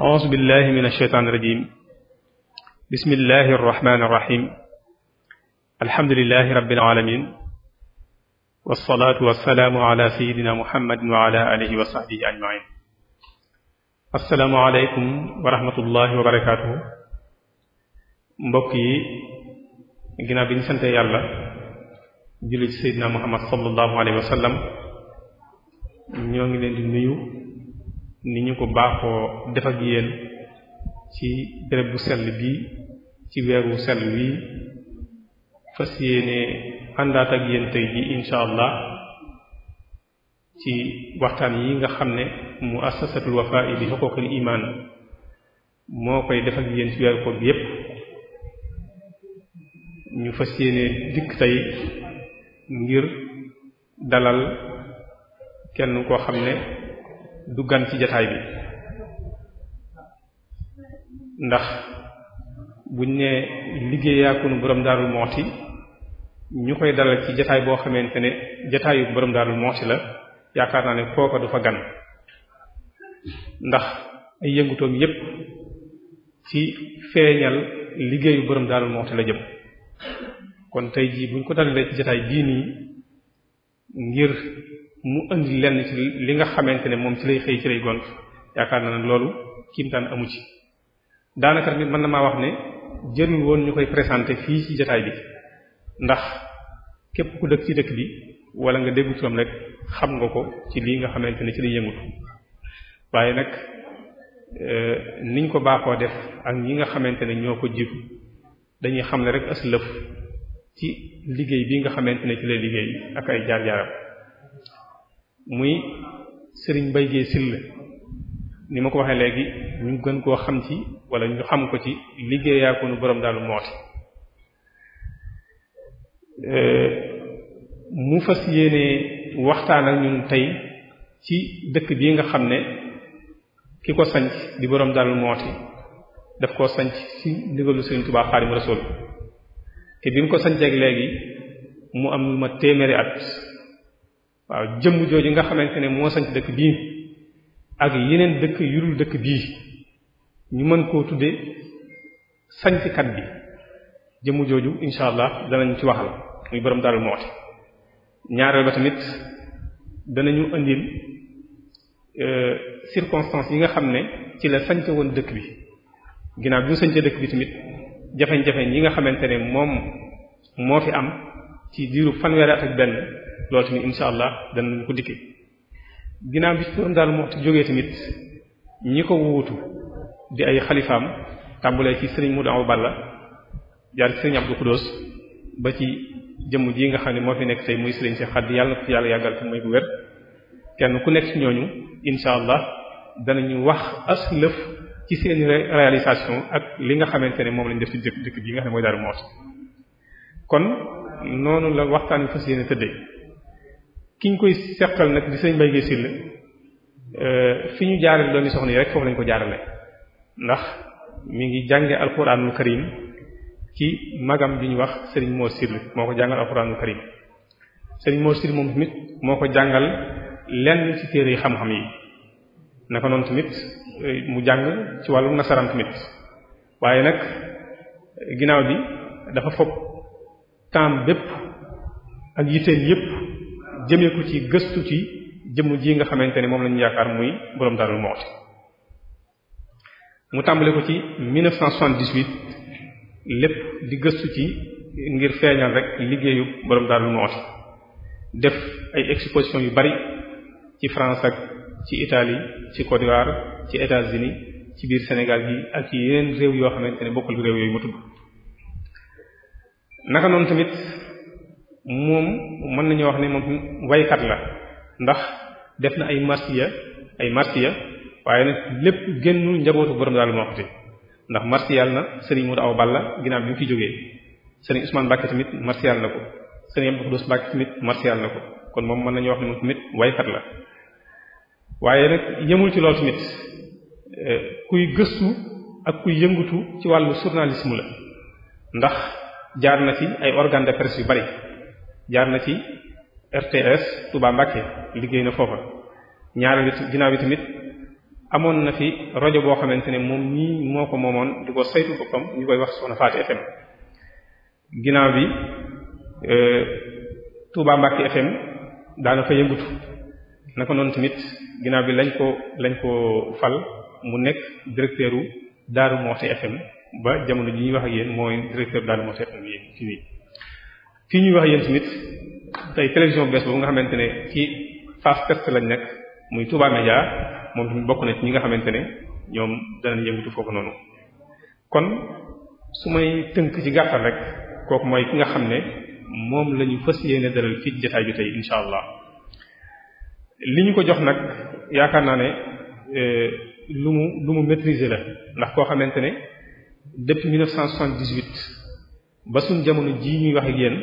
أعوذ بالله من الشيطان الرجيم بسم الله الرحمن الرحيم الحمد لله رب العالمين والصلاة والسلام على سيدنا محمد وعلى آله وصحبه أجمعين السلام عليكم ورحمة الله وبركاته مبكي ginnaaw bi ñu sante yàlla julli ci seydina muhammad sallallahu alayhi wa sallam ñoo ngi leen di nuyu ni ñu ko baaxoo defar ak yéen ci béréb bu sell bi ci weeru sell wi fas yéene àndaat yéen tey ji incha allah ci waxtaan yi nga xam ne mu assasatul wafa'i bi xuquqil iman moo koy defar ak yéen ci weeru ko bi yépp ñu fas yéene dikk tey ngir dalal kenn koo xam ne du gan ci jataay bi ndax buñ ne liggéeyaakunu borom daarul mooti ñu koy dalal ci jataay boo xamante ne jataayu borom daarul mooti la yaakaar naa ne kooka du fa gan ndax ay yëngutoom yépp ci feeñal liggéeyu borom daarul mooti la jëm kon tey jii buñ ko dalalee ci jataay bii nii ngir mu indi lenn ci li nga xamante ne moom ci lay xëy ci lay gont yaakaar na ne loolu kiimtaan amu ci daanaka tamit mën na maa wax ne jërul woon ñu koy présenté fii ci jotaay bi ndax képp ku dëkk ci dëkk bi wala nga déggu turam rek xam nga ko ci lii nga xamante ne ci lay yëngutu waaye nag euh, niñ ko baaxoo def ak ñi nga xamante ne ñoo ko jiitu dañuy xam ne rek aslëf ci liggéey bi nga xamante ne ci lay liggéey ak ay jaar-jaaram muy sëriñ Mbaye Guèye Sylla ni ma ko waxee léegi ñu gën koo xam ci walla ñu xam ko ci liggéeyaaku boroom daalu daal mooti euh, mu fas yéene waxtaan ak ñun tey ci dëkk bii nga xam ne ki ko sanc di borom daal mooti daf koo sanc ci ndigalu Sëriñ Tuubaa Xaadimu Rasuul te bi mu ko sancee léegi mu am lu ma téeméeri at waaw jëmm jooju nga xamante ne moo sanc dëkk bii ak yeneen dëkk yu dul dëkk bii ñu mën koo tudde sanckat bi jëmm jooju insha allah danañ ci waxal muy borom Darou Moukhty ñaareel ba tamit danañu indil euh, circonstances yi nga xam ne ci la sanc woon dëkk bi ginnaaw bi mu sancee dëkk bi tamit jafe-jafe yi nga xamante ne moom moo fi am ci diiru fanweeri ak benn loolu tamit incha allah danañ ko dikkee ginnaaw bi ci doon daal moo jógee tamit ñi ko wuutu di ay xalifaam tàmbulee ci sëriñ Modou Awa Balla jaar ci sëriñ Abdou Khoudoss ba ci jëmm ji nga xam ne moo fi nekk tey muy sëriñ si xadd yàlla yàlla yàggal fi muy bu kenn ku nekk ñooñu incha allah danañu wax as lëf ci seen réalisation ak li nga xamante ne moom lañ def ci dëkk dëkk bi nga xam ne mooy Darou Moukhty kon noonu la waxtaan wi fas yéene tëddee ki ñu koy seqal nag di sëñ Mbaye Guèye Sylla euh, fi ñu jaarale doon yi soxna yi rek foofu lañ ko jaarale ndax mi ngi jànge alquranul karim ci magam bi ñu wax sëriñ Mor Sylla moo ko jàngal alquranul karim sëriñ Mor Sylla moom tamit moo ko jàngal lenn ci téere yi xam-xam yi naka noonu tamit euh, mu jàng ci wàllum nasaraan tamit waaye nag ginnaaw bi dafa fopp temps bépp ak yiteen yépp jëmee ko ci gëstu ci jëmm ji nga xamante ne moom lañu yaakaar muy borom Darou Moukhty mu tàmbale ko ci 1978 lépp di gëstu ci ngir feeñal rek liggéeyu borom Darou Moukhty def ay exposition yu bari ci France ak ci itali ci Côte d'Ivoire ci États-Unis ci biir Sénégal bi ak ci yeneen réew yoo xamante ne bokkul réew yooyu ma tudd naka noonu tamit moom mën nañoo wax ni moom waykat la ndax def na ay marsiya ay marsiya waaye nag lépp génnul njabootu borom daal moo xati ndax marsiyaal na sëriñ Modou Awa Balla ginnaaw bi mu fi jógee sëriñ Ousmane Mbacke tamit marsiyaal na ko sëriñ Abdou Khoudoss Mbacke tamit na ko kon moom mën nañu wax ne moom tamit waykat la waaye nag yemul ci loolu tamit eh, kuy gëstu ak kuy yëngutu ci wàllu journalisme la ndax jaar na ci ay organe de presse yu bari jaar na ci RTS Touba Mbacké liggéey na foofa ñaareel bi ginnaaw bi tamit amoon na fi rajo boo xamante ne moom ñii moo ko moomoon di ko saytu boppam ñu koy wax Soxna Faati FM ginnaaw bi euh, Touba Mbacké FM daana fa yëngutu naka noonu tamit ginnaaw bi lañ ko lañ ko fal mu nekk directeur u Daaru Muxti FM ba jamono ji ñuy wax ak yéen mooy directeur Daaru Muxti FM yi ci fii ñuy wax yéen tamit tey télévision bees boobu nga xamante ne ci phase test lañ nekk muy Touba Média moom tamit bokk na ci ñi nga xamante ne ñoom danañ yëngatu foofu noonu kon su may tënk ci gàttal rek kooku mooy ki nga xam ne moom la ñu fas yéene dalal fii jotaay bi tey incha allah li ñu ko jox nag yaakaar naa ne euh, lu mu lu mu maîtriser la ndax koo xamante ne depuis 1978. ba suñ jamono jii ñuy wax ak yéen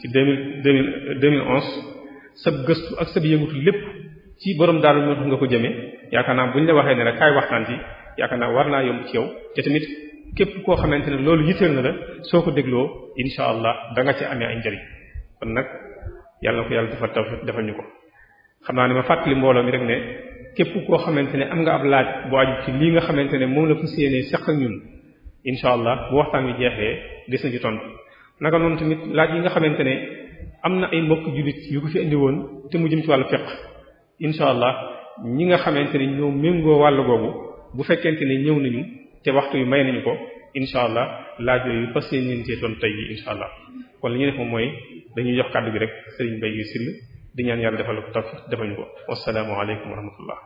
ci de mille deux mille deux sab gëstu ak sab yëngutu lépp ci borom daal moo tax nga ko jëmee yaakaar naa bu ñu la waxee ne rek kaay waxtaan ci yaakaar naa war naa yomb ci yow te tamit képp koo xamante ne loolu yitteel na la soo ko dégloo insha allah da nga ci amee ay njëriñ kon nag yàlla na ko yàlla defal taw defal ñu ko xam naa ne ma fàttali mbooloo mi rek ne képp koo xamante ne am nga ab laaj bu aju ci lii nga xamante ne moom la séenee seq ak ñun incha allah bu waxtaan wi jeexee des na ci tontu naka noonu tamit laaj yi nga xamante ne am na ay mbokk jullit yu ko fi indi woon te mu jëm ci wàllu fiq incha allah ñi nga xamante ne ñoo méngoo wàll googu bu fekkente ne ñëw nañu te waxtu yu may nañu ko incha allah laaj yooyu fas yéeneen cee tontu tey jii incha allah kon li ñu def moom mooy dañuy jox kàddu gi rek sëriñ Bay yu sill di ñaan yàlla defal ko topp defal ko wasalaamu aleykum wa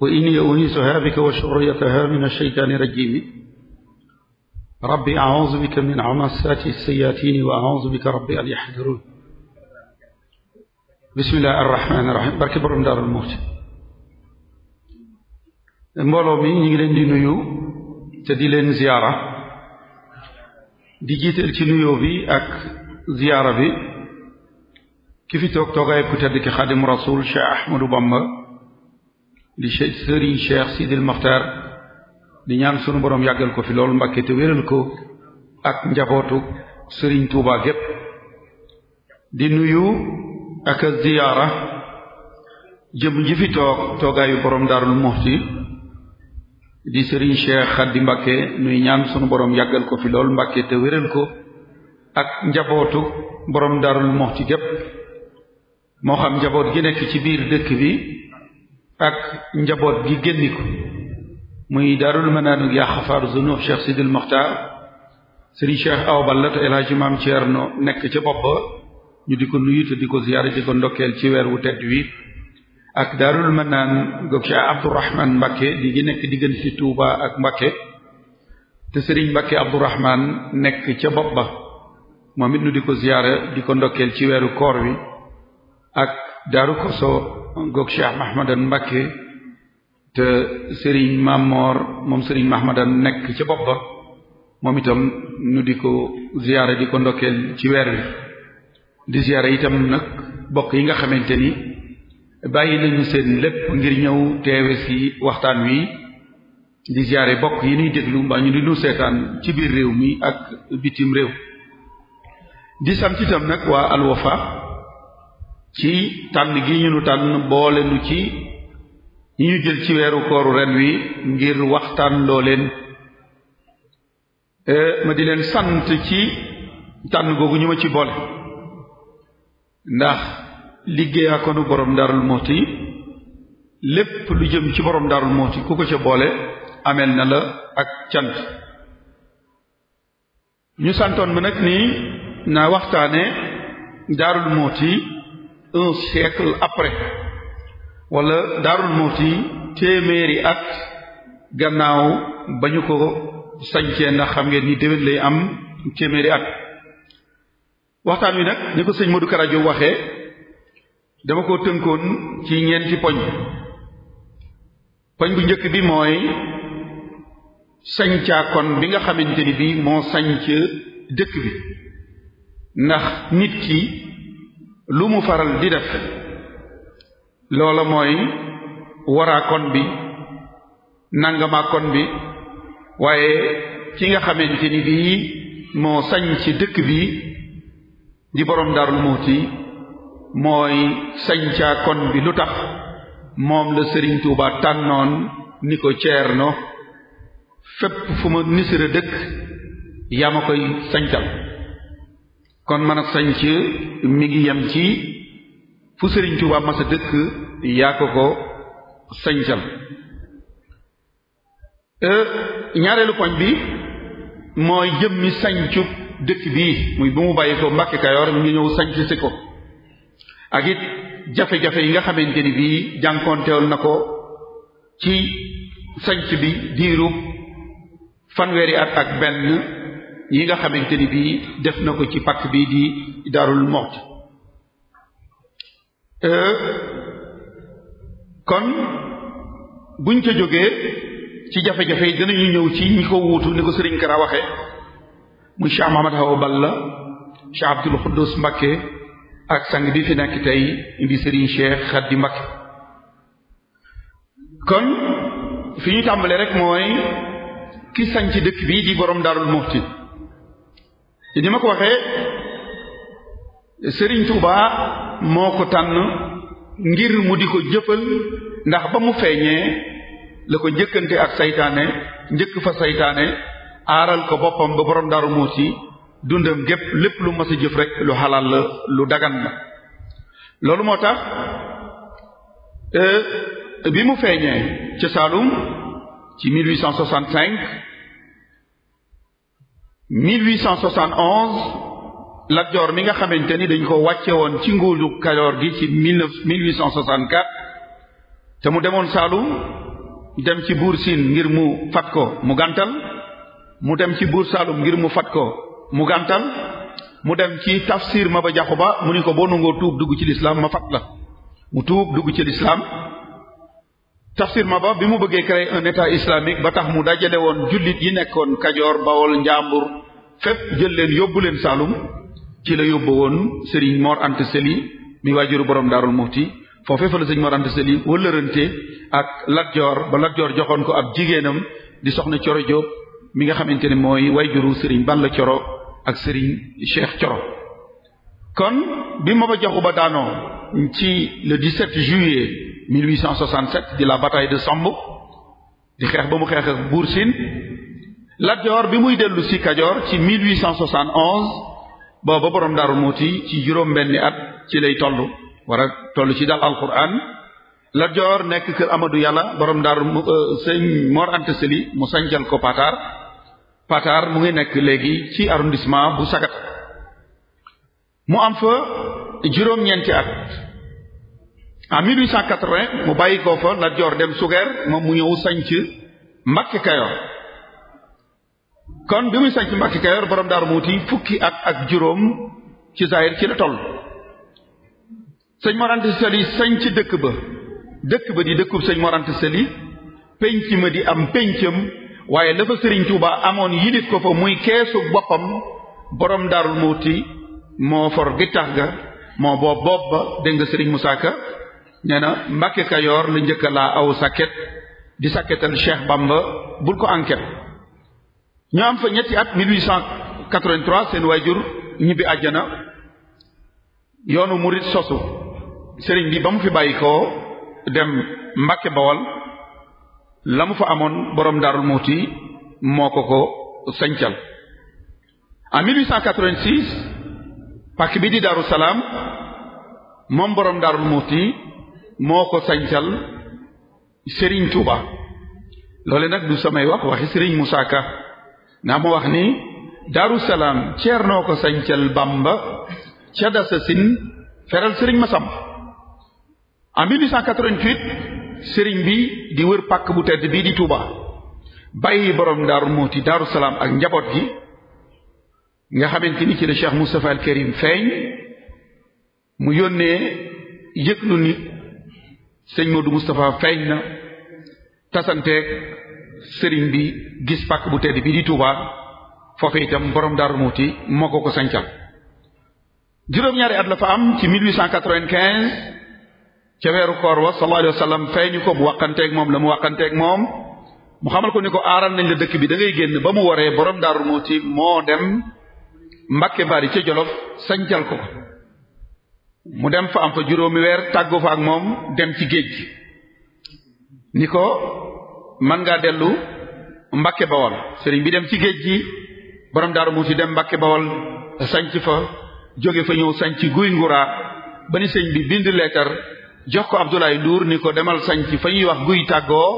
wa inni uniisuha bika wa shurriyataha min ash-shaytaani rajiim rabbi a'uuzu bika min hamasaati sayaatiin wa a'uuzu bika rabbi an yahduruun bismillaahi arrahmaani arrahiim barke borom Daaru Muxti mbooloo mi ñu ngi leen di nuyu te di leen ziyaara di jiital ci nuyoo bi ak ziyaara bi ki fi toog toogaay ku tedd ki Xaadimu Rasuul Cheikh Ahmadou Bamba di sëriñ Cheikh Sidil Mokhtar di ñaan sunu borom yàggal ko fi loolu Mbàkke te wéral ko ak njabootu sëriñ Touba gépp di nuyu ak a ziyaara jëm ji fi toog toogaayu borom Daarul Muxti di sëriñ Cheikh Xaddi Mbàkke nuy ñaan sunu borom yàggal ko fi loolu Mbàkke te ko ak njabootu borom Daarul Muxti gépp moo xam njaboot gi nekk ci biir dëkk bi ak njaboot gi génni ko muy daarul manaanu yaa xafaaru zunuux Cheikh Sidil Mokhtar Serigne Cheikh Awa Balla te El Hadji Maam nekk ca bopp ñu di ko nuyu di ko ziyaare di ko ndokkeel ci weer wu tedd wi ak daarul manaan goog Cheikh Abdourahman Mbakke di gi nekk diggante Touba ak Mbakke te Serigne Mbakke Abdourahman nekk ca bopp ba moom it ñu di ko ziyaare di ko ndokkeel ci weeru koor wi ak daaru koso goog cheikh mahmadan mbakke te sëriñ mamor moom sëriñ mahmadan nekk ca bopp ba moom itam nu di ko ziyaare di ko ndokkeel ci weer wi di ziyaare itam nag bokk yi nga xamante ni bàyyi nañu seen lépp ngir ñëw teewe si waxtaan wi di ziyaare bokk yi nuy déglu mbaa ñu di nu seetaan ci biir réew mi ak bitim réew di sant itam nag waa Al ci tànn gi ñu nu tànn boole nu ci ñi ñu jël ci weeru kooru ren wi ngir waxtaan loo leen eh, ma di leen sant ci tànn googu ñu ma ci boole ndax liggéey akonu borom daarul mooti lépp lu jëm ci borom daarul mooti ku ko ca boole ameel na la ak cant ñu santoon ma nag ni naa waxtaane daarul mooti un siècle après wala Daarul Muuti téeméeri at gannaaw ba ñu ko sañcee ndax xam ngeen ni déwén lay am téeméeri at waxtaan wi nag ni ko sëñ Modou Kara Diop waxe dama ko tënkoon ci ñeenti poñ poñ bu njëkk bi mooy sañcaakon bi nga xamante ni bi moo sañc dëkk bi ndax nit ki lu mu faral di def loola mooy waraakon bi nangamaakoon bi waaye ki nga xamante ni bii moo sañ ci dëkk bi di boroom Daaru Muxti mooy sañcaakon bi lu tax moom la Sëriñ Tuubaa tànnoon ni ko ceerno fépp fu ma nisira dëkk yaa ma koy sañcal kon mën a sanc mi ngi yem ci fu Sëriñ Tuubaa mas a dëkk yaa ko ko euh, ñaareelu poñ bi mooy jëmmi sancu dëkk bii muy bu mu bàyyi ko Mbàkke Kayoor ñu ñëw sanc si ko ak it jafe-jafe yi nga xamante ni bii jànkonteel na ko ci sanc bi diiru fanweeri at ak benn yi nga xamante ni bii def na ko ci pakk bi di Darou Moukhty euh, kon buñ ca jógee ci jafe-jafe yi ñu ñëw ci ñi ko wuutu ni ko sëriñ Kara waxe muy Cheikh Mahamad Hawa Balla Cheikh Abdoul Khoudous Mbacké ak sang bi fi nekk tey indi Serigne Cheikh Khady Mbacké kon fi ñu tàmbalee rek mooy ki sañ ci dëkk bii di borom Darou Moukhty ci ni ma ko waxee Serigne Touba moo ko tànn ngir mu di ko jëfal ndax ba mu feeñee la ko jëkkante ak saytaane njëkk fa saytaane aaral ko boppam ba borom Daaru Muusi dundam gépp lépp lu mas a jëf rek lu xalaal la lu dagan la loolu moo tax euh, bi mu feeñee ca Saalum ci 1865 1871 Lat Joor mi nga xamante ni dañ ko wàcce woon ci nguulu Kajoor gi ci 1864 te mu demoon Saalum dem ci buur Siin ngir mu fat ko mu gàntal mu dem ci buur Saalum ngir mu fat ko mu gàntal mu dem ci ma ba Jaxu Ba mu ni ko boo nangoo tuub dugg ci lislaam ma fat la mu tuub dugg ci lislaam tafsir ma ba bi mu bëggee créer un état ba tax mu dajale woon jullit yi nekkoon kajoor bawol njaambur fépp jël leen yóbbu leen saalum ci la yóbbu woon sëriñ Mor Anta Seli mi waajuru borom daarul mufti foofee fa la sëriñ Mor Anta Seli wëllërante ak Lat Joor ba Lat joxoon ko ab jigéenam di soxna Coro Jóob mi nga xamante ne mooy waajuru sëriñ Balla Coro ak sëriñ Cheikh Coro kon bi ma ba joxu ba daanoo ci le 17 juillet 1867 di la bataille de Samb di xeex ba mu xeex ak Buur Siin Lat bi muy dellu si Kajoor ci 1871 booba boroom Daaru Muuti ci juróom-benni at ci lay toll war a ci dal alquran Lat Joor nekk kër Amadou Yàlla boroom Daaru euh, sëñ Mor Anta Sali mu sañcal ko Patar Patar mu ngi nekk léegi ci arrondissement bu Sagat mu am fa juróom-ñeenti at en 1880 mu bàyyi ko fa Lat Joor dem Sugeer moom mu ñëw sañc Mbàkke Kayoor kon bi muy sañc Mbàkke Kayoor borom Daaru Muuti fukki at ak juróom ci zahir ci la toll sëñ Mor Anta Sali sañc dëkk ba dëkk ba di dëkkub sëñ Mor Anta Sali pénc ma di am péncam waaye la fa Sëriñ Tuuba amoon yilif ko fa muy keesu boppam boroom Daaru Muuti moo for gittax ga moo boob boob ba dégg nga Sëriñ Musaa Ka nee na Mbàkke Kajoor la njëkk laa aw sàkket di sàkketal Cheikh Bamba bul ko enquête ñoo am fa ñetti at 1883 seen waajur ñibbi àjjana yoonu murit sosu sëriñ bi ba mu fi bàyyi ko dem Mbàkke Bawol la mu fa amoon boroom Daarul Muuti moo ko ko sañcal en 1886 pàkk bi di Daaru Salaam moom boroom Daarul Muuti moo ko sancal Serigne Touba loole nag du samay wax waxi sëriñ Moussa Ka naa ma wax ni Daaru Salaam ceernoo ko sancal Bamba ca Dasasin feral Serigne Massam en 1888 Serigne bi di wër pàkk bu tedd bii di tuuba bàyyi boroom Daaru Muuti Daaru Salaam ak njaboot gi nga xamante ni ci la Cheikh Moustapha al Karim feeñ mu yónnee yëglu ni sëñ Modou Moustapha feeñ na tasanteeg sëriñ bi gis pàkk bu tedd bi di tuubaa foofu itam borom Darou Mouhty moo ko ko sancal juróom-ñaari at la fa am ci 1895 ca weeru koor wa sallallahu alayhi wa sallam feeñu ko bu waqanteeg moom la mu waqanteeg moom mu xamal ko ni ko aaral nañ la dëkk bi dangay génn ba mu waree boroom Darou Mouhty moo dem Mbàkke yi ca Jolof sancal ko mu dem fa am fa juróomi weer tàggu fa ak moom dem ci géej gi ni ko man ngaa dellu Mbàkke Bawol sëriñ bi dem ci géej gi borom Daaru ci dem Mbàkke Bawol sanc fa jóge fa ñëw sanc guy nguraa ba ni sëñ bi bind leetar jox ko Abdoulaye Ndour ni ko demal sanc fa ñuy wax guy tàggoo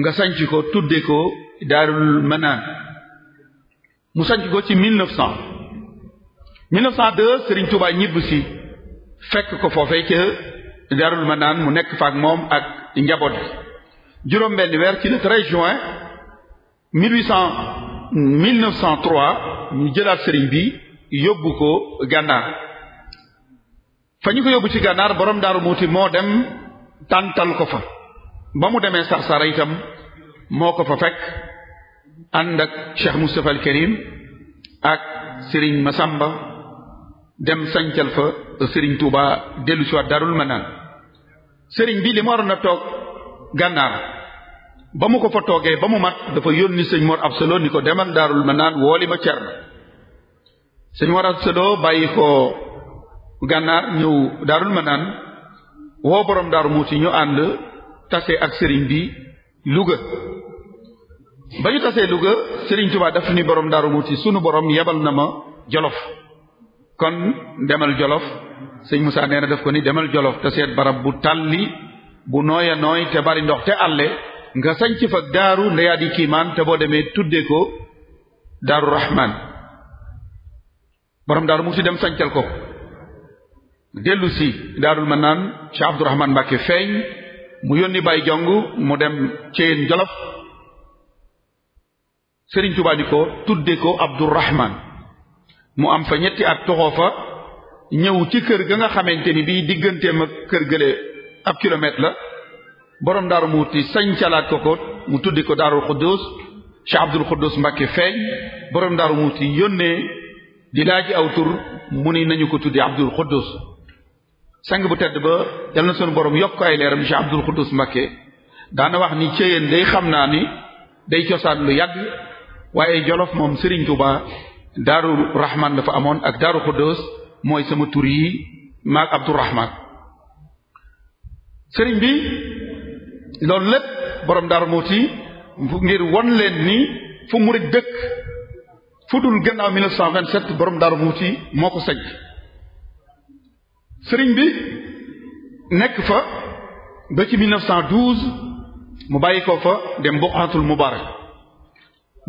nga sanc ko tudde ko Daarul Manaan mu sanc ko ci 1900 1902 sëriñ Touba ñibb fekk ko foofee ca Darul Manaan mu nekk fa moom ak njaboot bi juróom-benn weer ci le 13 ñu jëlaat sëriñ bi yóbbu ko gànnaar fa ñu ko yóbbu ci gànnaar borom daaru muuti moo dem tàntal ko fa ba mu demee sarsara itam moo ko fa fekk ànd ak Cheikh Moustapha al Karim ak sëriñ Masamba dem sancal fa sëriñ Touba dellu si waat darul manaan sëriñ bi li mu waroon a toog gànnaar ba mu ko fa toogee ba mu mat dafa yónni sëñ Mor sëloo ni ko demal daarul woo li ma Cerno sëñ Mor Absalo bàyyi ko gànnaar ñëw daarul manaan woo borom daaru muuti ñu ànd tase ak sëriñ bi Louga ba ñu tasee Louga sëriñ Touba daf ni borom daaru muuti sunu borom yebal na ma Jolof kon demal jolof sëñ Moussa nee na def ko ni demal jolof te seet barab bu tàlli bu nooy a nooy te bari ndox te àlle nga sañc fa daaru ndeyaa di kiimaan te boo demee tudde ko daaru rahmaan borom daaru mu ci dem sañcal ko dellu si daarul manaan Cheikh Abdourahmaan Mbàkke feeñ mu yónni bay jong mu dem ceen jolof Sëriñ Tuubaa ni ko tudde ko Abdourahmaan mu am fa ñetti at toxoo fa ñëw ci kër ga nga xamante ni bii digganteem ak kër gële ab kilomètre la borom daaru muuti sañ calaat ko ko mu tuddi ko daarul xuddus Cheikh Abdul Xuddus Mbàkke feeñ borom daaru yi yónnee di laaj aw tur mu ni nañu ko tuddi Abdul Xuddus sang bu tedd ba yal na sunu borom yokk ay leeram Cheikh Abdul Xuddus Mbàkke daana wax ni céyeen day xam naa ni day cosaan lu yàgg waaye jolof moom Serigne Touba daaru rahman dafa amoon ak daaru xuddoos mooy sama tur yi maag abdurahman sëriñ bi loolu lépp borom daaru muuti ngir won leen ni fu murid dëkk fu dul gannaaw 1927 borom daaru muuti moo ko sañ sëriñ bi nekk fa ba ci 1912 mu bàyyi ko fa dem buqaatul mubaarak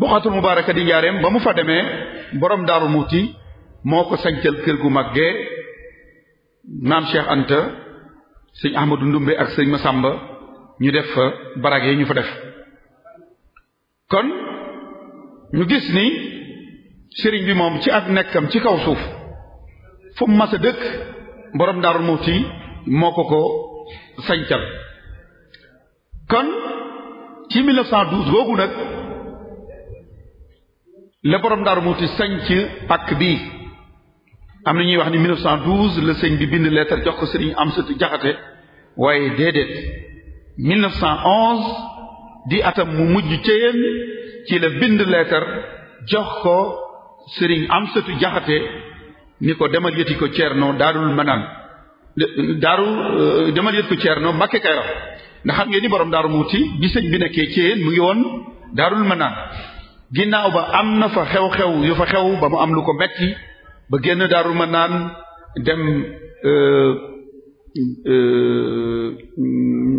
buxatul mubaaraka di njaareem ba mu fa demee borom daaru muuti moo ko sañcal kër gu màggee maam Cheikh Anta sëñ Ahmadou Ndumbe ak sëñ Masamba ñu def fa barag yi ñu fa def kon ñu gis ni sëriñ bi moom ci ak nekkam ci kaw suuf fu ma mas a dëkk borom daaru muuti moo ko ko sañcal kon ci 1912 googu nag la borom Daaru Muxti sanc pàkk bi am na ñuy wax ni 1912 la sëñ bi bind lettre jox ko sëriñ Amsatu Jaxate waaye déedéet 1911 di atam mu mujj ceyeen ci la bind lettre jox ko sëriñ Amsatu Jaxate ni ko demal yëti ko Ceerno Daarul Manaan daaru euh, demal yët ko Ceerno Mbàkke Kajoor ndax xam ngeen ni borom Daaru Muxti bi sëñ bi nekkee ceyeen mu ngi woon Daarul Manaan ginnaaw ba am na fa xew-xew yu fa xew ba mu am lu ko metti ba génn daarul ma naan dem euh, euh,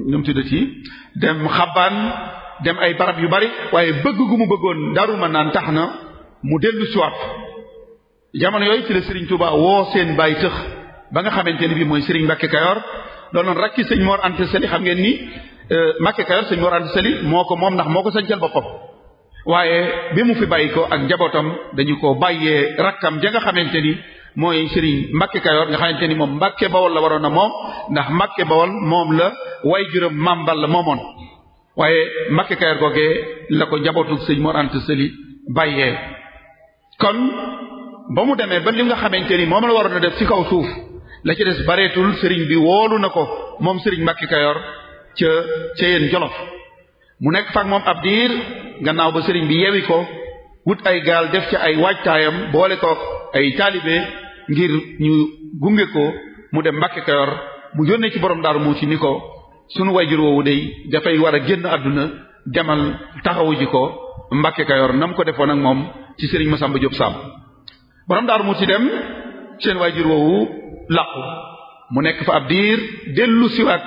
nu mu tuddati dem xabaan dem ay barab yu bari waaye bëgg gu mu bëggoon daarul ma naan tax na mu dellu siwaat jamono yooyu ci la Serigne Touba woo seen bàyyi tëx ba nga xamante ni bii mooy Serigne Mbacke Kayor doonoon rakki sëñ Mor Anta Sali xam ngeen nii euh, Mbacke Kayor sëñ Mor Anta Sali moo ko moom ndax moo ko sañcal boppam waaye bi mu fi bàyyi ko ak njabootam dañu ko bàyyee rakkam ja nga xamante ni mooy sëriñ Mbàkke Kayoor nga xamante ni moom Mbàkke Bawol la waroon a moom ndax Mbàkke Bawol moom la way juróom mambal la moomoon waaye Mbàkke Kayoor googee la ko njabootu sëñ Mor Anta Sali bàyyee kon ba mu demee ba li nga xamante ni moom la waroon a def ci kaw suuf la ci des bareetul sëriñ bi woolu na ko moom sëriñ Mbàkke Kayoor ca ca yéen Jolof mu nekk faak moom ab diir gannaaw ba sëriñ bi yewi ko wut ay gaal def ci ay waajtaayam boole ko ay taalibe ngir ñu gunge ko mu dem Mbàkke Kajoor mu yónnee ci borom Daaru Muuti ni ko sunu wayjur woowu day dafay war a génn àdduna demal taxawu ko Mbàkke Kajoor nam ko defoon ak moom ci sëriñ Masamba Jóob Sàmb borom Daaru Muuti dem seen wayjur woowu làqu mu nekk fa ab diir dellu siwaat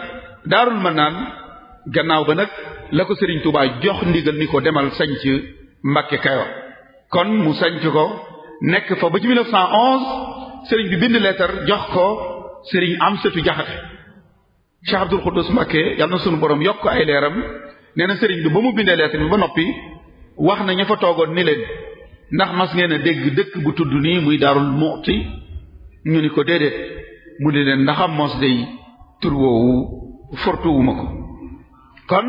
Daarul Manaan gannaaw ba nag la ko Serigne Touba jox ndigal ni ko demal sanc Mbacke Kayor kon mu sanc ko nekk fa ba ci 1911 Serigne bi bind leetar jox ko Serigne Amsatu Jaxate Cheikh Abdoul su Mbacke yàlla na sunu borom yokk ay leeram nee na Serigne bi ba mu bindee leetar bi ba noppi wax na ña fa toogoon ni leen ndax mas ngeen a dégg dëkk bu tudd nii muy Daarul Muxti ñu ni ko déedéet mu ni leen ndaxam mos day tur woowu fortuwuma ko kon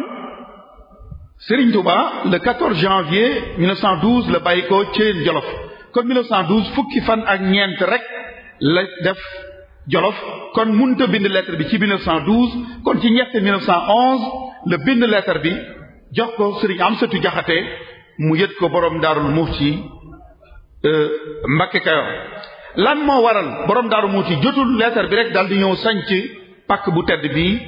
Serigne Touba le 14 janvier 1912 la bàyyi ko Thiel Jolof kon 1912 fukki fan ak ñeent rek la def Jolof kon munta bind lettre bi ci 1912 kon ci ñett 1911 la bind lettre bi jox ko am setu Jaxate mu yët ko borom Daarul ci euh, Mbakke Kayoor lan moo waral borom Daarul ci jotul lettre bi rek daal di ñëw sanc pàkk bu tedd bi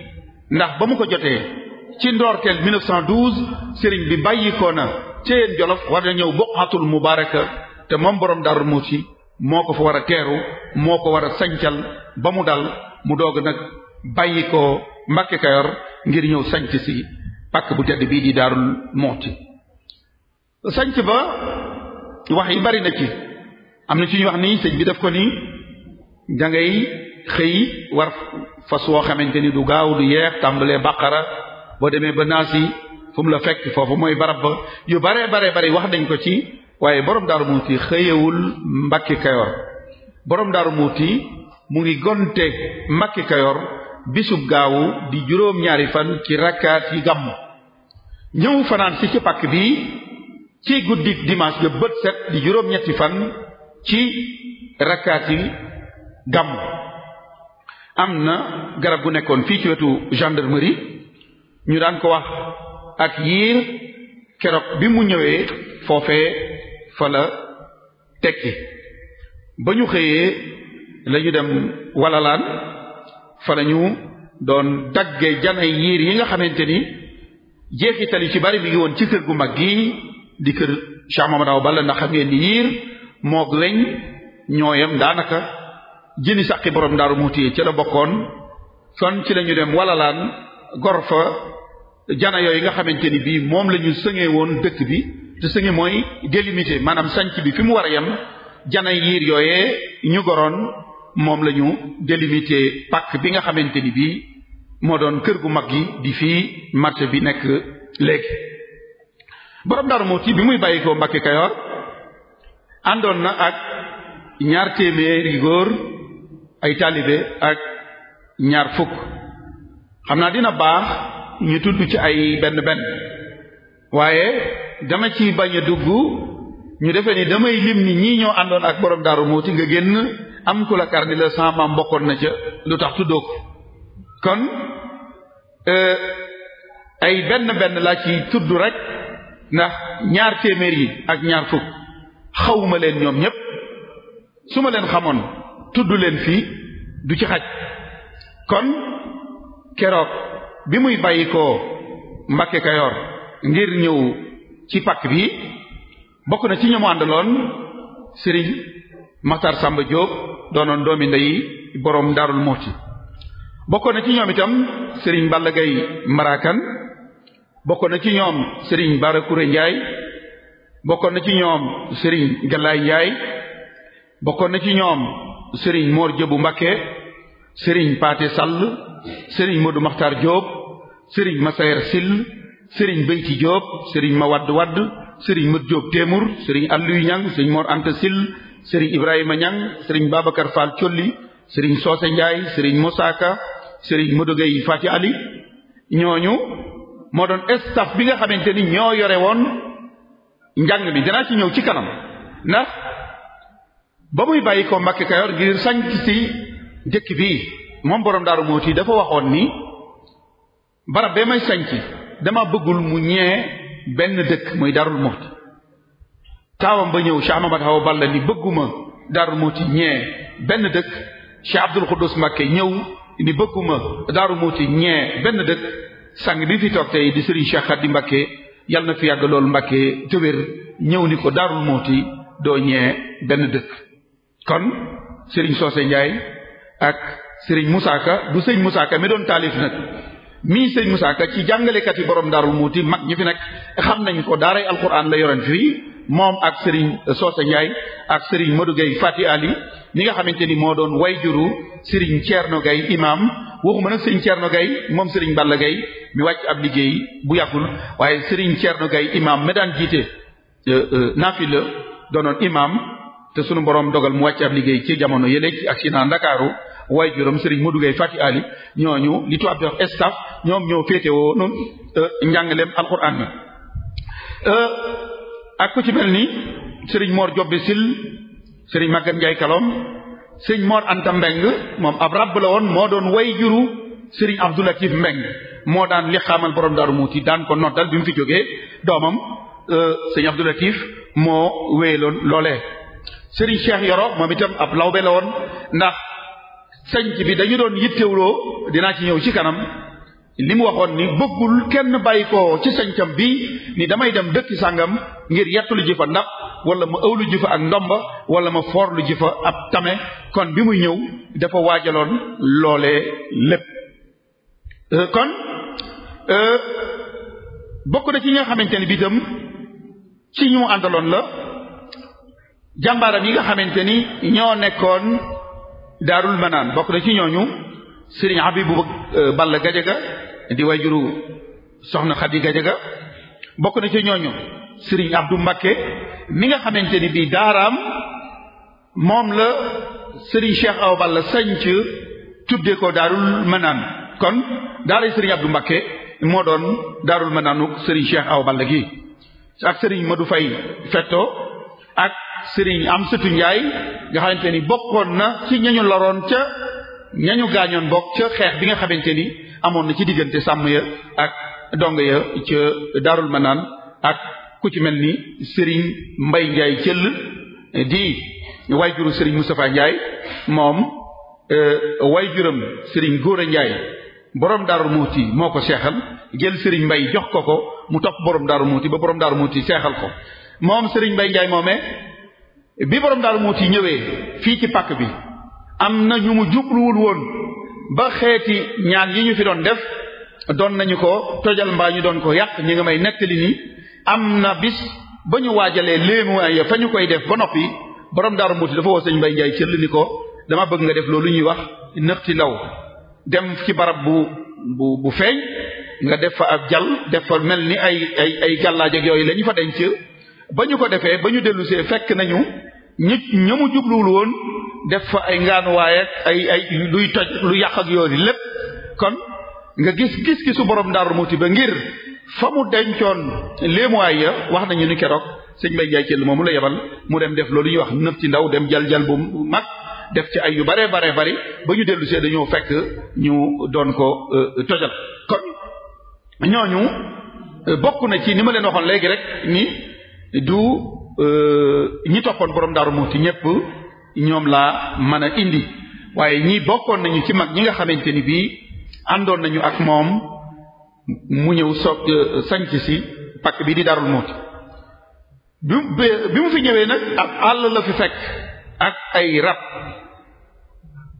ndax ba mu ko jotee ci ndoorteel 1912 sëriñ bi bàyyikoo na ceyeen jolof war na ñëw buqatul mubaraka te moom borom Darou ci moo ko fa war a teeru moo ko war a sancal ba mu dal mu doog nag bàyyikoo Mbàkke Kayoor ngir ñëw sanc si pàkk bu tedd bii di Darou ci sanc ba wax yi bari na ci am na ci ñu wax nii sëñ bi def ko ni da xëy war fas woo xamante ni du gaaw du yeex tàmbalee baqara boo demee ba naas yi la fekk foofu mooy barab ba yu baree baree bari wax dañ ko ci waaye borom daaru muuti xëyewul mbakki kayoor borom daaru muuti mu ngi gonte mbakki kayoor bisub gaawu di juróom ñaari fan ci rakkaat yi gàmm ñëw fanaan si ci pakk bi ci guddik dimanche ga bët set di juróom ñetti fan ci rakkaat yi gàmm am na garab gu nekkoon fii ci wetu gendarmerie ñu daan ko wax ak yiir keroog bi mu ñëwee foofee fa la tekki ba ñu xëyee la dem walalaan fa la ñu doon dagge janay yiir yi nga xamante ni jeexital yi ci bari mi ngi woon ci kër gu mag gi di kër Cheikh Mamadou Awa Balla ndax xam ngeen ni yiir moog leñ ñooyam daanaka jëni sàqi borom daaru muuti ca la bokkoon son ci lañu ñu dem walalaan gor fa jana yi nga xamante ni bii moom lañu ñu woon dëkk bi te sëñe mooy délimité maanaam sanc bi fi mu war a yem jana yiir yooyee ñu goroon moom la ñu délimité pàkk bi nga xamante ni bii moo doon kër gu mag gi di fii marché bi nekk léegi borom Daaru Muxti bi muy bàyyi ko Mbàkke Kayoor àndoon na ak ñaar téeméeri góor ay taalibe ak ñaar fukk xam naa dina baax ñu tudd ci ay benn benn waaye dama ci bañ a dugg ñu defee ni damay lim ni ñii ñoo àndoon ak borom daaru muuti nga génn am ku la kar ni la sama bokkoon na ca lu tax tuddoo ko kon euh, ay benn benn laa ci tudd rek ndax ñaar téeméer yi ak ñaar fukk xawma leen ñoom ñépp su ma leen xamoon tudd leen fii du ci xaj kon keroog bi muy bàyyikoo Mbàkke Kayoor ngir ñëw ci pakk bi bokk na ci ñoomu àndaloon sëriñ Matar Samba Diop doonoon doomi ndeyi boroom Daarul Muxti bokkoon na ci ñoom itam sëriñ Balla Gaye Marakan bokkoon na ci ñoom sëriñ Barakure Ndiaye bokkoon na ci ñoom sëriñ Galaay Ndiaye bokkoon na ci ñoom sëriñ Mor bu Mbakke sëriñ Paate Sall sëriñ Modou Makhtar Diop sëriñ Massaer Sill sëriñ Beyti Diop sëriñ Mawad Wadd sëriñ Mat Diop Témour sëriñ Aliou ñan sëriñ Mor Anta Sill sëriñ Ibrahima ñan sëriñ Babacar Fall Colli sëriñ Soose Ndiaye sëriñ Moussa sëriñ Modou Gueye Fati Ali ñooñu moo doon staff bi nga xamante ni ñoo yore woon njàng mi danaa ci ñëw ci kanam ndax ba muy bàyyi ko Mbàkke Kayoor ngir sanc si jëkk bi moom borom daaru muuti dafa waxoon ni barab bee may sanc dama bëggul mu ñee benn dëkk muy daarul muuti taawam ba ñëw Cheikh Ahmad Hawa Balla ni bëgguma daarul muuti ñee benn dëkk Cheikh Abdul Xuddus Mbakke ñëw ni bëgguma daaru muuti ñee benn dëkk sang bi fi toog tey di Serigne Cheikh Xaddi Mbakke yàlla na fi yàgg loolu Mbakke tëwér ñëw ni ko daarul muuti doo ñee benn dëkk kon Serigne Socé Ndiaye ak sëriñ Moussa Ka du sëñ Moussa Ka mi doon taalif nag mii sëñ Moussa Ka ci jàngalekat yi borom daarul muuti mag ñi fi nag xam nañ ko daaray alquran la yoren fii moom ak sëriñ Soose Njaay ak sëriñ Modou gay Fati Ali ñi nga xamante ni moo doon way juru sëriñ no Gueye imam waxuma nag sëriñ Thierno Gueye moom sëriñ Balla Gueye mi wàcc ab liggéey bu yàggul waaye sëriñ Thierno Gueye imam mi daan jiite euh, euh, naafi la doonoon imaam te sunu borom dogal mu wàcc liggéey ci jamono yële ak si Ndakaaru way juróom Serigne Modou Gueye Fati Ali ñooñu li tubaab di wax staff ñoom ñoo féetewoo noonu euh, njàngaleem alquran mi euh, ak ku ci mel ni sëriñ Mor Jobbe Sil Serigne Maguette Ndiaye Kalom Serigne Mor Anta Mbeng moom ab rab la woon moo doon way juru Serigne Abdou Latif Mbeng moo daan li xaamal borom Daaru Muuti daan ko noddal bi mu fi jógee doomam euh, Serigne Abdou Latif moo wéyeloon loolee Serigne Cheikh Yoro moom itam ab lawbe la woon ndax sanc bi dañu doon yittewloo dinaa ci ñëw ci kanam li mu waxoon ni bëggul kenn bàyyi ko ci sancam bi ni damay dem dëkki sàngam ngir yettulu ji fa ndax wala ma ëwlu ji fa ak ndomba wala ma foorlu ji fa ab tame kon bi mu ñëw dafa waajaloon loolee lépp euh, kon euh, bokk na ci nga xamante ni bi itam ci ñu mu àndaloon la jàmbaaram yi nga xamante ni ñoo nekkoon daarul manaan bokk na ci ñooñu sëriñ Habibu euh, Balla Gajaga di wayjuru soxna Xadi Gajaga bokk na ci ñooñu sëriñ Abdou Mbakke mi nga xamante ni bii daaraam moom la sëriñ Cheikh aw Balla sanc tuddee ko daarul manaan kon daaray sëriñ Abdou Mbakke moo doon daarul manaanuk sëriñ Cheikh Awa Balla gi ak sëriñ Madou Fay Fetto ak sëriñ am sëtu njaay nga xamante ni bokkoon na ci ñañu loroon ca ñañu gaañoon bokk ca xeex bi nga xamante ni amoon na ci diggante sàmm ya ak dong ya ca daarul manaan ak ku ci mel ni sëriñ mbay njaay cëll di waajuru sëriñ Moustapha njaay moom euh, waajuram sëriñ góora njaay borom daaru muuti moo ko seexal jël sëriñ mbay jox ko ko mu topp borom daaru muuti ba borom daaru muuti seexal ko moom Serigne Mbaye Ndiaye moomee bi borom daal muuti ñëwee fii ci pàkk bi am na ñu mu jubluwul woon ba xeeti ñaan yi ñu fi doon def doon nañu ko tojal mbaa ñu doon ko yàq ñi nga may nettali ni am na bis ba ñu waajalee léemu ay fa ñu koy def ba noppi borom daaru muuti dafa woo sëñ Mbaye Ndiaye cëll ni ko dama bëgg nga def loolu ñuy wax nëxti law dem ci barab bu bu bu feeñ nga def fa ab jal def fa mel ni ay ay ay gàllaaj yooyu la ñu fa denc ba ñu ko defee ba ñu dellusee fekk nañu ñi ñamu jubluwul woon def fa ay ngaanuwaay ak ay ay luy toj lu yàq ak yoon yi lépp kon nga gis gis gisu borom Daaru Muxti ba ngir fa mu dencoon léemuwaay ya wax nañu ni keroog sëñ Mbay Njaay moom mu la yebal mu dem def loolu ñuy wax nëf ci ndaw dem jal jal bu mag def ci ay yu bare bare bari ba ñu dellusee see dañoo fekk ñu doon ko euh, tojal kon ñooñu euh, bokk na ci ni ma leen waxoon léegi rek ni du euh, ñi toppoon borom daaru muuti ñépp ñoom laa mën a indi waaye ñi bokkoon nañu ci mag ñi nga xamante ni bii àndoon nañu ak moom mu ñëw soog euh, sanc si pakk bi di daarul muuti bi bi mu fi ñëwee nag ak àll la fi fekk ak ay rab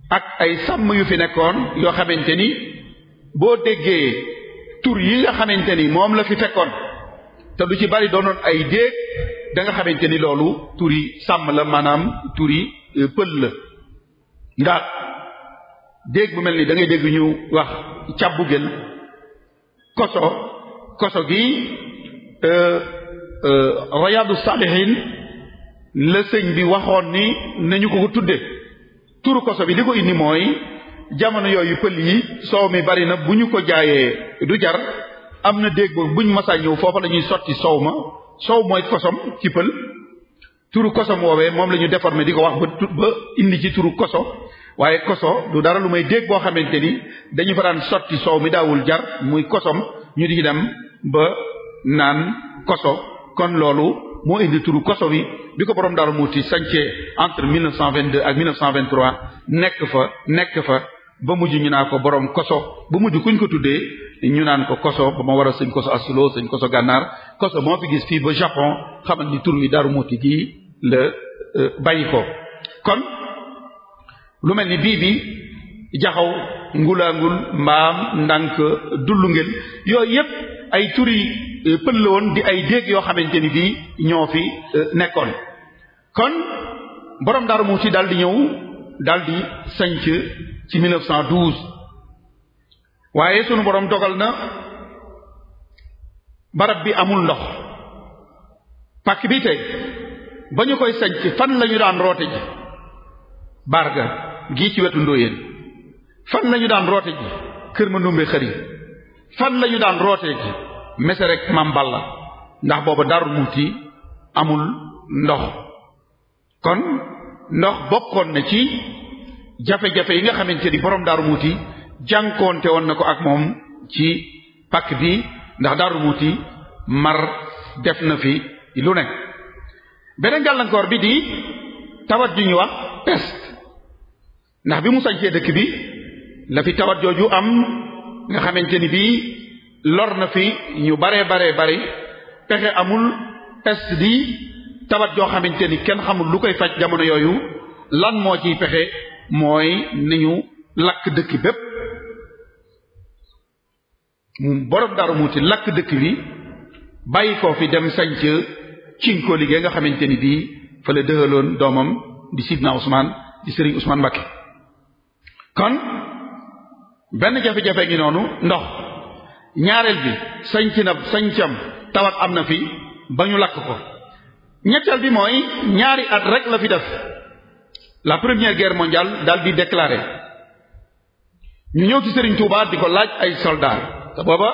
ak ay sàmm yu fi nekkoon yoo xamante ni boo déggee tur yi nga xamante ni moom la fi fekkoon te lu ci bari doonoon ay déeg da nga xamante ni loolu turi sàmm la maanaam turi euh, pël la ndax déeg bu mel ni da ngay dégg ñu wax càbbu gél koso koso gi euh, euh, Riyadu Salihin la sëñ bi waxoon ni nañu ko ko tudde turu koso bi li ko indi mooy jamono yooyu pël yi soow mi bari na bu ñu ko jaayee du jar am na déeg bu buñ masaa ñëw foofa la ñuy sotti sow ma sow mooy kosom ci pël turu kosom woowee moom la ñu déformé di ko wax ba indi ci turu koso waaye koso du dara lu may déeg boo xamante ni dañu fa daan sotti sow mi daawul jar muy kosom ñu di ci dem ba naan koso kon loolu moo indi turu koso bi bi ko borom Daaru Muuti sancee entre 1922 ak vingt 1923 nekk fa nekk fa ba mujj ñu naa ko borom koso ba mujj kuñ ko tuddee ñu naan ko koso ba ma war a sëñ koso asulo sëñ koso gànnaar koso moo fi gis fii ba japon xamal ni tur mi daaru muuti gii la euh, bàyyi ko kon lu mel ni bii bi jaxaw ngulaangul mbaam ndànk dullungel yooyu yépp ay turi euh, pël la woon di ay déeg yoo xamante ni bii ñoo fi euh, nekkoon kon borom daaru muuti daal di ñëw dal di sanc ci 1912 waaye sunu boroom dogal na barab bi amul ndox pàkk bi tey ba ñu koy sañc fan lañu daan roote ji barga gii ci wetu ndóoyéen fan lañu daan roote ji kër ma ndumbe xëri fan lañu daan roote ji mese rek mam balla ndax booba daaru muuti amul ndox kon ndox bokkoon na ci jafe-jafe yi nga xamante ni boroom daaru muuti jànkoonte woon na ko ak moom ci pakk bi ndax Daaru Muuti mar def na fi lu ne beneen gàllankoor bi di tawat ju ñu wax peste ndax bi mu sañcee dëkk bi la fi tawat jooju am nga xamante ni bii lor na fi ñu baree baree bari pexe amul peste di tawat joo xamante ni kenn xamul lu koy faj jamono yooyu lan moo ciy pexe mooy nañu ñu lakk dëkk bépp borom Daaru Muuti lakk dëkk bi bàyyi koo fi dem sanc Cinkoli gi nga xamante ni bii fa la dëhaloon doomam di Sidna Ousmane di Sëriñ Ousmane Mbakke kon benn jafe-jafe ngi noonu ndox ñaareel bi sanc na sancam tawat am na fi ba ñu lakk ko ñetteel bi mooy ñaari at rek la fi def la première guerre mondiale daal di déclaré ñu ñëw ci Sëriñ Tuubaa di ko laaj ay soldats te booba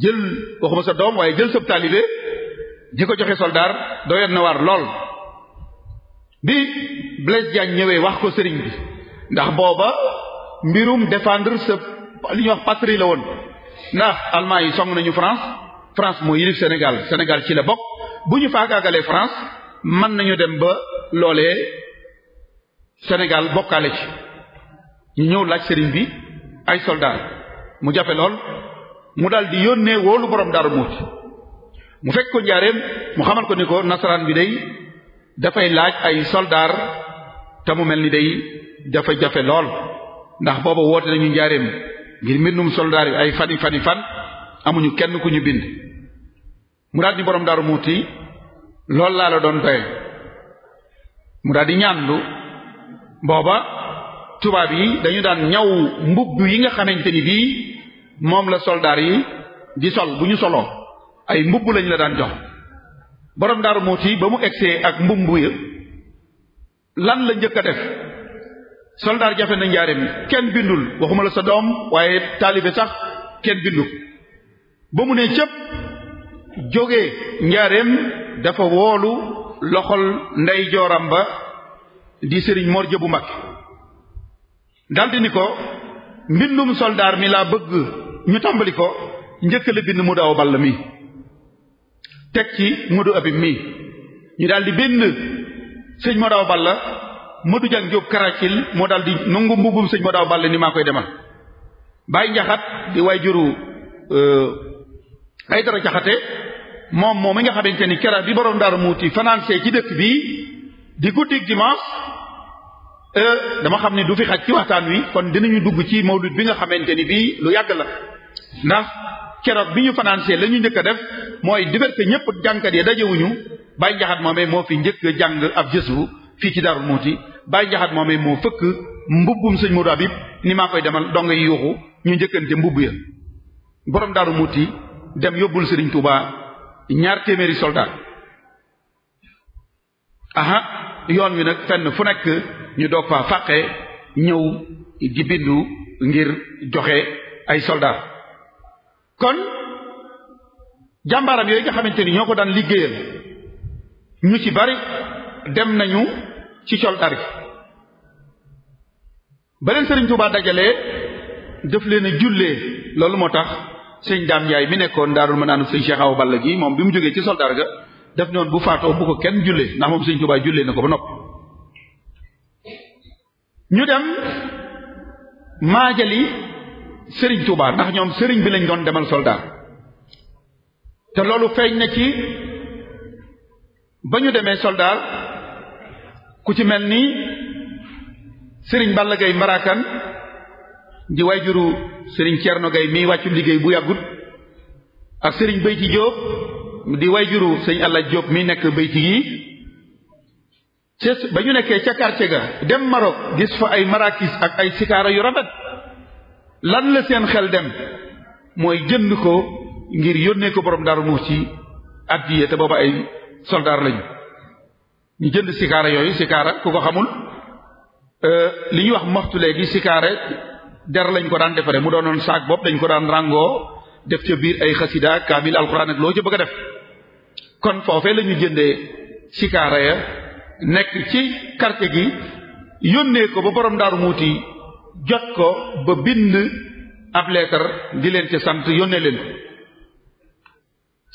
jël waxuma sa doom waaye jël sab taalibe di ko joxe soldaar doyoon na waar lool bi Blaise Diagne ñëwee wax ko sëriñ bi ndax booba mbirum défendre sa li ñuy wax patrie la woon ndax allemand yi song nañu France France moo yilif Sénégal Sénégal ci la bokk bu ñu faagaagalee France mën nañu dem ba loolee Sénégal bokkaale ci ñu ñëw laaj sëriñ bi ay soldaar mu jafe lool mu daal di yónnee woolu borom daaru muuti mu fekk ko njaareem mu xamal ko ni ko nasaraan bi day dafay laaj ay soldaar te mu mel ni day dafa jafe lool ndax booba woote nañu njaareem ngir mbindum soldaar yi ay fani fani fan amuñu kenn ku ñu bind mu daal di borom daaru muuti loolu laa la doon doye mu daal di ñaandu booba tubaab yi dañu daan ñaw mbubb yi nga xamante ni bii moom la soldaar yi di sol bu ñu soloo ay mbubb lañ la daan jox boroom borom daaru muuti ba mu egsee ak mbubb ya lan la njëkk a def soldaar jafe na njaareem kenn bindul waxuma la sa doom waaye taalibe sax kenn bindu ba mu nee cëpp jógee njaareem dafa woolu loxol ndeyjooram ba di sëriñ Mor Jëbu Mbàkke daldi ni ko mbindum soldaar mi laa bëgg ñu tàmbali ko njëkk la bind mu daaw ball mi teg ci mudu abib mi ñu daldi bind sëñ moo daaw ball madu jàng jóob karacil moo daldi nangu mbubbum sëñ moo daaw ball ni maa koy demal bay njaxat di waay juru euh, ay dara jaxate moom moom mi nga xamante ni kera bi borom daaru muuti financé ci dëkk bi di guddi dimanche Euh, dama xam ne du fi xaj ci waxtaan wi kon dinañu dugg ci mawlud bi nga xamante ni bii lu yàgg la ndax keroog bi ñu financé la ñu njëkk a def mooy diggante ñëpp jànkat yi dajewuñu Baye Ndiakhate moomee moo fi njëkk a jàng ab jësbu fii ci Darou Mouti Baye Ndiakhate moomee moo fëkk mbubbum sëñ Modou Habib ni maa koy demal dong yi yuuxu ñu njëkkante mbubb ya borom Darou Mouti dem yóbbul Serigne Touba ñaar téeméeri soldat aha yoon wi nag fenn fu nekk. ñu doog faa fàqe ñëw di bindu ngir joxe ay soldats kon jàmbaaram yooyu nga xamante ni ñoo ko daan liggéeyal ñu ci bari dem nañu ci soldats yi ba leen Sëriñ Tuubaa dajalee def leen a jullee loolu moo tax sëñ Daam Njaay mi nekkoon daarul ma naanu sëñ Cheikh Awa gi moom bi mu jógee ci soldat ga def noonu bu faatoo bu ko kenn jullee ndax moom Sëriñ Tuubaa jullee na ko ba noppi ñu dem maajali sëriñ Touba ndax ñoom sëriñ bi lañ doon demal soldat te loolu feeñ na ci ba ñu demee soldat ku ci mel ni sëriñ Balla Gaye Mbarakan di wayjuru sëriñ Thierno Gaye mii wàccu liggéey bu yàggut ak sëriñ Bayti Diop di wayjuru sëriñ Alla Diop mii nekk Bayti yi c'est ba ñu nekkee ca quartier ga dem Maroc gis fa ay marakis ak ay sikaara yu lan la seen xel dem mooy jënd ko ngir yónnee ko borom Daaru Muxti addiye te booba ay soldaar lañu ñu jënd sikaara yooyu sikaara ku ko xamul euh, li ñuy wax maxtu léegi sikaara der lañu ko daan defare mu doonoon saak bopp dañ ko daan ràngoo def ca biir ay xasida kaamil alxuraan ak loo ca bëgg a def kon foofee la jëndee sikaara ya nekk ci quartier gi yónnee ko ba borom daaru muuti jot ko ba bind ab leetar di leen ci sant yónnee leen ko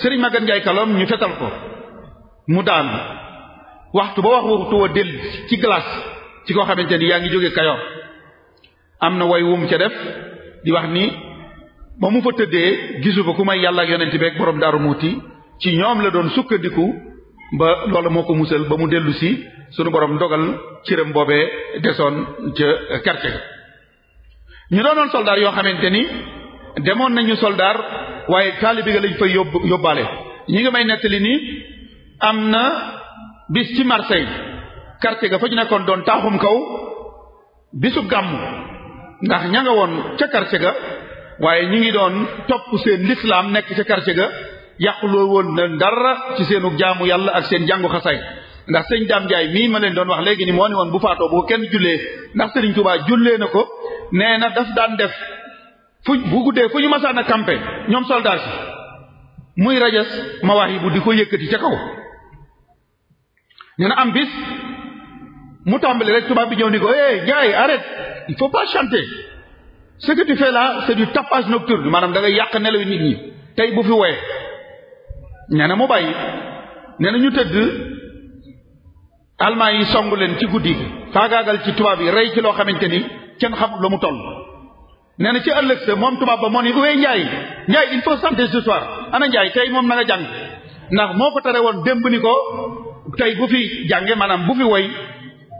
sëriñ Maguette Ndiaye kaloom ñu fetal ko mu daan waxtu ba wax waxtu wa del ci glace ci koo xamante ni yaa ngi jóge Kayoor am na way wum ca def di wax ni ba mu fa tëddee gisu fa ku may yàlla ak yonent beeg boroom daaru muuti ci ñoom la doon sukkandiku ba loola moo ko musal ba mu dellu si sunu borom dogal cëram boobee desoon ca kerte ga ñu doonoon soldaar yoo xamante ni demoon nañu soldaar waaye taalibe ga lañ fa yóbbu yóbbaale ñi ngi may nettali ni am na bis ci Marseille quartier ga fa ñu nekkoon doon taaxum kaw bisu gàmm ndax ña nga woon ca quartier ga waaye ñu ngi doon topp seen lislaam nekk ca karce ga yàquloo woon na dara ci seenu jaamu yàlla ak seen jàngu xasaay ndax sëñ Dame Ndiaye mii ma leen doon wax léegi ni moo ne woon bu faatoo bu ko kenn jullee ndax Serigne Touba jullee na ko nee na daf daan def fu bu guddee fu ñu masaan a campé ñoom soldat yi muy yi mawaahibu di ko yëkkati ca kaw. ñu ne am bis mu tàmbali rek tubaa bi ñëw ni ko eh Ndiaye arrête il faut pas chanter ce que tu fais là c'est du tapage nocturne yàq nelaw nit ñi tey bu fi woyee. nee na mu bàyyi nee na ñu tëdd almaa yi songu leen ci guddi gi faagaagal ci tubaab yi rey ci loo xamante ni kenn xamul la mu toll nee na ci ëllëg sa moom tubaab ba moo ni uwee njaay njaay il faut santé ce soir ana njaay tey moom na jàng ndax moo ko tere woon démb ni ko tey bu fi jànge maanaam bu fi woy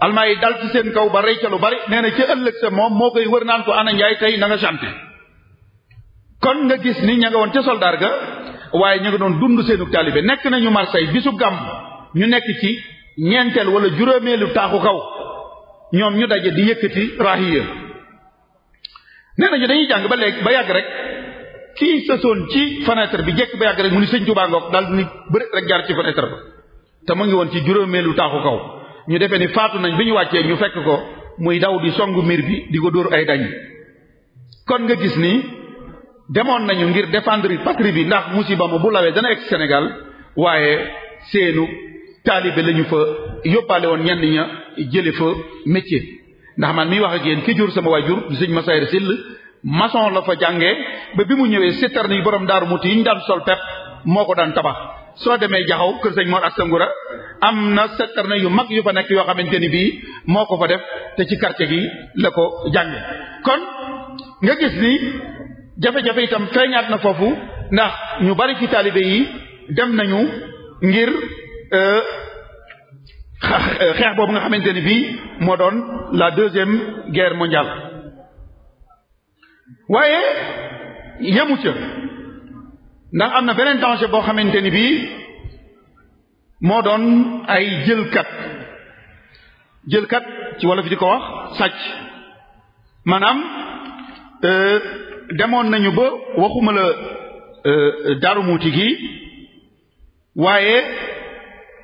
almaa yi dal ci seen kaw ba rey ca lu bari nee na ci ëllëg sa moom moo koy wër naan ko ana njaay tey na nga santé kon nga gis ni ña nga woon ca soldaar ga waaye ñu ngi doon dund seenu taalibe nekk nañu bi bisu gàmm ñu nekk ci ñeenteel wala juróomeelu taaxu kaw ñoom ñu daje di yëkkati rahiya nee nañu dañuy jàng ba léegi ba yàgg rek kii sësoon ci fenêtre bi jekk ba yàgg rek mu ni sëñ Tuubaa ngoog daal ni bëri rek jaar ci fenêtre ba te mu ngi woon ci juróomeelu taaxu kaw ñu defee ni faatu nañ bi ñu wàccee ñu fekk ko muy daw di songu miir bi di ko dóor ay dañ kon nga gis nii demoon nañu ngir défendre patri bi ndax musiba ma bu lawee dana egg Sénégal waaye seenu taalibe la ñu fa yóbbaale woon ñenn ña jële fa métier ndax man miy wax ak yéen ki jur sama waajur sëñ Massayer Sill mason la fa jàngee ba bi mu ñëwee citerne yi borom daaru muti yi ñu daan sol pep moo ko daan tabax soo demee jaxaw kër sëñ Mor ak Sangura am na citerne yu mag yu fa nekk yoo xamante ni bii moo ko fa def te ci quartier gi la ko jànge kon nga gis ni jafe-jafe itam feeñaat na foofu ndax ñu bari fi taalibe yi dem nañu ngir euh, xeex boobu nga xamante ni bii moo doon la deuxième guerre mondiale waaye yemu ca ndax am na beneen danger boo xamante ni bii moo doon ay jëlkat jëlkat ci wolof di ko wax sàcc maanaam euh, demoon nañu ba waxuma la euh, euh, Daaru Muuti gi waaye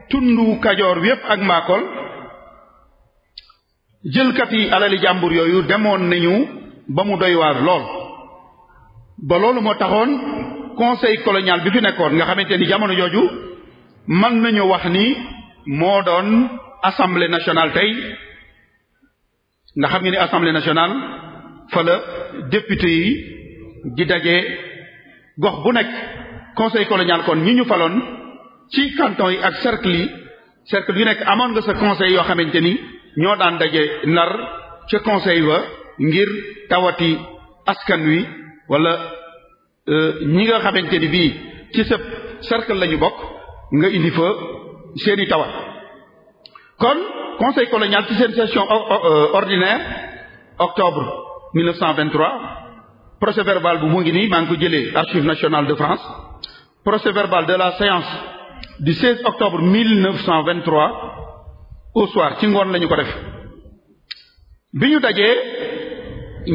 tundu Kajoor bi yépp ak Mbaakol jëlkat yi alali jàmbur yooyu demoon nañu ba mu doy lool ba loolu moo taxoon conseil colonial bi fi nekkoon nga xamante ni jamono jooju mën nañu wax ni moo doon assemblée nationale tey nga xam nga ni assemblée nationale fa la député yi di daje gox bu nekk conseil colonial kon ñi ñu faloon ci canton yi ak cercle yi cercle yu nekk amoon nga sa conseil yoo xamante ni ñoo daan daje nar ca conseil wa ngir tawati askan wi wala euh, ñi nga xamante ni bii ci sa cercle la bokk nga indi fa seeni tawat kon conseil colonial ci seen session euh, ordinaire octobre 1923 procès verbal bu mu ngi nii maa ko jëlee archive nationale de France procès verbal de la séance du 16 octobre 1923 au soir ci ngoon lañu ko def bi ñu dajee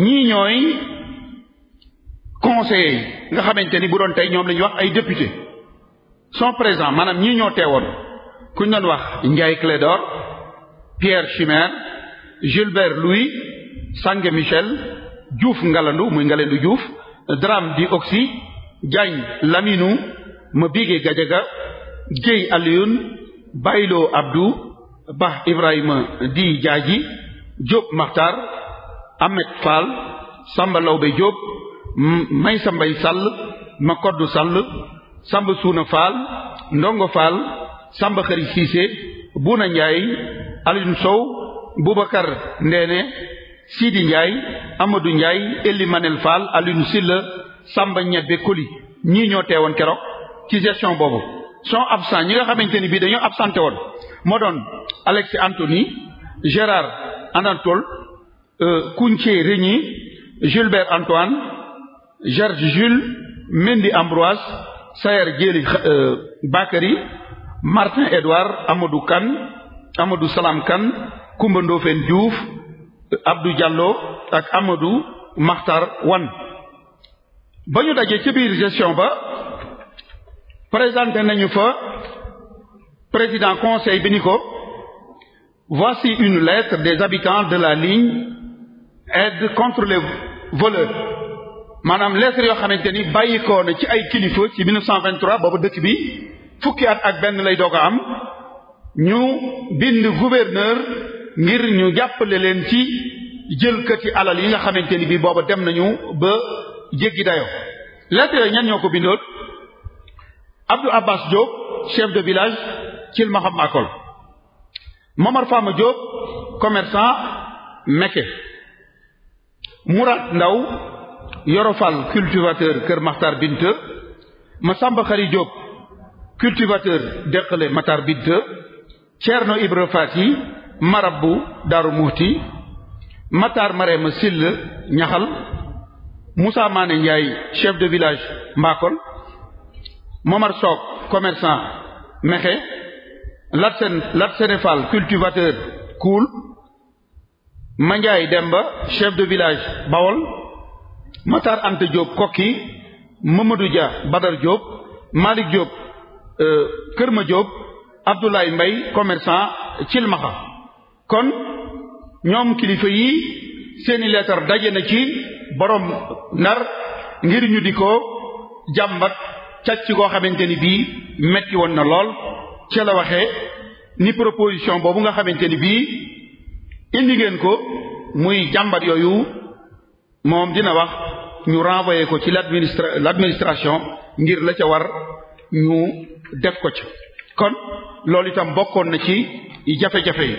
ñii ñooy conseillers yi nga xamante ni bu doon tey ñoom la ñuy wax ay député sont présent maanaam ñii ñoo teewoon ku ñu doon wax Ndiaye Clédor Pierre Chimère Gilbert Louis Sangue Michel Diouf Ngalandu muy Ngalandu Diouf Dram di Oxy Diagne Laminu Mabigé Gajaga Guèye Alioune Baylo Abdou Bah Ibrahima di Diadji Diop Makhtar Ahmed Fall Samba Lawbe Diop Maysa Mbay Sall Makoddu Sall Samba Suuna Fall Ndongo Fall Samba Xëri Cissé Buna Ndiaye Alioune Sow Boubacar Ndeene Sidi Ndiaye Amadou Ndiaye Elimanel Fall Alioune Silla Samba Ñebbe Koli ñii ñoo teewoon keroog ci gestion boobu sont absents ñi nga xamante ni bii dañoo absenté woon moo doon Alexis Anthony Gérard Anatole euh, Kounché Régny Gilbert Antoine Georges Jules Mendy Ambroise Sayer Jéli euh, Bakary Martin Edouard Amadou Kane Amadou Salam kan Kumba Ndofène Diouf Abdou Diallo ak Amadou Makhtar Wan ba ñu dajee ci biir gestion ba présenté nañu fa président conseil bi ni ko voici une lettre des habitants de la ligne aide contre les voleurs maanaam lettre yoo xamante ni bàyyikoo na ci ay kilifa ci 1923 boobu dëkk bi fukki at ak benn lay doog a am ñu bind gouverneur ngir ñu jàppale leen ci jëlkati alal yi nga xamante ni bii booba dem nañu ba jéggi dayo lettre yooyu ñan ñoo ko bindoon Abdou Abbas Diop chef de village Cil Maham Akol Momar Fama Diop commerçant Mekke Mourad Ndaw Yorofal cultivateur Kër Maxtar Binte Masamba Xari Diop cultivateur Deqale Matar Binte Cerno Ibra Fati marab bu daaru muuti Matar Marema Sill ñaxal Moussa Mané Ndiaye chef de village Mbakol Momar Sock commerçant Mexe Latsen Latsene Fall cultivateur Koul Mandiaye Demba chef de village Bawol Matar Anta Diop Kokki Mamadou Dia Badar Diop Malick Diop euh, Kërma Diop Abdoulaye Mbaye commerçant Cilmaxa kon ñoom kilifa yi seeni leetar daje na ci borom ndar ngir ñu di ko jàmbat càcc goo xamante ni bii metti woon na lool ca la waxee ni proposition boobu nga xamante ni bii indi ngeen ko muy jàmbat yooyu moom dina wax ñu renvoyé ko ci l'administra l'administration ngir la ca war ñu def ko ca kon loolu itam bokkoon na ci jafe-jafe yi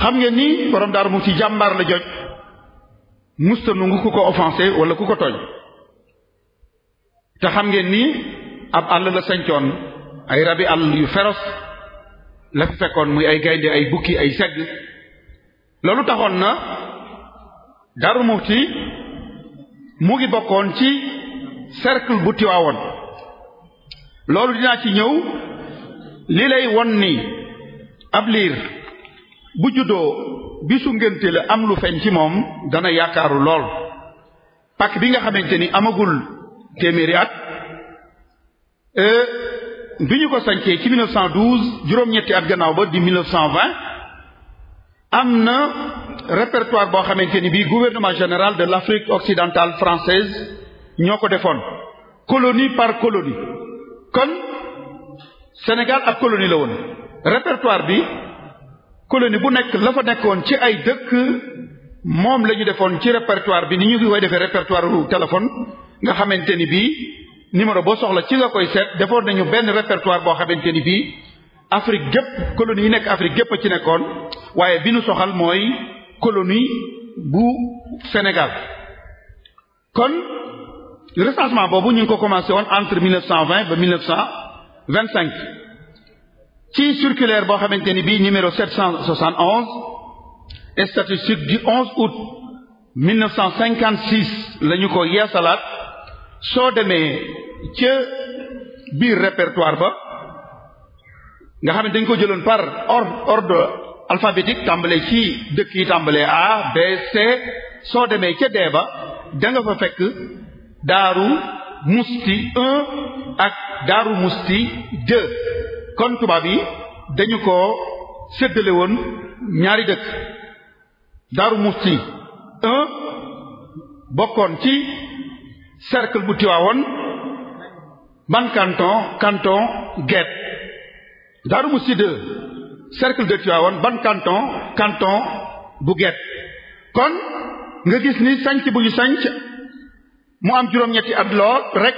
xam ngeen nii borom daaru mu ci jàmbaar la joj musta nangu ku ko offensé wala ku ko tooñ te xam ngeen nii ab àll la sañcoon ay rabi àll yu féroce la fi fekkoon muy ay gaynde ay bukki ay segg loolu taxoon na Daaru Muxti mu ngi bokkoon ci cercle bu Tiwaawoon loolu dinaa ci ñëw li lay won ni ab liir bu juddoo bisu ngénte la am lu feeñ ci moom dana yaakaaru lool pak bi nga xamante ni amagul téeméeri at e, bi ñu ko sancee ci 1912 juróom-ñetti at gannaaw ba di 1920 am na répertoire boo xamante ni bii gouvernement général de l'Afrique occidentale française ñoo ko defoon colonie par colonie kon Sénégal ak colonie la woon répertoire bi colonie bu nekk la fa nekkoon ci ay dëkk moom lañu defoon ci répertoire bi ni ñu koy defee répertoire téléphone nga xamante ni bii numéro boo soxla ci nga koy seet defoon nañu benn répertoire boo xamante ni bii Afrique gépp colonie yi nekk Afrique gépp a ci nekkoon waaye bi nu soxal mooy colonie bu Sénégal kon recensement boobu ñu ngi ko commencé woon entre 1920 ba 1925 ci circulaire boo xamante ni bii numéro 771 statistique du 11 août 1956 la lañu ko yeesalaat soo demee ca biir répertoire ba nga xam ne dañ ko jëloon par ordre alphabétique tàmbalee ci dëkk yi tàmbalee A B C soo demee ca D ba da nga fa fekk Daaru Musti 1 ak Daaru Musti 2 kon tubaab yi dañu ko séddale woon ñaari dëkk Daaru Muxti un bokkoon ci cercle bu Tiwaawoon ban canton canton Guet Daaru Muxti deux Tiwaawoon ban canton canton bu Guet kon nga gis ni sanc bu ñu sanc mu am juróom-ñetti at lool rek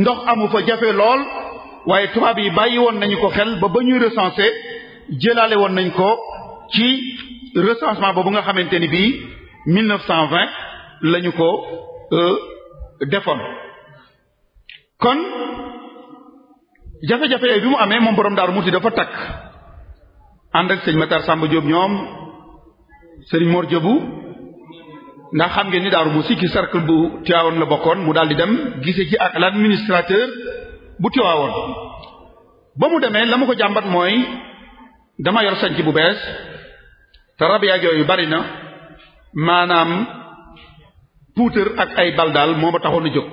ndox amu fa jafe lool waaye tubaab yi bàyyi woon nañu ko xel ba ba ñuy recenser jëlaale woon nañ ko ci recensement boobu nga xamante ni bii 1920 la ñu ko euh, defoon kon jafe-jafe yooyu bi mu amee moom borom daaru muti dafa takk ànd ak sëñ Matar Samba Diop ñoom sëriñ Mor Diobou ndax xam ngeen ni daaru musi ci cercle bu Tivaouane la bokkoon mu daal di dem gisee ci ak l'administrateur bu tiwaawoon ba mu demee la mu ko jàmbat mooy dama yor sanc bu bees te rab yaa jooyu bari na maanaam puutar ak ay bal daal moo ma taxoon a jóg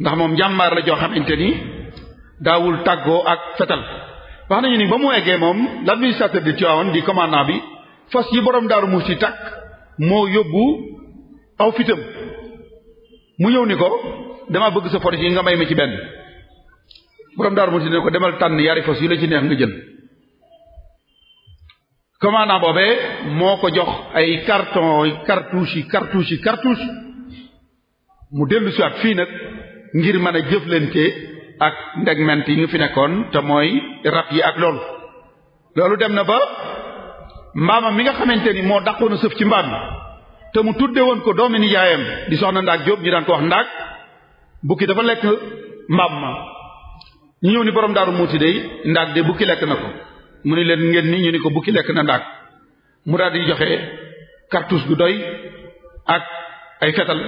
ndax moom jàmbaar la joo xam xamante ni daawul tàggoo ak fetal wax nañu ni ba mu eggee moom l'administrateur de Tivaouane di commandant bi fas yi borom daaru mu ci tàkk moo yóbbu aw fitam mu ñëw ni ko dama bëgg sa forage yi nga may ma ci benn borom daaru muti ne ko demal tànn yari fas la ci neex nga jël commandant boobee moo ko jox ay carton cartouche yi cartouche yi cartouche mu dellu si waat fii nag ngir mën a jëflante ak ndegment yi nga fi nekkoon te mooy rab yi ak loolu loolu dem na ba mbaamam mi nga xamante ni moo dàqoon a sëf ci mbaam te mu tudde woon ko doomi nijaayam di soxna ndaag Jóob ñu daan ko wax ndaag bukki dafa lekk mbaam ma ñu ñëw ni borom daaru muuti day ndaag de bukki lekk na ko mu ni leen ngeen ni ñu ni ko bukki lekk na ndaag mu daal di joxe cartouche gu doy ak ay fetal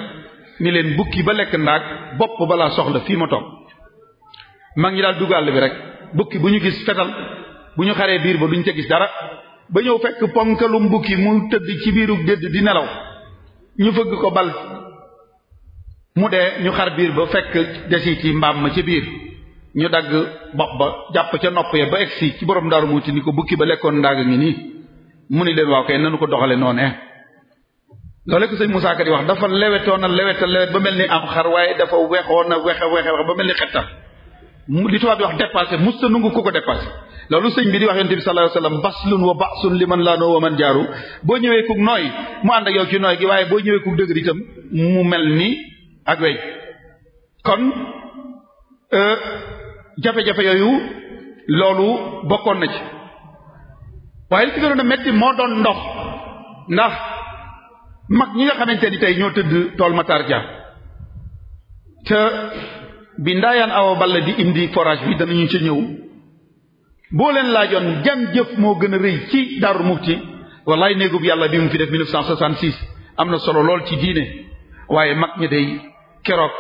ni leen bukki ba lekk ndaag bopp balaa soxla fii ma toog mag ñi daal dugg bi rek bukki bu ñu gis fetal bu ñu xaree biir ba duñ ca gis dara ba ñëw fekk ponkalum bukki mu tëdd ci biiru dédd di nelaw ñu fëgg ko bal mu dee ñu xar biir ba fekk desi ci mbaam ma ci biir ñu dagg bopp ba jàpp ca nopp ya ba egsi ci borom mu muuti ni ko bukki ba lekkoon ndaaga ngi nii mu ni leen waaw kay nanu ko doxale noonee loole ko sëñ Moussa Ka di wax dafa lewetoon a leweta lewet ba mel ni am xar waaye dafa wexoon a wexe wexe ba mel ni xettal li tubaab bi wax dépassé musta nungu ku ko dépassé loolu sëñ bi di wax yonte bi sallallahu alayhi wasallam baslun wa basun li man laanoo wa man jaaru boo ñëwee kuk nooy mu ànd ak yow ci nooy gi waaye boo ñëwee kuk dëgër itam mu mel ni ak wey kon euh, jafe-jafe yooyu loolu bokkoon na ci waaye li ci gënoon a metti moo doon ndox ndax mag ñi nga xamante ni tey ñoo tëdd tool Matar Dia te bi ndaayaan awa balla di indi forage bi danañu ci ñëw boo leen laajoon jam jëf moo gën a rëy ci Daaru Muxti wallaay néegub yàlla bi mu fi def 1966 am na solo lool ci diine waaye mag ñi day keroog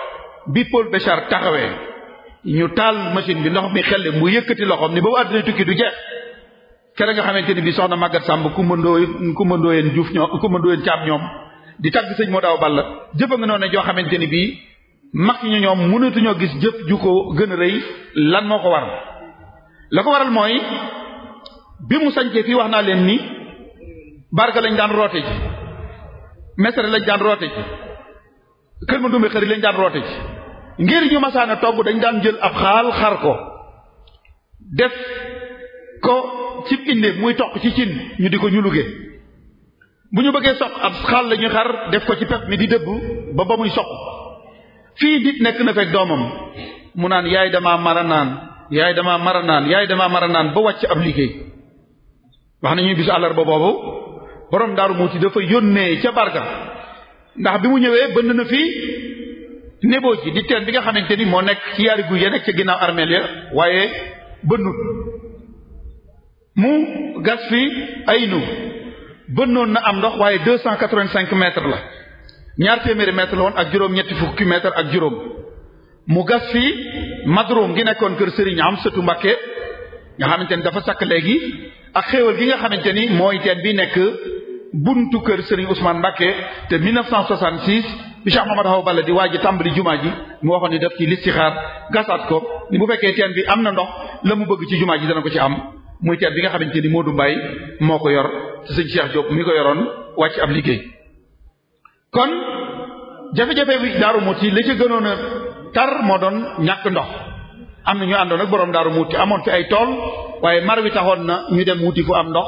bi Paul Béchard taxawee ñu taal machine bi ndox mi xelle mu yëkkati loxoom ni ba bu àddina tukki du jeex kere nga xamante ni bi soxna Maguette Samb kumandoo kumandoo yeen Diouf ñoom kumandoo yeen Thiam ñoom di tagg sëñ moo daaw balla jëfa nga noonu joo xamante ni bii mag ñu ñoom mënatuñoo gis jëf ju ko gën a rëy lan moo ko waral la ko waral mooy bi mu sañcee fii wax naa leen ni barga lañ daan roote ji mesere lañ daan roote ji kër ma dumbi xëri lañ daan roote ji ngir ñu masaan togg dañ daan jël ab xaal xar ko def ko cib indéef muy toq ci cin ñu di ko ñu luge bu ñu bëggee soq ab xaal lañuy xar def ko ci pep mi di dëbb ba ba muy soq fii nit nekk na fekk doomam mu naan yaay damaa mara naan yaay damaa mara naan yaay damaa mara naan ba wàcc ab liggéey wax nañuy bisu àllarba boobu borom daaru muuti dafa yónnee ca barga ndax bi mu ñëwee bënn na fii néboo ji di teen bi nga xamante ni moo nekk ci yaari guy ya nekk ca ginnaaw armeel ya waaye bënnut mu gas fi ay nu noon na am ndox waaye deux cent quatre-vingt-cinq la ñaar téeméeri mètres la ak juróom ñetti fukki mètres ak juróom mu gas fi madroom gi nekkoon kër Serigne am sëtu Mbàkke nga xamante ni dafa sakk léegi ak xéewal gi nga xamante ni mooy teen bi nekk buntu kër Serigne Ousmane Mbàkke te 1966 bi Cheikh Mamadou Hawa bala di waa ji tàmbali jumaa ji mu waxoon ni def ci listixaar gasaat ko ni fekkee teen bi am na ndox la mu bëgg ci jumaa ji dana ko ci am muy teen bi nga xamante ni Modou Mbaye moo ko yor te sëñ Cheikh Diop mi ko yoroon wàcc ab liggéey kon jafe-jafe bi Daaru Muxti li ci gënoon a tar moo doon ñàkk ndox am na ñu àndoon ak boroom Daaru Muxti amoon fi ay tool waaye mar wi taxoon na ñu dem wuti fu am ndox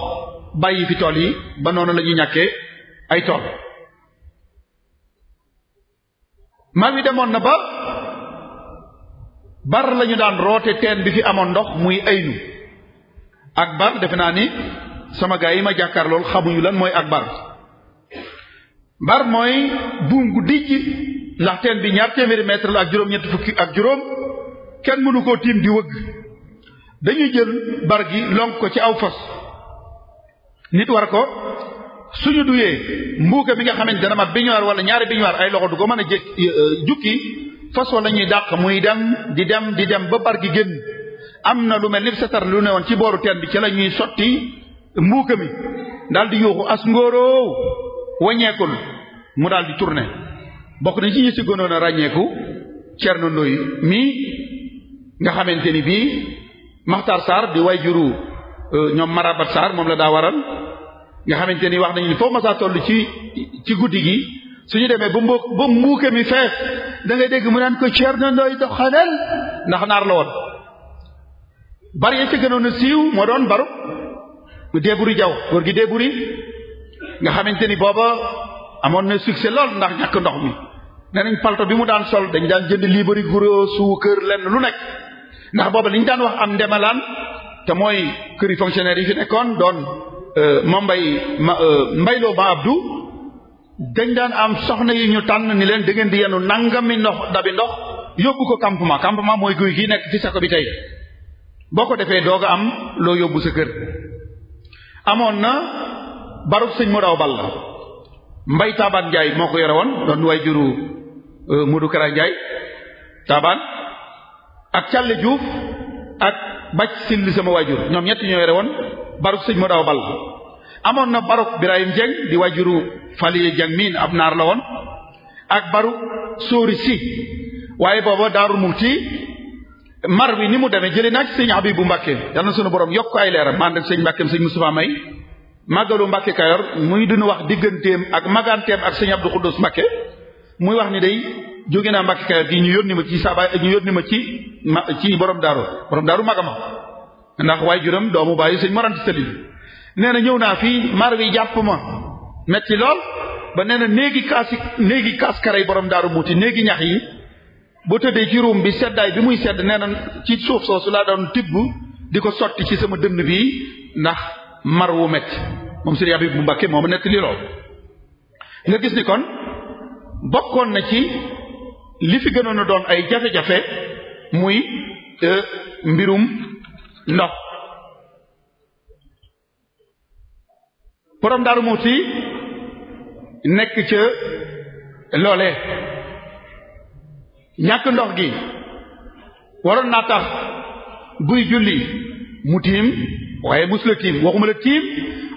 bàyyi fi tool yi ba noonu la ñuy ñàkkee ay tool maam yi demoon na ba bar lañu daan roote teen bi fi amoon ndox muy aynu ak bar defe naa ni sama gaa yi ma jàkkaar lool xamuñu lan mooy ak bar bar mooy buum gu dijj ndax teen bi ñaar téeméeri mètre la ak juróom-ñetti fukki ak juróom kenn mënu koo tiim di wëgg dañuy jël bar gi lonk ko ci aw fas nit war ko suñu duyee mbuuka mi nga xamante dana ma biñuwaar wala ñaari biñuwaar ay loxo du ko mën a jëkk euh, jukki fas wala ñuy dàq muy dem di dem di dem ba bar gi génn am na lu mel ni satar lu ne woon ci booru teen bi ci la ñuy sotti mbuuka mi daal di yuuxu as ngóoroo waññeekul mu daal di tourné bokk nañ ci ñi si gënoon a ràññeeku Cerno Ndoy mii nga xamante ni bii Maxtaar Sarr di way juru euh, ñoom Marabat Sarr moom la daa waral nga xamante ni wax nañu ni foo masaa toll ci ci guddi gi suñu demee ba mbu ba mbuuke mi fees da dégg mu naan ko cer Ceerno Ndooy doxaleel ndax naar la woon bari ya ca gënoon a siiw moo doon baru déeburi jaw góor gi déeburi nga xamante ni booba amoon na succès lool ndax ñàkk ndox mi ne nañ palto bi mu daan sol dañ daan jënd libari guro suu kër lenn lu nekk ndax booba li ñu daan wax am ndemelaan te mooy këri fonctionnaire yi fi nekkoon doon Euh, ma mbay ma euh, mbayloo ba abdu dañ daan am soxna yi ñu tànn ni leen da ngeen di yenu nangami ndox dabi ndox yóbbu ko campement campement mooy guy gii nekk ci sako bi tey boo ko defee doog a am loo yóbbu sa kër amoon na barub sëñ mu daw bal mbay taabaan njaay moo ko yore woon doon way juru euh, mudu kara njaay taabaan ak càlle ak bàcc sin li sama waajur ñoom ñett ñoo yore woon baruk sëñ Modaw Bal amoon na baruk Birahim Jeng di wajuru Faliye Jeng miin ab naar la woon ak baruk Sóori Si waaye booba Daaru Muxti mar bi ni mu demee jëlee naa ci sëñ bu Mbàkke yal na sunu borom yokk ay leeram man ak sëñ Mbàkkeem sëñ Moustapha May màggalu Mbàkke Kayor muy dunu wax digganteem ak maganteem ak sëñ Abdou Xuddus Mbàkke muy wax ni dey jóge naa Mbàkke Kayor gi ñu yónni ma ci saaba ñu yónni ma ci ma ci borom daaru borom daaru ndax waaye juróom doomu bàyyi sëñ Mor Anta Sali nee na ñëw naa fii mar wi jàpp ma metti lool ba nee na néegi kaasi néegi kaaskaray borom daaru muuti néegi ñax yi boo tëddee ci ruum bi seddaay bi muy sedd nee na ci suuf soosu laa doon tibb di ko sotti ci sama dënn bi ndax mar wu metti moom sëriñ Habib bu Mbakke moom netti li lool nga gis ni kon bokkoon na ci li fi gënoon a doon ay jafe-jafe muy euh, mbirum ndox borom Daaru Muxti nekk ca loole ñàkk ndox gi waroon naa tax buy julli mu tiim waaye musu la tiim waxuma la tiim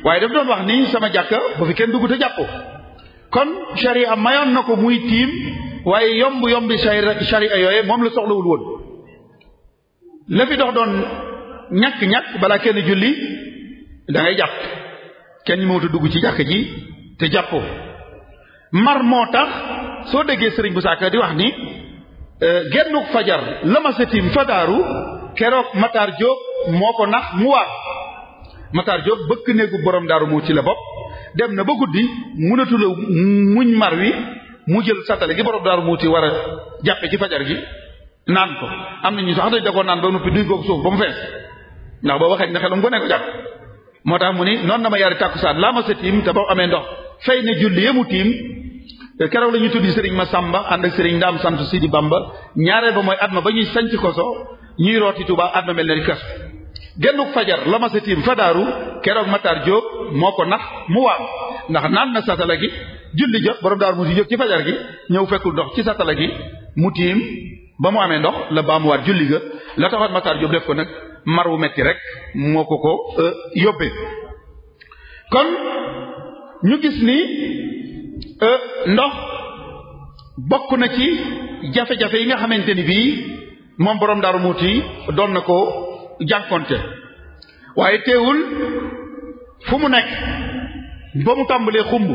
waaye daf doon wax ni sama jàkka ba fi kenn dugg te jàpp kon sharia mayoon na ko muy tiim waaye yomb yombi sharia yooye moom la soxlawul woon la fi dox doon ñàkk-ñàkk balaa kenn julli da ngay jàpp kenn mënut a dugg ci jàkk ji te jàppoo mar moo tax soo déggee sëriñ bu saaka di wax ni euh, gennuk fajar lamasatim fadaaru keroog Matar Diop moo ko nax mu waar Matar Diop bëkk néegu boroom daaru mu ci la bopp dem na ba guddi mënatula muñ mar wi mu jël satale gi borom daaru ci war a jàppe ci fajar gi naan ko am na ñu sax dañ da koo naan ba noppi duñ ko suuf ba mu fees ndax boo waxee ne xelum gone ko jàpp moo tax mu ni noon na ma yari tàkkusaan laa ma sa tiim te boo amee ndox fay ne julli yemu tiim keroog la ñu tuddi sëriñ ma sàmba ànd ak sëriñ ndaam sant Sidi Bamba ñaareel ba mooy ma ba ñuy sanc koso ñuy rooti Tuubaa atma mel ne kas gennuk fajar la ma sa tiim fa daaru keroog Matar Diop moo ko nax mu waaw ndax naan na satala gi julli jot borom daaru mu si jóg ci fajar gi ñëw fekkul ndox ci sa gi mu tiim ba mu amee ndox la baamuwaat julli ga la taxoon Matar Diop def ko mar wu metti rek moo ko ko euh, yóbbee kon ñu gis ni euh, ndox bokk na ci jafe-jafe yi nga xamante ni bii moom boroom Daaru Muuti doon na ko jànkonte waaye teewul fu mu nekk ba mu tàmbalee xumb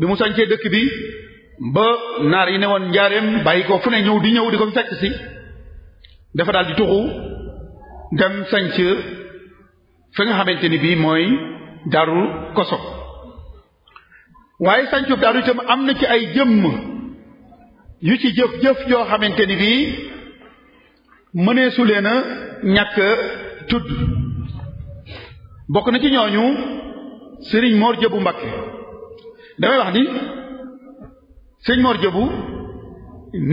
bi mu sañcee dëkk bi ba naar yi ne woon njaareem bàyyi ko fu ne ñëw di ñëw di ko fekk si dafa daal di tuxu dem sanc fa xamante ni bii mooy daaru koso waaye sanc daaru itam am na ci ay jëmm yu ci jëf-jëf yoo xamante ni bii mëneesu leen a ñàkk tudd bokk na ci ñooñu sëriñ Mor Jëbu Mbakke damay wax ni sëriñ Mor Jëbu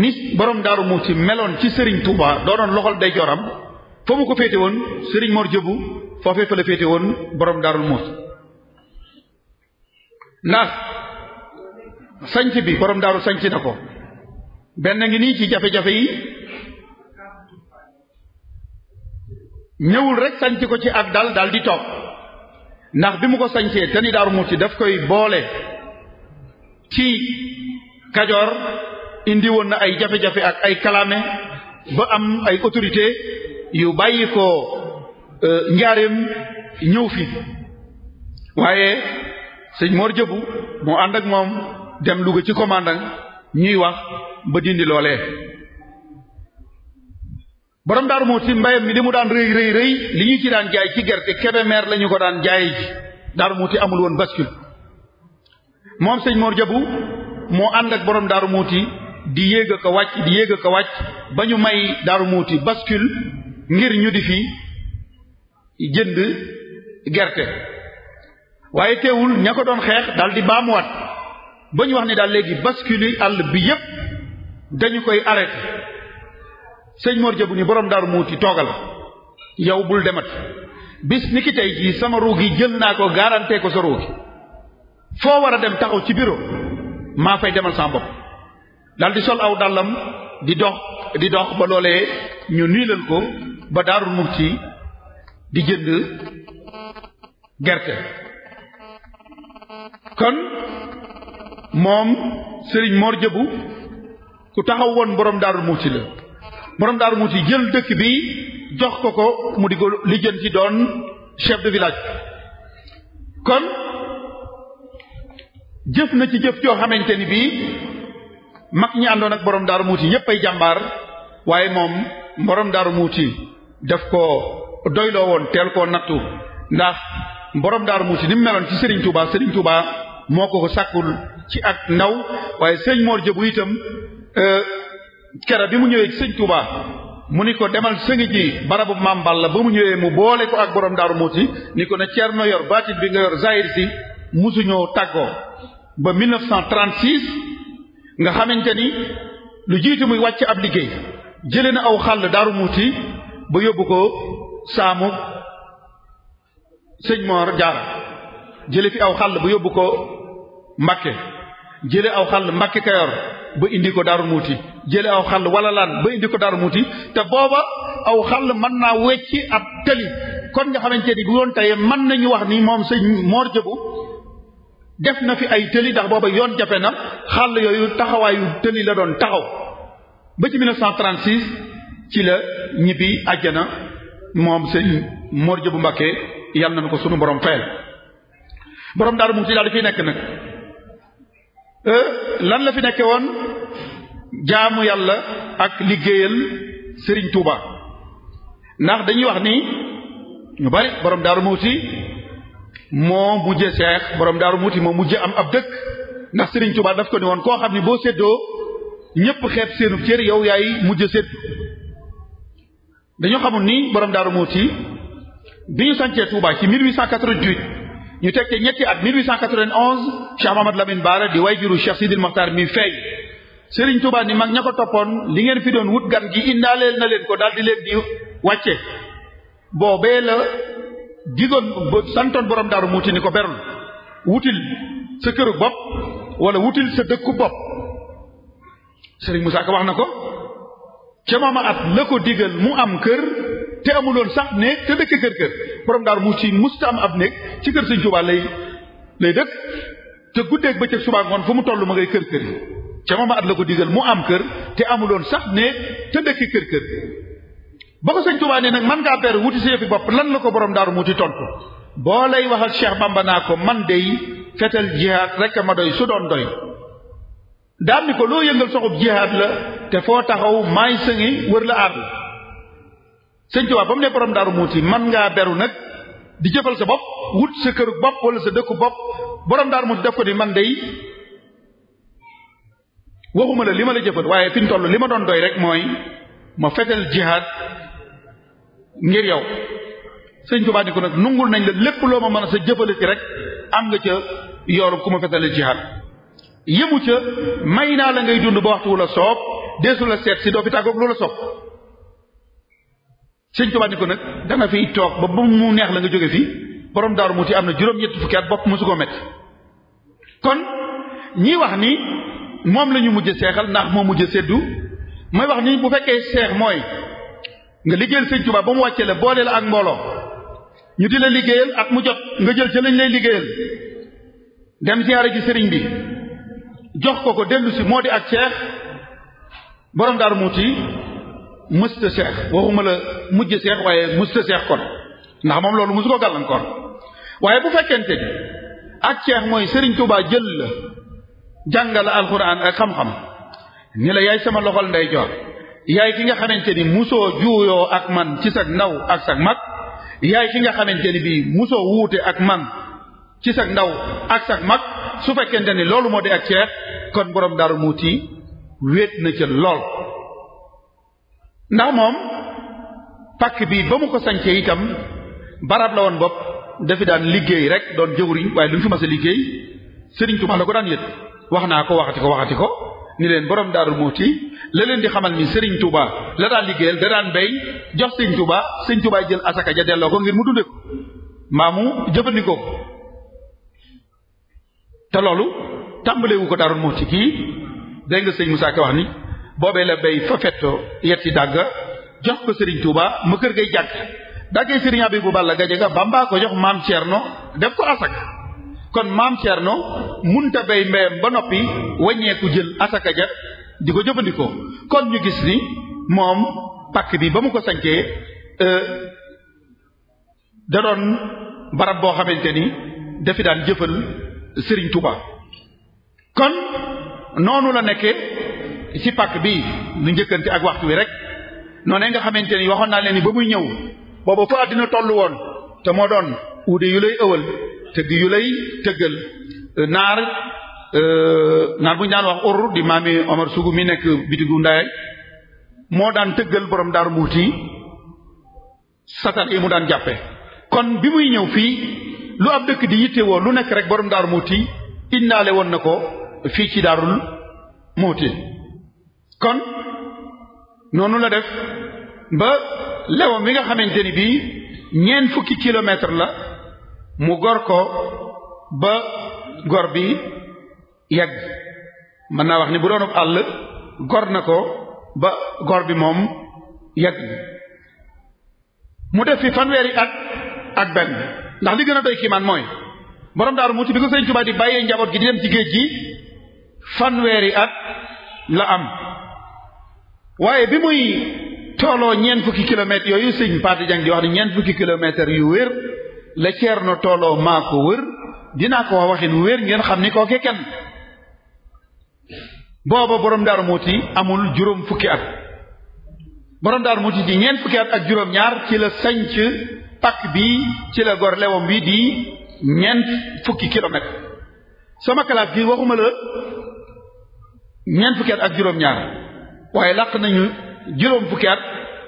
ni borom daaru muuti meloon ci sëriñ Touba doonoon loxol day joram fa mu ko féete woon Serigne Mor Diop foofee fa la féete woon boroom Darou Moukhty ndax sanc bi borom daaru sanc na ko benn ngi nii ci jafe-jafe yi ñëwul rek sanc ko ci ak dal dal di toog ndax bi mu ko sancee te ni Darou ci daf koy boole ci Kajoor indi woon na ay jafe-jafe ak ay kalaame ba am ay autorité yu bàyyi ko e, njaareem ñëw fi waaye sëñ moor Jëbu moo ànd ak moom dem Louga ci commandant ñuy wax ba dindi loolee borom daaru moo ti mi di mu daan rëy rëy rëy li ñu ci daan jaay ci gerte Kébémer lañu ko daan jaay ji daaru muuti amul woon bascule moom sëñ moor Jabu moo ànd ak borom daaru muuti di yéeg a ko wàcc di yéeg a ko wàcc ba ñu may daaru muuti bascule ngir ñu di fi jënd gerte waaye teewul ña ko doon xeex daal di baamuwaat ba ñu wax ni daal léegi bascule àll bi yépp dañu koy arrêté sëñ Mor Diop ni borom daaru muuti toogal yow bul demat bis ni ki tey jii sama ruugi jël naa ko garanté ko sa ruugi foo war a dem taxaw ci biro maa fay demal sama bopp daal sol aw dàllam di dox di dox ba loolee ñu niilal ko ba Daaru Muxti di jënd gerte kon moom sëriñ moor Jëbu ku taxaw woon borom Daaru Muxti la borom Daaru Muxti jël dëkk bi jox ko ko mu di ko lijjanti doon chef de village kon jëf na ci jëf joo xamante ni bii mag ñi àndoon ak borom Daaru muuti ñépp ay jàmbaar waaye moom borom Daaru muuti daf ko doyloo woon teel koo nattu ndax borom Daaru Muxti ni mu meloon ci Serigne Touba Serigne Touba moo ko ko sàkkul ci ak ndaw waaye sëñ Mor Jëbu itam euh, kera bi mu ñëwee sëñ Touba mu ni ko demal sëngi ji barabu Maam Balla ba mu ñëwee mu boole ko ak borom Daaru Muxti ni ko ne Ceerno yor baatit bi nga yor zahir si musuñoo tàggoo ba 1936 nga xamante ni lu jiitu muy wàcc ab liggéey jëlee na aw xàll Daaru yi ba yóbbu ko saamu sëñ Moor Jaara jële fi aw xàll ba yóbbu ko Mbàkke jële aw xal Mbàkke Kayoor ba indi ko Daaru Muuti jële aw xàll Walalaan ba indi ko Daaru Muuti te booba aw xàll mën naa wecci ab tëli kon nga xamante ni bu doon tey mën nañu wax ni moom sëñ Moor Jëbu def na fi ay tëli ndax booba yoon jafe na xal yooyu taxawaayu tëli la doon taxaw ba ci ci la ñibbi àjjana moom sëñ Mor Jóob Mbàkke yàlla nañu ko sunu borom fayal borom daaru mu si daal di fiy nekk nag euh, lan la fi nekke woon jaamu yàlla ak liggéeyal Sëriñ Tuuba ndax dañuy wax ni ñu bari boroom daaru muuti moo mujje seex borom daaru muuti moo mujje am ab dëkk ndax Sëriñ Tuuba daf ko ni woon koo xam ni boo seddoo ñépp xeet seenu cër yow yaay mujj sédd dañoo xamul ni borom Daaru Muuti bi ñu sancee Touba ci 1888 ñu teg ci ñetti at 1891 Cheikh Mahamad Lamine Baara di way juru Cheikh Sidil Mokhtar mi feeñ Serigne Touba ni mag ña ko toppoon li ngeen fi doon wut gan gi indaaleel na leen ko daal di leen di wàcce boobee la digoon ba santoon borom Daaru Muuti ni ko berul wutil sa këru bopp wala wutil sa dëkku bopp Serigne Moussa Ka wax na ko ca ma at la ko digal mu am kër te amuloon sax néeg te dëkk kër kër borom daaru mu ci musta am ab néeg ci kër sëñ Tuubaa lay lay dëkk te guddeeg bëccëg subaa ngoon fu mu toll ma ngay kër kër yi ca mooma at la ko digal mu am kër te amuloon sax néeg te dëkk kër kër ba ko sëñ Tuubaa ne nag man ngaa beer wuti sa yëfi bopp lan la ko borom daaru mu ci tontu boo lay waxal Cheikh Bamba naa ko man dey fetal jihaad rek ma doy su doon doy daan ni ko loo yëngal soxub jihaad la te foo taxaw maay sëŋi wër la aar la sëñ Tuubaa ba mu ne borom daaru muuti man ngaa beru nag di jëfal sa bopp wut sa kër bopp wala sa dëkku bopp borom daaru muuti def ko ni man day waxuma la li ma la jëfal waaye fi ñu toll li ma doon doy rek mooy ma fetal jihaad ngir yow sëñ Tuubaa ni ko nag nungul nañ la lépp loo ma mën a sa jëfale ci rek am nga ca yoolu ku ma fetale jihaad yëmu ca may naa la ngay dund ba waxtu wu la soob deesu la seet si doo fi tàggoog lu la soob sëñ Tuubaa ni ko nag danga fiy toog ba ba mu neex la nga jóge fi borom daaru mu ti am na juróom-ñetti fukki at bopp mosu koo métti kon ñii wax ni moom la ñu mujj seexal ndax moo mujj seddu mooy wax ni bu fekkee seex mooy nga liggéeyal sëñ Tuubaa ba mu wàccee la boole la ak mbooloo ñu di la liggéeyal ak mu jot nga jël ca lañ lay liggéeyal dem ziyaare ci sëriñ bi jox ko ko dellu si moo di ak ceex borom daaru muuti mësta seex waxuma la mujj seex waaye mësta seex kon ndax moom loolu mosu ko gàllankoor waaye bu fekkente ni ak ceex mooy sëriñ Touba jël la jàngal alxuraan ak xam-xam ni la yaay sama loxol ndey joor yaay ki nga xamante ni musoo juuyoo ak man ci sag ndaw ak sag mag yaay ki nga xamante ni bii musoo wuute ak man ci sag ndaw ak sag mag su fekkente ni loolu moo di ak ceet kon borom daaru muuti wéet na ca lool ndax moom pàkk bi ba mu ko sañcee itam barab la woon bopp dafi daan liggéey rek doon jëwriñ waaye lu mu fi mas a liggéey Sëriñ Tuubaa la ko daan yët wax naa ko waxati ko waxati ko ni leen borom daaru muuti la leen di xamal ni Sëriñ Tuubaa la daan liggéeyal da daan béy jox Sëriñ Tuubaa Sëriñ Tuubaa jël asaka ja delloo ko ngir mu dunde ko mbaa jëfandikoo ko te loolu tàmbalewu ko Daaru ci kii dégg nga sëñ Moussa Ka wax ni boobee la bay fa fettoo yet ci dàgga jox ko Serigne Touba ma kër gay jàkk dàggee Serigne Abibou Balla Gadiaga Bamba ko jox maam Thierno def ko asak kon maam no Thierno munta bay mbéyam ba noppi wàññeeku jël asaka ja di ko jëfandikoo kon ñu gis ni moom pàkk bi ba mu ko sancee euh, da doon barab boo xamante ni dafi daan jëfal Serigne Touba kon noonu la nekkee ci pàkk bi nu njëkkante ak waxtu wi rek noonee nga xamante ni waxoon naa leen ni ba muy ñëw booba fa àddina toll woon te moo doon uude yu lay ëwal tëgg yu lay tëggal euh, naar euh, naar bu ñu daan wax ur di maami Omar Sougou mi nekk bitigu ndaay moo daan tëggal borom daaru muuti satar yi mu daan jàppe kon bi muy ñëw fii lu ab dëkk di woon lu nekk rek borom daaru muuti indaale woon na ko fii ci daarul muuti kon noonu la def ba lewo mi nga xamante ni bii ñeent fukki kilomètre la mu gor ko ba gor bi yegg mën naa wax ni bu doonub àll gor na ko ba gor bi moom yegg mu def fi fanweeri at ak benn ndax li gën a doy kiimaan mooy boroom daaru muuti bi ko sëriñ Tuubaa di bàyyee njaboot gi di dem ci géej gi fanweeri at la am waaye bi muy tooloo ñeent fukki kilomètres yooyu sëñ Paate Jang di wax ne ñeent fukki kilomètres yu wér la na tooloo maa ko wër dinaa ko wax waxin wér ngeen xam ni kooke kenn booba borom daaru muuti amul juróom fukki at borom daaru muuti ci ñeent fukki at ak juróom ñaar ci la sanc pàkk bi ci la gor lewam bi di ñeent fukki kilomètre sama kalaas gi waxuma la ñeent fukki ak juróom-ñaar waaye làq nañu juróom fukki at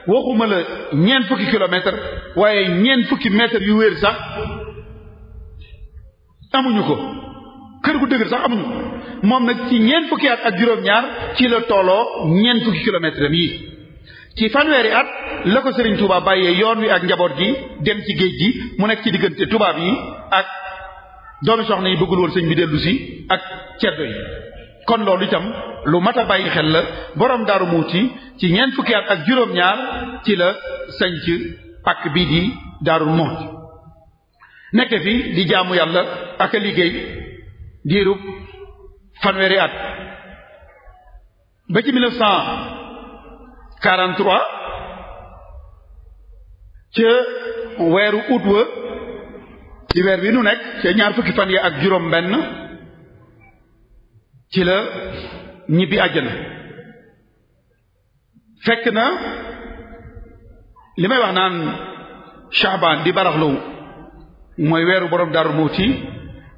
waxuma la ñeent fukki kilomètre waaye ñeent fukki mètre yu wér sax amuñu ko kër gu dëgër sax amuñu ko moom nag ci ñeent fukki ak juróom-ñaar ci la tooloo ñeent fukki kilomètre yi ci fanweeri at la ko Serigne Touba bàyyee yoon wi ak njaboot gi dem ci géej gi mu nekk ci diggante tubaab yi ak doomi soxna yi bëggul woon sëñ bi dellu si ak ceddo yi kon loolu itam lu mat a bàyyi xel la boroom daaru muuti ci ñeent fukki at ak juróom-ñaar ci la sëñ sanc pàkk bii di daaru muuti nekk fi di jaamu yàlla ak liggéey diirub fanweeri at ba ci 1900 43 ca weeru ut ci weer wi nu nekk ca ñaar fukki fan yi ak juróom benn ci la ñibbi àjjana fekk na li may wax naan Shaabaan di baraxlu mooy weeru borom Daaru Muuti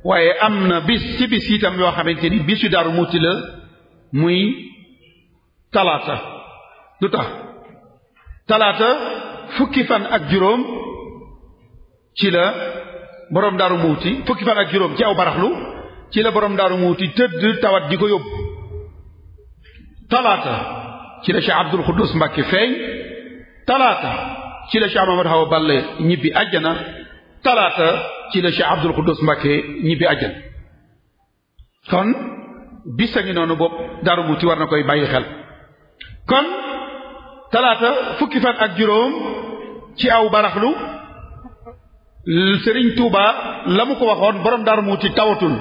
waaye am na bis ci bis itam yoo xamante ni bisu Daaru Muuti la muy talaata lu tax talaata fukki fan ak juróom ci la borom daaru muuti fukki fan ak juróom ci aw baraxlu ci la borom daaru muuti tëdd tawat ji ko yóbbu talaata ci la Cheikh Abdul Xuddus ci la Cheikh Mamadou Hawa Ball ñibbi àjjana talaata ci la Cheikh Abdul Xuddus Mbàkke ñibbi àjjana kon bis a ngi noonu bopp daaru muuti war na koy bàyyi xel kon talaata fukki fan ak juróom ci aw baraxlu Serigne Touba la mu ko waxoon boroom borom Darou Moukhty tawatul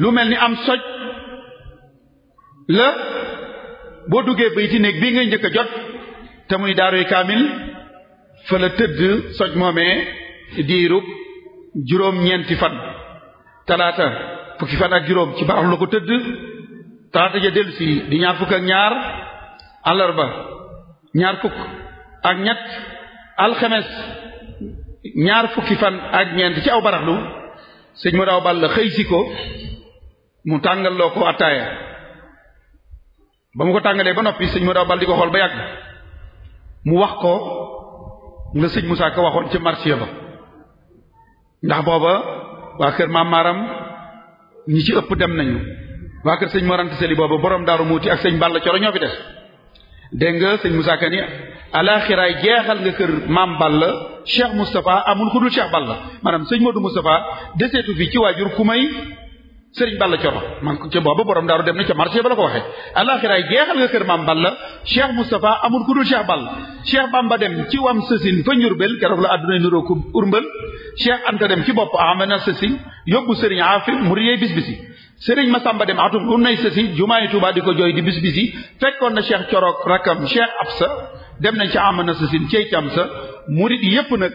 lu mel ni am soj la boo duggee bayti néeg bii ngay njëkk a jot te muy daaruy kaamil fa la tëdd soj moomee diirub juróom-ñeenti fan talaata fukki fan ak juróom ci baraxlu ko tëdd talaata ja dellu di ñaar fukk ak ñaar àllarba ñaar fukk ak ñett alxemes ñaar fukki fan ak ñeent ci aw baraxlu sëñ mu daaw bàll xëy si ko mu tàngal loo ko attaaya ba mu ko tàngalee ba noppi sëñ mu daaw bàll di ko xool ba yàgg mu wax ko la sëñ Musaa Ka waxoon ci marché ba ndax booba waa kër maam ñi ci ëpp dem nañu waa kër sëñ Mor Anta Sali booba borom daaru muuti ak sëñ Balla Coro ñoo fi des dégg nga sëñ Moussa Kane alaxiraay jeexal nga kër maam Balla Cheikh Moustapha amul ku dul Cheikh Balla maanaam sëñ Modou Moustapha deseetu fi ci waajur ku may sëriñ Balla Coro man ca booba borom daaru dem na ca marché ba la ko waxee alaxiraay jeexal nga kër maam Balla Cheikh Moustapha amul ku dul Cheikh Balla Cheikh Bamba dem ci wam sësin fa bel keroog la àdduna nuroo ku urmbal Cheikh Anta dem ci bopp amana sësin yóbbu sëriñ Afif mu riyee sëriñ Masamba dem atum lu nay sa si jumaay Tuubaa di ko jooy di bis bis yi fekkoon na Cheikh Coroog rakam Cheikh sa dem nañ ci amana sa sin cey cam sa murit yépp nag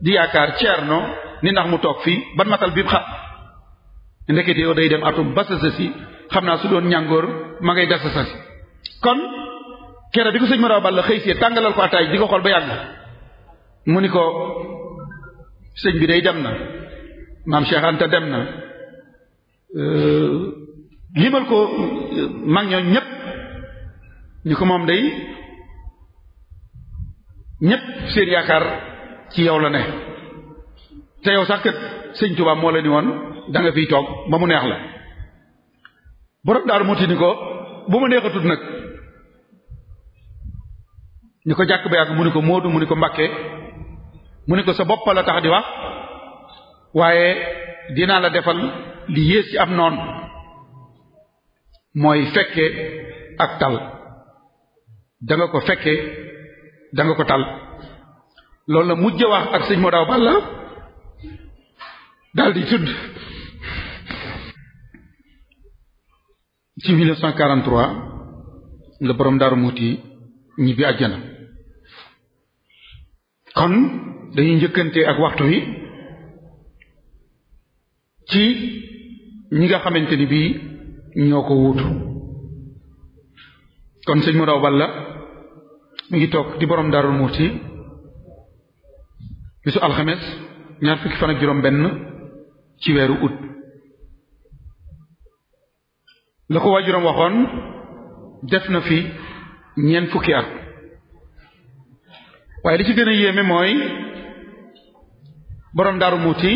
di yaakaar Ceerno ni ndax mu toog fii ban matal bi xat day dem atum basa sa si xam naa su doon ñàngoor ma ngay gasa sa si kon kere bi ko sëñ Mara Balla xëy si tàngalal ko ataay di ko xool ba yàgg mu ni ko sëñ bi day dem na maam Cheikh Anta dem na Euh, limal ko mag ñoo ñépp ni ko moom dey ñépp seen yaakaar ci yow la ne te yow sax kat sëñ Tuubaa moo la ni woon da nga fiy toog ba mu neex la borom daaru muti ni ko bu ma neexatut nag ni ko jàkk ba yàgg mu ni ko Moodu mu ni ko Mbàkke mu ni ko sa bopp la tax di wax waaye dinaa la defal li yées ci am noonu mooy fekke ak tal da ko fekke danga ko tal loolu la mujj wax ak sëñ Modaw Balla daal di tudd ci 1943 la borom Daaru Muuti ñibbi àjjana kon dañuy njëkkante ak waxtu wi ci ñi nga xamante ni bii ñoo ko wuutu kon sëñ mu daw la mu ngi toog di boroom Daarul Muxti bisu alxames ñaar fukki fan ak juróom benn ci weeru ut la ko waajuram waxoon def na fi ñeent fukki at waaye li ci gën yéeme mooy boroom Daarul Muxti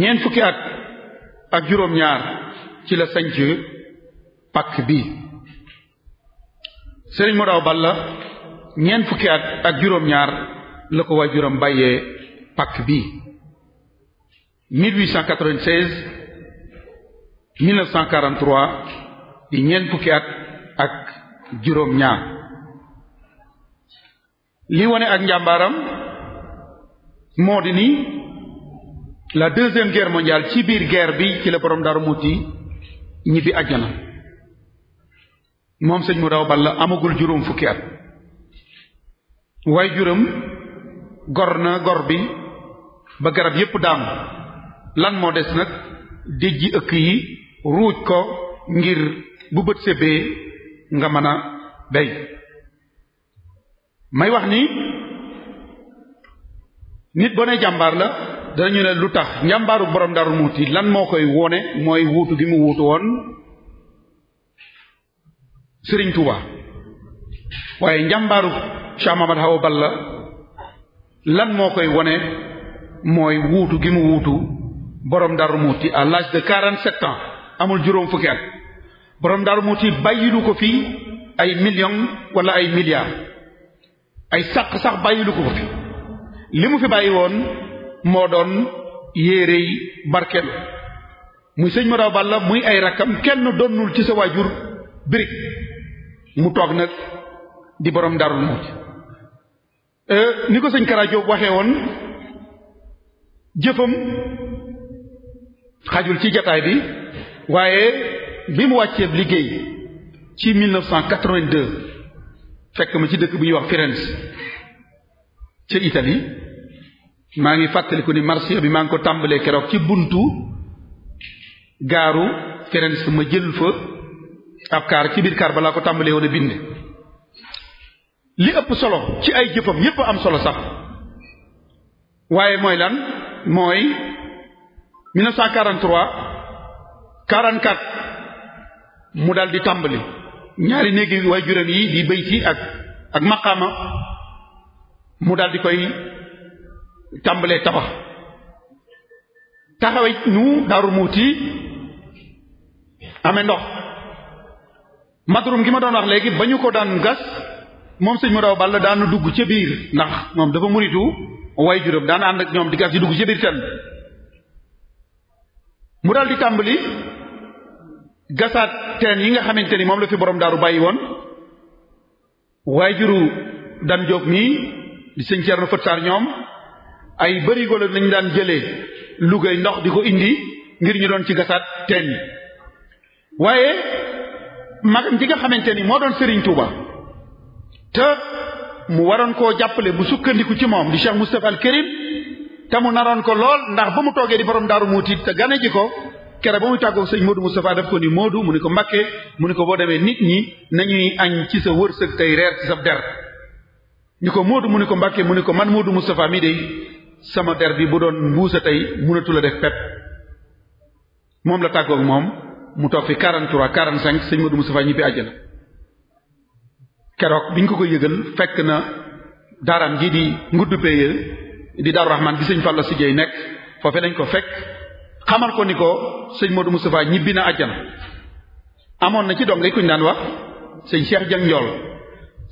ñeent fukki at ak juróom-ñaar ci la sanc pàkk bi sëriñ Modaw Balla ñeent fukki at ak juróom-ñaar la ko waajuram bàyyee pàkk bi 1896 1943 di ñeent fukki at ak juróom-ñaar li wone ak njàmbaaram moo di nii la deuxième guerre mondiale ci biir guerre bi ci la borom Daaru Muti ñibbi àjjana moom sëñ mu daw balla amagul juróom fukki at waaye juróom gor na gor bi ba garab yépp daanu lan moo des nag déjji ëkk yi ruuj ko ngir bu bët sebee nga mën a bay may wax ni nit bone jàmbaar la danañu ne lu tax njàmbaaru borom Darou Moukhty lan moo koy wone mooy wuutu gi mu wuutu woon Serigne Touba waaye njàmbaaru Cheikh Mamadou Hawa Balla lan moo koy wone mooy wuutu gi mu wuutu borom Darou Moukhty à l'âge de quarante-sept ans amul juróom fukki at borom Darou Moukhty bàyyilu ko fi ay millions wala ay milliards ay sàq sax bàyyilu ko fi li mu fi bàyyi woon moo doon yéerey barkelu mu sëñ Modaw Balla muy ay rakkam kenn donnul ci sa waajur birig mu toog nag di borom darul muuti euh, ni ko sëñ Kara Diop waxee woon jëfam xajul ci jataay bi waaye bi mu wàcceeb liggéey ci 1982 fekk ma ci dëkk bi ñuy wax Firenze ca Italie maa ngi fàttaliku ni marsiya bi maa ngi ko tàmbalee keroog ci buntu gaaru keneen su ma jël fa ab kaar ci biir kaar balaa ko tàmbalee woon a bind li ëpp solo ci ay jëfam yépp am solo sax waaye mooy lan mooy 1943 44 mu dal di tàmbali ñaari néegi waajuram yi di bayti ak ak maqaama mu daal di koy tàmbalee tabax taxawee ñu daaru muuti amee ndox maturum gi ma doon wax léegi ba ñu ko daan gas moom sëñ Modou Balla daan dugg ca biir ndax moom dafa muritu way juróom daan ànd ak ñoom di gas di dugg ca biir ten mu daal di tàmbali gasaat teen yi nga xamante ni moom la fi borom daaru bàyyi woon waaye juru dan jóg nii di sëñ Ceerno Fët Saar ñoom ay bërigo la daan jëlee Louga ndox di ko indi ngir ñu doon ci gasaat teen yi waaye magam ji nga xamante ni moo doon Serigne Touba te mu waroon koo jàppale mu sukkandiku ci moom di Cheikh Moustapha al te mu naroon ko lool ndax ba mu toogee di borom daaru muuti te gane ji ko kere ba muy tàggoo sëñ Modou Moustapha def ko ni Modou mu ni ko Mbakke mu ni ko boo demee nit ñi nañuy añ ci sa wërsëg tey reer ci sa der ñu ko Modou mu ne ko Mbakke mu ne ko man Modou Moustapha mi dey sama der bi bu doon mbuusa tey mënatu la def pepp moom la tàggoog moom mu toog fi 43 45 sëñ Modou Moustapha ñibbi àjjana keroog biñ ko ko yëgal fekk na daaram gi di nguddu péye di Daaru Rahman bi sëñ Fallou si Dieye nekk foofe lañ ko fekk xamal ko ni ko sëñ Modou Moustapha ñibbi na àjjana amoon na ci dong kuñ daan wax sëñ Cheikh Dieng Ndiol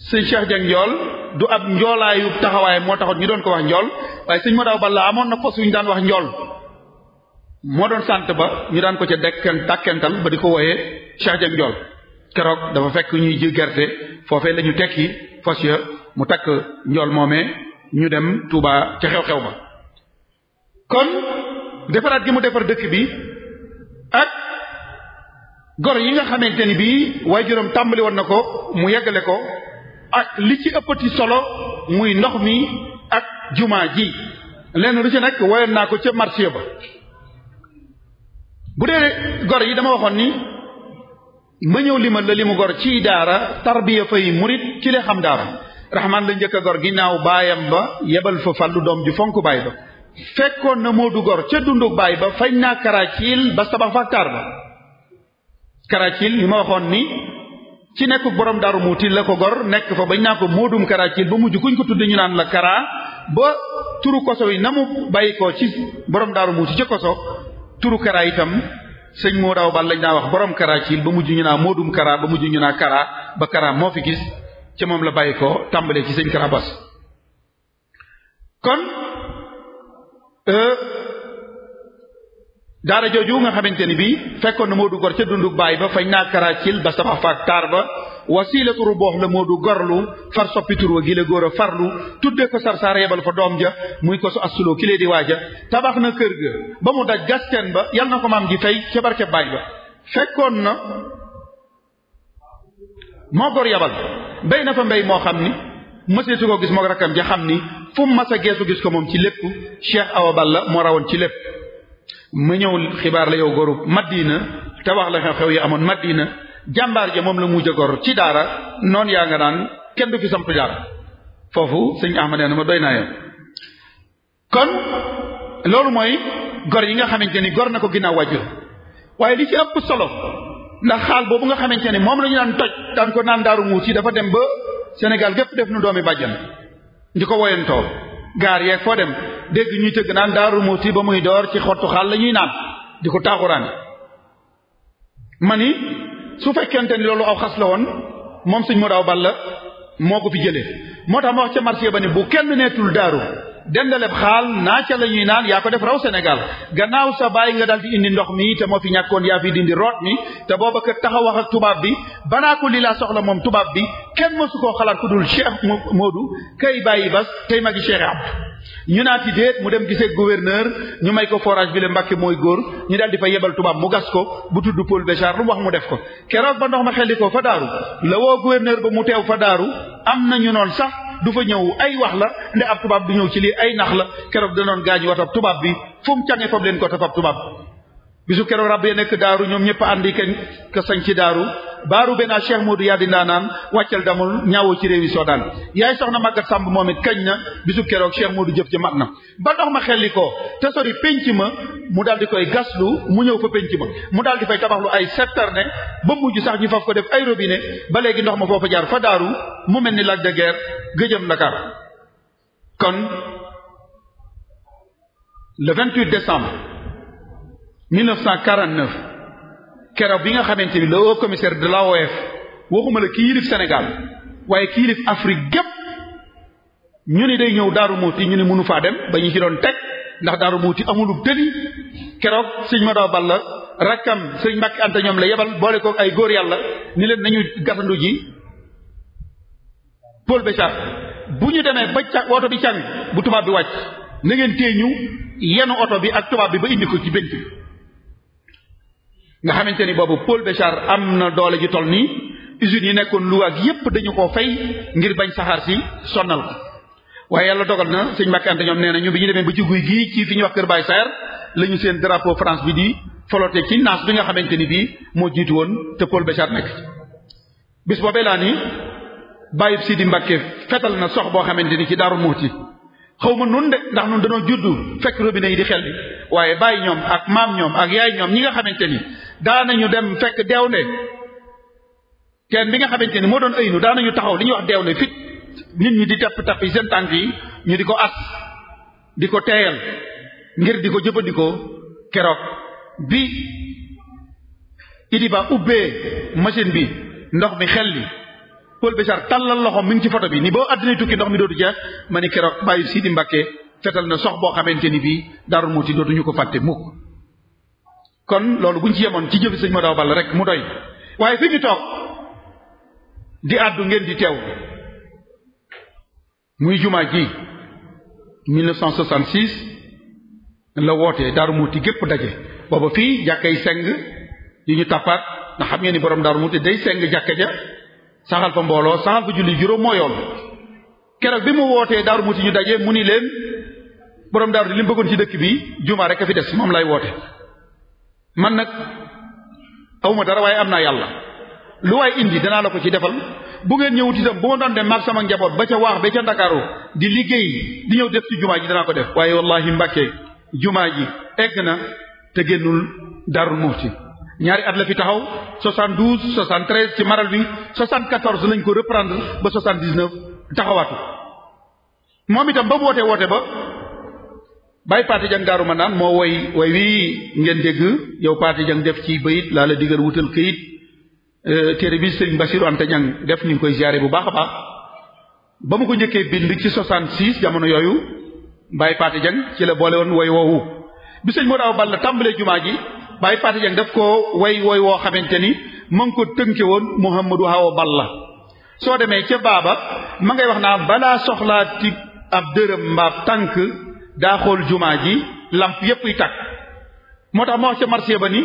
sëñ Cheikh Dieng njool du ab njoolaayu taxawaay moo taxoon ñu doon ko wax njool waaye sëñ Modaw Balla amoon na fas yu ñu daan wax njool moo doon sant ba ñu daan ko ca dekken tàkkental ba di ko wooyee Cheikh Dieng njool keroog dafa fekk ñuy ji gerte foofe la ñu tekki fas ya mu takk njool moomee ñu dem Touba ca xew-xew ba kon defaraat gi mu defar dëkk bi ak gor yi nga xamante ni bii waaye juróom tàmbali woon na ko mu yeggale ko ak li ci ëppati solo muy ndox mi ak jumaa ji lenn lu ci nekk woyoon naa ko ca marché ba bu dee gor yi dama waxoon ni ma ñëw limal la li mu gor ci daara tarbiya fay murit ci le xam daara raxmaan la njëkk gor ginnaaw baayam ba yebal fa fàllu doom ju fonk baay ba fekkoon na moodu gor ca dundu baay ba fañ naa karaacil ba sabax faktaar ba karaacil li ma waxoon ni ci nekku borom daaru muuti la ko gor nekk fa bañ naa ko moodum karaacil ba mujj kuñ ko tudd ñu naan la karaa ba turu koso yi na mu bàyyi ko ci borom daaru muuti ca koso turu karaa itam sëñ moo daaw bal lañ daa wax borom karaacil ba mujj ñu naa moodum karaa ba mujj ñu naa karaa ba karaa moo fi gis ci moom la bàyyi ko tàmbalee ci sëñ karabas kon euh, daara jooju nga xamante ni bii fekkoon na Moodu Gor ca dundug baay ba fay naa karaacil ba sama faak taar ba wasilatu ruboox la Moodu Gorlu far soppi tur wa gi la góor a farlu tuddee ko sarsaar yebal fa doom ja muy ko su assuloo ki lee di waaja tabax na kër ga ba mu daj gasteen ba yal na ko maam ji fay ca barke baay ba fekkoon na moo gor yabal mbéy na fa mbéy moo xam ni mësee su ko gis moo rakkam ja xam ni fu mu mas geesu gis ko moom ci lépp Cheikh Awa moo rawoon ci lépp ma ñëw xibaar la yow goru Madina te wax la xew-xew yi amoon Madina jàmbaar ja moom la mujj a gor ci daara noon yaa nga naan kenn du fi samp daara foofu sëñ Ahmad nee na ma doy naa yow kon loolu mooy gor yi nga xamante ni gor na ko ginnaaw wàjjur waaye li ci ëpp solo ndax xaal boobu nga xamante ni moom la ñu daan toj daan ko naan daaru nguut yi dafa dem ba Sénégal gépp def nu doomi bàjjan di ko tool gaar yeeg foo dem dégg ñuy tëgg naan daaru muuti ba muy door ci xottu xaal la ñuy naan di ko taaxuraan ma ni su fekkente ni loolu aw xas la woon moom suñ mu daaw bal la moo ko fi jëlee moo tax ma wax ca marché ba ni bu kenn neetul daaru dendaleb xaal naaca la ñuy naan yaa ko def raw Sénégal gannaaw sa bàyyi nga daal di indi ndox mi te moo fi ñàkkoon yaa fi dindi root mi te booba ka taxaw wax ak tubaab bi banaa ko lii laa soxla moom tubaab bi kenn mësu koo xalaat ku dul moo Modou kay bàyyi bas tey magi Cheikh Abdou ñu naati déet mu dem gisee gouverneur ñu may ko forage bi le Mbàkke mooy góor ñu daal di fa yebal tubaab mu gas ko bu tudd Paul Béchard lu mu wax mu def ko keroog ba ndox ma xelli ko daaru la woo gouverneur ba mu teew fa daaru am na ñu noon sax du fa ñëw ay wax la nde ab tubaab du ñëw ci lii ay nax la keroog danoon gaañu watab tubaab bi fu mu cange fab leen ko te fab tubaab bisu keroog rab ya nekk daaru ñoom ñëpp àndi kenn ka sañ ci daaru baaru benaa cheikh Modou yaa di ndaanaan wàccal damul ñaawoo ci réew yi Soodaan yaay soxna màggat sàmb moom it kañ na bisu keroog cheikh Modou jëf ja mat na ba ndox ma xelli ko te sori penc ma mu daal di koy gaslu mu ñëw fa penc ma mu daal di fay tabaxlu ay septerne ba mujj sax ñu faf ko def ay robinet ba léegi ndox ma foofa jaar fa daaru mu mel ni lac de guerre gëjëm Dakar kon le 28 1949 keroog bi nga xamante ni le haut commissaire de la l'AOF waxuma la kii yilif Sénégal waaye kii yilif Afrique gépp ñu ni day ñëw Daaru moo Muuti ñu ni mënu faa dem ba ñu ci doon teg ndax Daaru moo Muuti amulu tëni keroog sëñ Madaw Balla rakkam sëñ Mbàkke Anta la yebal boole koog ay góor yàlla ni leen nañu gatandu ji Paul Béchard bu ñu demee ba ca oto bi càng bu tubaab bi wàcc na ngeen téye ñu yenu oto bi ak tubaab bi ba indi ko ci bént nga xamante ni boobu Paul Béchard am na doole ji toll nii usines yi nekkoon lu ak yépp dañu koo fay ngir bañ saxaar si sonnal ko waaye yàlla dogal na sëñ Mbàkke Anta ñoom nee na ñu bi ñu demee ba ci guy gii ci fi ñuy wax Kër Baye Saer lañu ñu seen drapeau France bi di folote ci naas bi nga xamante ni bii moo jiitu woon te Paul Béchard nekk bis boobee laa ni bàyyi Sidi Mbàkke fetal na sox boo xamante ni ci Daaru Muuti xaw ma nun de ndax nun dañoo juddu fekk robinet yi di xel bi waaye bàyyi ñoom ak maam ñoom ak yaay ñoom ñi nga xamante ni daanañu dem fekk deew ne teen bi nga xamante ni moo doon aynu daanañu taxaw li ñu wax deew ne fit nit ñi di tapp tapp yi seen tànk yi ñu di ko as di ko teeyal ngir di ko jëfandikoo keroog bi idi ba ubbee machine bi ndox mi xel li Paul Béchard tàllal loxo mi ngi ci foto bi ni boo àddina tukki ndox mi dootu jeex ma ni keroog bàyyi Sidi Mbacke fetal na sox boo xamante ni bii muuti Muxti dootuñu ko fàtte mukk kon loolu buñ ci yemoon ci jëfi ma Madaw Ball rek mu doy waaye fi ñu toog di àddu ngeen di teew muy jumaa ji 1966 la wootee Daaru muuti gépp daje booba fii jàkkay seng yu ñu tàppaat ndax xam ngeen ni borom Daaru Muxti day seng jàkka ja saxal fa mbooloo saxal fa julli juróom moo yoon keroog bi mu wootee daaru muti ñu daje mu ni leen boroom daaru di li mu bëggoon ci dëkk bi jumaa rek a fi des moom lay woote man nag awma dara waaye am naa yàlla lu waay indi danaa la ko ci defal bu ngeen ñëwut itam bu ma doon dem maag sama njaboot ba ca waax ba ca ndakaaru di liggéey di ñëw def ci jumaa ji danaa ko def waaye wallahi mbakke jumaa ji egg na te génnul daarul muxti ñaari at la fi taxaw 72 73 ci maral bi 74 lañ ko reprendre ba 79 taxawaatu moom itam ba mu wootee woote ba bàyyi Pathé Dieng Darou Manane moo woy woy wii ngeen dégg yow Pathé Dieng def ci bayit laa la digal wutal këyit euh, téere bi sëñ Bassirou Anta Niang def ñu ngi koy ziare bu baax a baax ba mu ko njëkkee bind ci 66 jamono yooyu bàyyi Pathé Dieng ci la boole woon woy woowu bi sëñ moo daaw bal la tàmbalee jumaa ji Baye Faty Dieng def koo woy woy woo xamante ni ma ngi ko tënke woon Muhammadu Hawa la soo demee ca baaba ma ngay wax naa balaa soxlaati ab dërëm mbaab tànk daa xool jumaa ji lamp yépp yi takk moo tax ma wax ca marché ba ni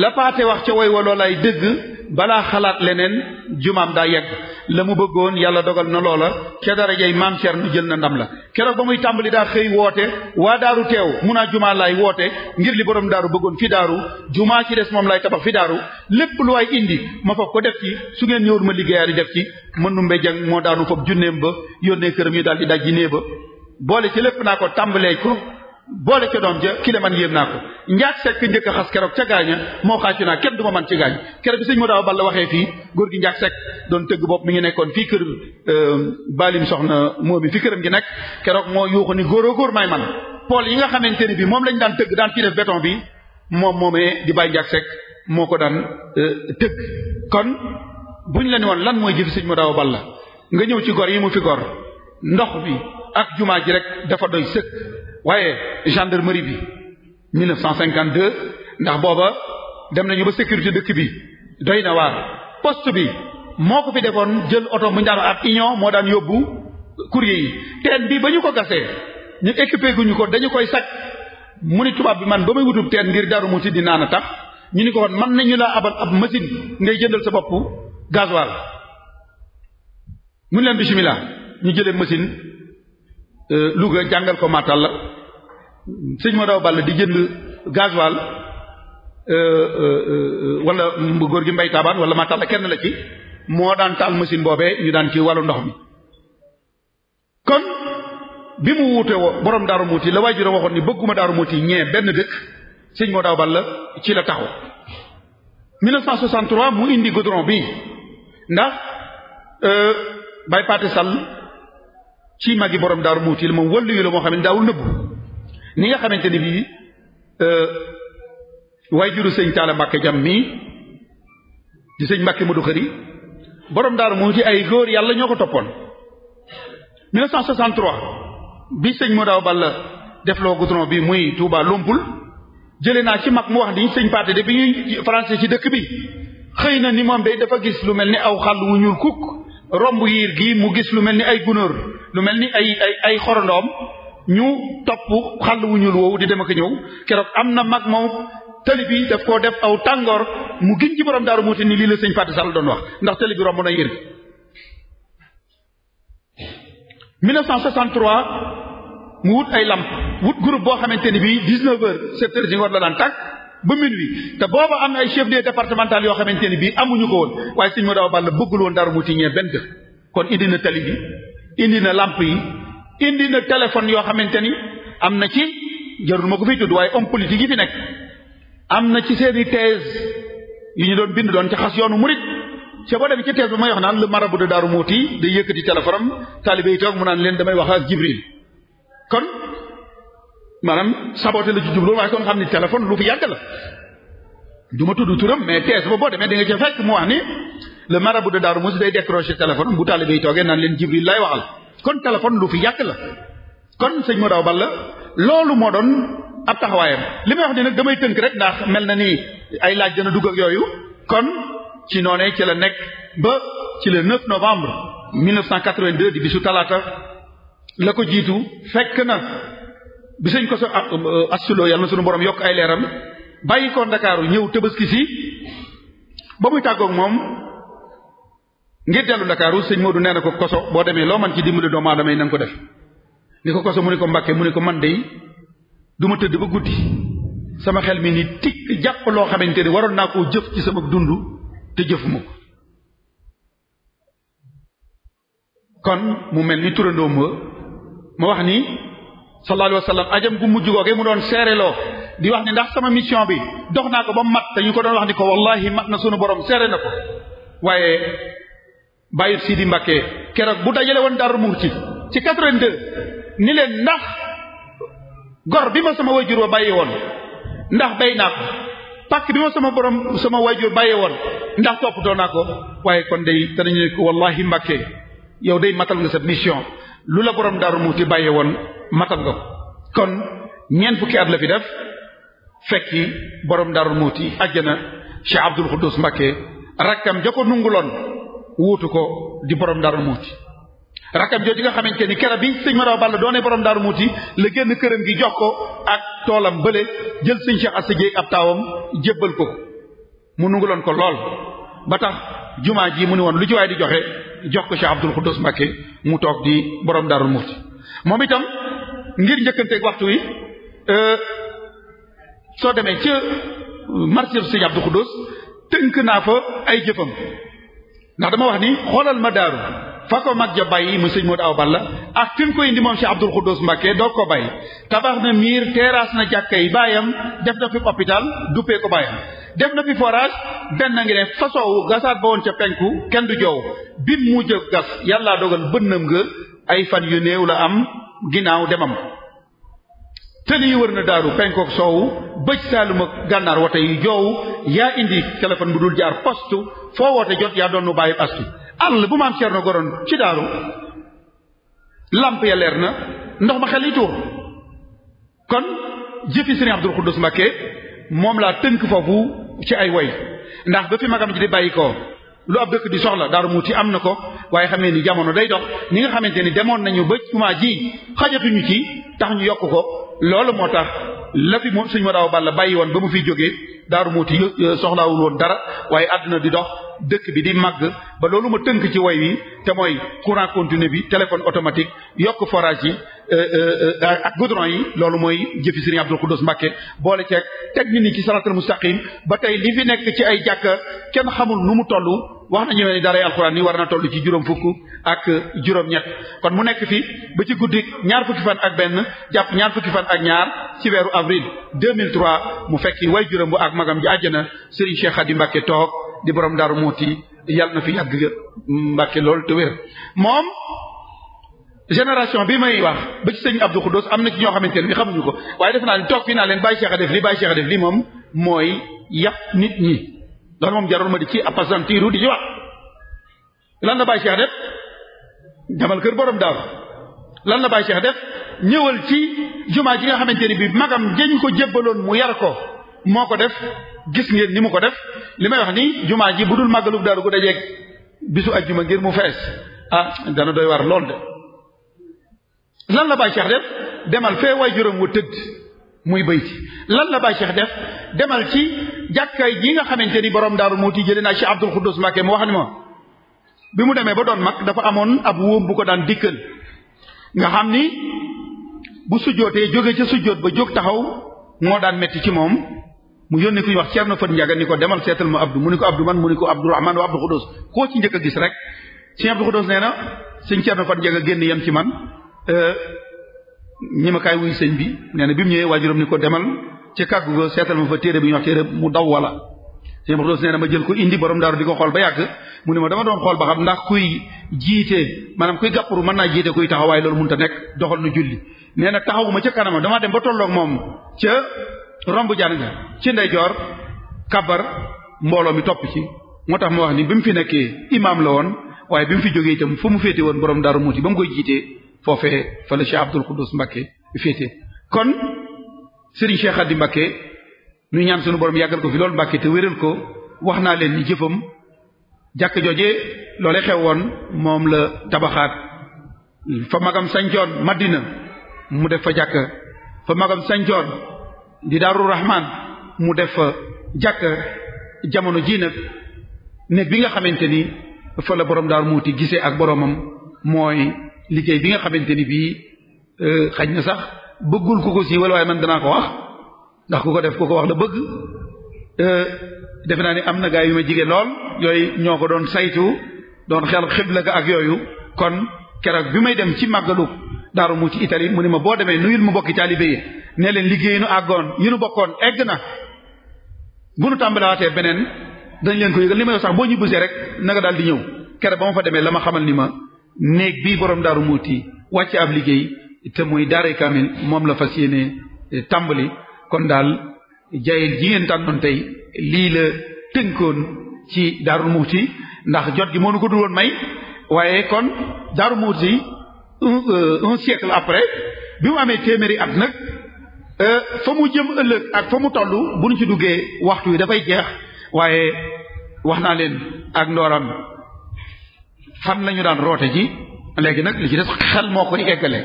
la paate wax ca woy wa loolaay dëgg balaa xalaat leneen jumaam daa yegg la mu bëggoon yàlla dogal na loola ca darajay maam Cerno jël na ndam la keroog ba muy tàmbali daa xëy woote waa daaru teew mu naa jumaa laay woote ngir li borom daaru bëggoon fi daaru jumaa ci des moom laay tabax fi daaru lépp lu waay indi ma fab ko def ci su ngeen ñëwul ma liggéeyaat def ci mënumbe jang moo daanu fab junneem ba yónnee këram yi daal di daj ji nee ba boole ci lépp naa ko tàmbalee ko boole ca doom ja ki le man yéem naa ko njaag sekk njëkk a xas keroog ca gaaña moo xaacu naa kenn du man ci gaañ keroog bi sëñ moo daaw balla waxee fii góor gi njaag sekk doon tëgg bopp mi ngi nekkoon fii kër euh, baalim soxna moom mi fi këram gi nekk keroog moo yuuxu ni góoroo góor may man pool yi nga xamante ne bi moom lañ daan tëgg daan ci def béton bi moom moomee di bàyyi njaag sekk moo ko daan euh, tëgg kon buñ la ne woon lan mooy jëfi sëñ moo daaw balla nga ñëw ci gor yi mu fi gor ndox bi ak jumaa ji rek waaye gendarmerie bi 1952 ndax booba dem nañu ba sécurité dëkk bi doy na waar poste bi moo ko fi defoon jël oto mu njaano ab union moo daan yóbbu courrier yi teen bi ba ñu ko gasee ñu équipé guñu ko dañu koy sag mu ni tubaab bi man ba may wutub teen ngir daru mu ci di naan a tax ñu ni ko woon man nañu laa abal ab machine ngay jëndal sa bopp gasoil mu leen bismillah ñu jëlee machine euh, Louga jàngal ko Matal la sëñ ma daw ball di jënd gasoil euh, euh, euh, wala góor gi mbay taabaan wala matalla kenn la ci moo daan taal machine boobee ñu daan ci wàllu ndox mi kon bi mu wuute woo borom daaru muuti la waajuram waxoon ni bëgguma daaru muuti ñee benn dëkk sëñ moo daaw balla ci la taxaw 1963 mu indi goudron bi ndax bay paate sall ci magi borom daaru muuti la moom wëllu yu la moo xam ne daawul nëbbu ni nga xamante ne bii euh, waajuru sëñ Talla Mbàkke jam mii di sëñ Mbàkke Madu Xari borom daaru mu ci ay góor yàlla ñoo ko toppoon 1963 bi sëñ Modou Balla defloo goudron bi muy Touba Lompul jëlee naa ci mag mu wax ni sëñ Paate de bi ñuy français ci dëkk bi xëy na ni moom day dafa gis lu mel ni aw xàll wu ñuul kukk romb yiir gi mu gis lu mel ni ay gunóor lu mel ni ay ay ay xorondoom ñu topp xàll wu ñuul woowu di dem ak ñëw keroog am na mag moom tëli bi daf koo def aw tàngoor mu giñ ci borom daaru muuti ni lii la sëñ Fàtte Sall doon wax ndax tëli bi romb na yër bi 1963 mu wut ay lamp wut groupe boo xamante ni bii 19 heures 7 heures yi la daan tàkk ba minuit te booba am na ay chef de départemental yoo xamante ni bii amuñu ko woon waaye sëñ Modou Awa Balla bëggul woon Darou Moukhty ñee benn kon indi na tali bi indi na làmp yi indi na téléphone yoo xamante ni am na ci jarul ma ko fiy tudd waaye homme politique yi fi nekk am na ci seeni thèse yu ñu doon bind doon ci xas yoonu murit ca boo demee ci thèse ba may wax naan le marabout de Darou Mouti day yëkkati téléphone am taalibe yi toog mu naan leen damay wax ak Jibril kon maanaam saboté la ci jublu waaye kon xam ni téléphone lu fi yàgg la du ma tudd turam mais thèse ba boo demee da nga ca fekk mu wax ni le marabout de Darou Mouti day bu taalibe yi naan leen Jibril lay waxal. kon téléphone lu fi yàgg la kon sëñ Modou Awa Balla loolu moo doon ab taxawaayam li may wax ni nag damay tënk rek ndax mel na ni ay laaj dana dugg yooyu kon ci noonee ci la nekk ba ci le 9 novembre 1982 di bisu talaata la ko jiitu fekk na bi sëñ ko sa ah, um, uh, assuloo yàlla na sunu borom yokk ay leeram bàyyi koo Ndakaaru ñëw tëbaski si ba muy tàggook moom ngir dellu Ndakaaru sëñ Modou nee na ko koso boo demee loo man ci dimbali doomu aadama yi na ko def ni ko koso mu ne ko Mbàkke mu ne ko man dey du ma tëdd ba guddi sama xel mi ni tikk jàpp loo xamante ni waroon naa ko jëf ci sama dund te jëfuma ko kon mu mel ni turandoom wa ma wax ni sallallahu alayhi wa sallam ajam gu mujj googee mu doon seereloo di wax ni ndax sama mission bi dox naa ko ba mat te ñu ko doon wax ni ko wallahi mat na sunu borom seere na waaye bàyyi di Mbacké keroog bu dajale woon Darou Mouhty ci 82 ni leen ndax gor bi ma sama wayjur wa bàyyee woon ndax bay naa ko pàkk bi sama borom sama wayjur bàyyi woon ndax toppatoo naa ko waaye kon day te dañu ne ko wallahi Mbacké yow day matal nga sa mission lu la borom Darou Mouhty bàyyi woon matal nga ko kon ñeent fukki at la fi def fekki borom Darou Mouhty àjjana Cheikh Abdoul Khoudous Mbacké rakkam ja ko nunguloon wuutu ko di borom Darou Mouhty rakam jooju nga xamante ni kera bi sëñ Madaw Balla doonee borom Darou Mouhty la génn këram gi jox ko ak toolam bële jël sëñ Cheikh Assa Dieye ab taawam jébbal ko mu loon ko lool ba tax jumaa ji mu ni woon lu ci di joxe jox ko Cheikh Abdoul Khoudous Mbacké mu toog di borom Darou Mouhty moom itam ngir njëkkanteeg waxtu wi euh, soo demee ca marché sëñ Abdoul Khoudous tënk naa fa ay jëfam ndax dama wax ni xoolal ma daaru fa ko mag ja bàyyi ma sëñ Modou Awa Balla ak fi mu ko indi moom si Abdul Xuddoos Mbàkke doo ko bàyyi tabax na miir terrasse na jàkka yi baayam def na fi hôpital duppee ko baayam def na fi forage benn ngi ne fasow gasaat ba woon ca penku kenn du joow bi mu mujj gas yàllaa dogal bënnam nga ay fan yu néew la am ginnaaw demam tëli yi wër na daaru penkook soowu bëj saalum ak gànnaar wote yi joowu yaa indi téléphone bu dul jaar post foo woote jot yaa doon nu bàyyi astu àll bu maam Cerno goroon ci daaru lamp ya leer na ndox ma xel yi tuur kon jëfi Sëriñ Abdul Xuddus Mbakke moom laa tënk foofu ci ay woy ndax ba fi magam ji di bàyyi ko lu ab dëkk di soxla daaru muuti am na ko waaye xam ne ni jamono day dox ñi nga xamante ni demoon nañu ba jumaa ji xajatuñu ci tax ñu yokk ko loolu moo tax la fi moom suñu ma daaw bàll bàyyi woon ba mu fiy jógee daaru muuti soxlaawul woon dara waaye àdduna di dox dëkk bi di màgg ba loolu ma tënk ci woy wi te mooy courant continu bi téléphone automatique yokk forage yi euh, euh, euh, ak goudron yi loolu mooy jëfi Serigne Abdou Khoudoss Mbacké boole ceeg teg nit ñi ci saratal mustaqim ba tey li fi nekk ci ay jàkka kenn xamul nu mu tollu wax nañu ne daray alxuraan ni war na toll ci juróom fukk ak juróom-ñett kon mu nekk fi ba ci guddi ñaar fukki fan ak benn jàpp ñaar fukki fan ak ñaar ci weeru avril 2003 mu fekki way juróom bu ak magam ji àjjana Serigne Cheikh Khady Mbacke toog di borom Darou Mouti yàlla na fi yàgg Mbacke lool te wér moom. génération bi may wax ba ci sëñ Abdou Khoudoss am na ci ñoo xamante ne bi xamuñu ko waaye def naa ne toog fii naa leen bàyyi Cheikh a def li bàyyi Cheikh li moom mooy yàq nit ñi. loolu moom jarul ma di ci appesantiru di ci wax lan la Baye Cheikh def demal kër borom daal lan la Baye Cheikh def ñëwal ci jumaa ji nga xamante ni bi magam jëñ ko jébbaloon mu yar ko moo ko def gis ngeen ni mu ko def li may wax ni jumaa ji bu dul màggalub daaru gu dajeeg bisu ajjuma ngir mu fees a ah, dana doy war lool de lan la Baye Cheikh def demal fee waajuram wu tëdd muy bayti lan la Baye Cheikh def demal ci jàkkaay ji nga xamante ni borom daaru muuti jëlee naa ci Abdul Xuddus Mbàkke mu wax ni ma bi mu demee ba doon mag dafa amoon ab wóom bu ko daan dikkal nga xam ni bu sujjootee jóge ca sujjoot ba jóg taxaw moo daan metti ci moom mu yónni ku ñuy wax Cerno Fët Njaga ni ko demal seetal ma Abdou mu ni ko Abdou man mu ni ko Abdourahman wa Abdou Xuddus koo ci njëkk a gis rek sëñ Abdou Xuddus nee na sëñ Cerno Fët Njaga génn yem ci man euh, ñi ma kaay wuy sëñ bi nee na bi mu ñëwee waajuram ni ko demal ci kàggu ko seetal ma fa téere bi ñuy wax téere mu daw wala sëñ Maxtaar nee na ma jël ko indi borom daaru di ko xool ba yàgg mu ma dama doon xool ba xam ndax kuy jiite maanaam kuy gàppuru mën naa jiite kuy taxaw waaye loolu mënut a nekk doxal nu julli nee na taxawuma ca kanama damaa dem ba tolloog moom ca romb jaan nga ci ndeyjoor kabar mbooloo mi topp ci moo tax ma wax ni bi mu fi nekkee imaam la woon waaye bi mu fi jógee itam fa mu féete woon borom daaru muuti ba mu koy jiitee foofee fa la Cheikh Abdul Quddus Mbakke féete kon Serigne Cheikh Khady Mbakke ñu ñaan sunu borom yàggal ko fi loolu Mbakke te wéral ko wax naa leen ni jëfam jàkk jooje loole xewoon moom la tabaxaat fa magam sancoon maddina mu def fa jàkk fa magam sancoon di Daaru Rahman mu def fa jàkk jamono ji nag nekk bi nga xamante ni fa la borom mu Muuti gisee ak boromam mooy liggéey bi nga xamante ni bii euh, xaj na sax bëggul ku ko siiwal waaye man danaa ko wax ndax ku ko def ku ko wax la bëgg euh, defe naa ni am na gaa yu ma jigee lool yooyu ñoo ko doon saytu doon xel xibla ga ak yooyu kon keroog bi may dem ci màggalu daaru mu ci Italie mu ne ma boo demee nu nuyul mu bokki taalibe yi ne leen liggéey nu àggoon yi nu bokkoon egg na bu nu tàmbalaatee beneen dañ leen ko yëgal ni ma yow sax boo ñibbisee rek nanga daal ñëw keroog ba ma demee la ma xamal ni ma néeg bii borom daaru muuti wàcce ab liggéey te muy daaray kaamil moom la fa yéene e, tàmbali kon daal jayel ji ngeen tànnoon tey lii la tënkoon ci daaru muuti ndax jot gi moo nu ko dul woon may waaye kon daaru muuti un e, un après bi mu amee téeméeri at nag e, fa mu jëm ëllëg ak fa mu toll bu nu ci duggee waxtu wi dafay jeex waaye wax naa leen ak ndooram fan lañu daan roote ji léegi nag li ci des xel moo koy eggale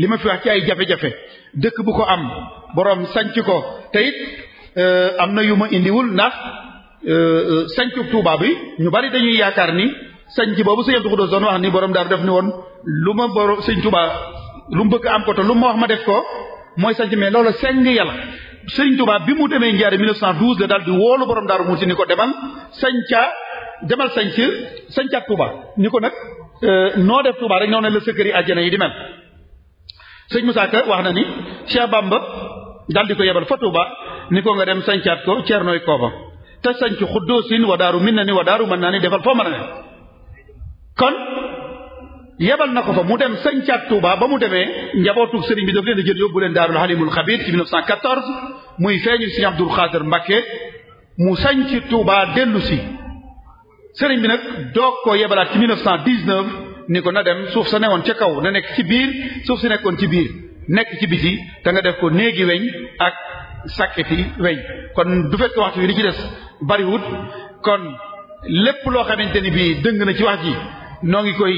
li ma fi wax ci ay jafe-jafe dëkk bu ko am boroom sanc ko te it euh, am na yu ma indiwul ndax euh, euh, sancu Tuubaa bi ñu bari dañuy yaakaar ni sanc boobu sëñ Abdou Khoudoss doon wax ni borom daaru def ni woon lu ma borom sëñ Tuubaa lu mu bëgg am ko te lu ma wax ma def ko mooy sanc mais loolu seng yàlla sëñ Tuubaa bi mu demee njaari 1912 la daal di woolu borom daaru mu si ni ko demal sanca demal sañ ci sañcaat Touba ni ko nag euh, noo def Touba rek noonu la sa kër yi àjjana yi di mel sëñ Moussa wax na ni Cheikh Bamba daal di ko yebal fa Touba ni ko nga dem sañcaat ko ceernooy kooba te sañc xuddoosin wa daaru min na ni wa daaru mën naa ni defal foo ma a ne kon yebal na ko fa mu dem sañcaat Touba ba mu demee njabootug sëriñ bi daf leen di jël yóbbu leen daarul halimul xabir ci 1914 muy feeñu sëñ Abdul Xaadir Mbàkke mu sañc tuuba dellu si sëriñ bi nag doog koo yebalaat ci 1919 ni ko na dem suuf sa newoon ca kaw na nekk ci biir suuf si nekkoon ci biir nekk ci biti te nga def ko néegi weñ ak sàkketi weñ kon du fekk waxtu wi li ci des bariwut kon lépp loo xamante ni bii dëng na ci wax ji noo ngi koy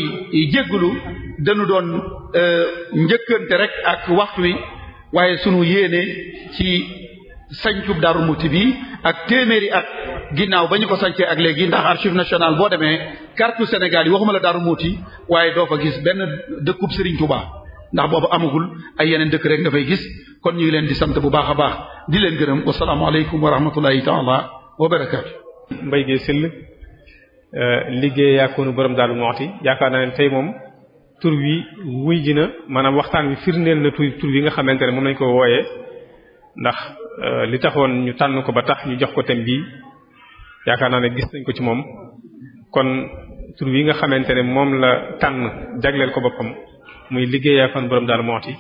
jéggulu dañu doon euh, njëkkante rek ak waxtu wi waaye sunu yéene ci sañcub Daaru Muxti bii ak téeméeri at ginnaaw ba ñu ko sañcee ak léegi ndax archive nationale boo demee carte Sénégal yi waxuma la Daaru Muxti waaye doo fa gis benn dëkkub Serigne Touba ndax boobu amagul ay yeneen dëkk rek nga fay gis kon ñu leen di sant bu baax a baax di leen gërëm wasalaamualeykum wa rahmatullahi taala wa barakaatu. mbay gi sëll euh, liggéey yaakoonu borom Daaru Muxti yaakaar naa ne tey moom tur wi wuy ji na maanaam waxtaan wi firndeel na tur tur wi xamante ne moom lañ ko wooyee Euh, li taxoon ñu tànn ko ba tax ñu jox ko tem bi yaakaar naa ne gis nañ ko ci moom kon tur wi nga xamante ne moom la tànn jagleel ko boppam muy liggéeyaa fan borom daal mooti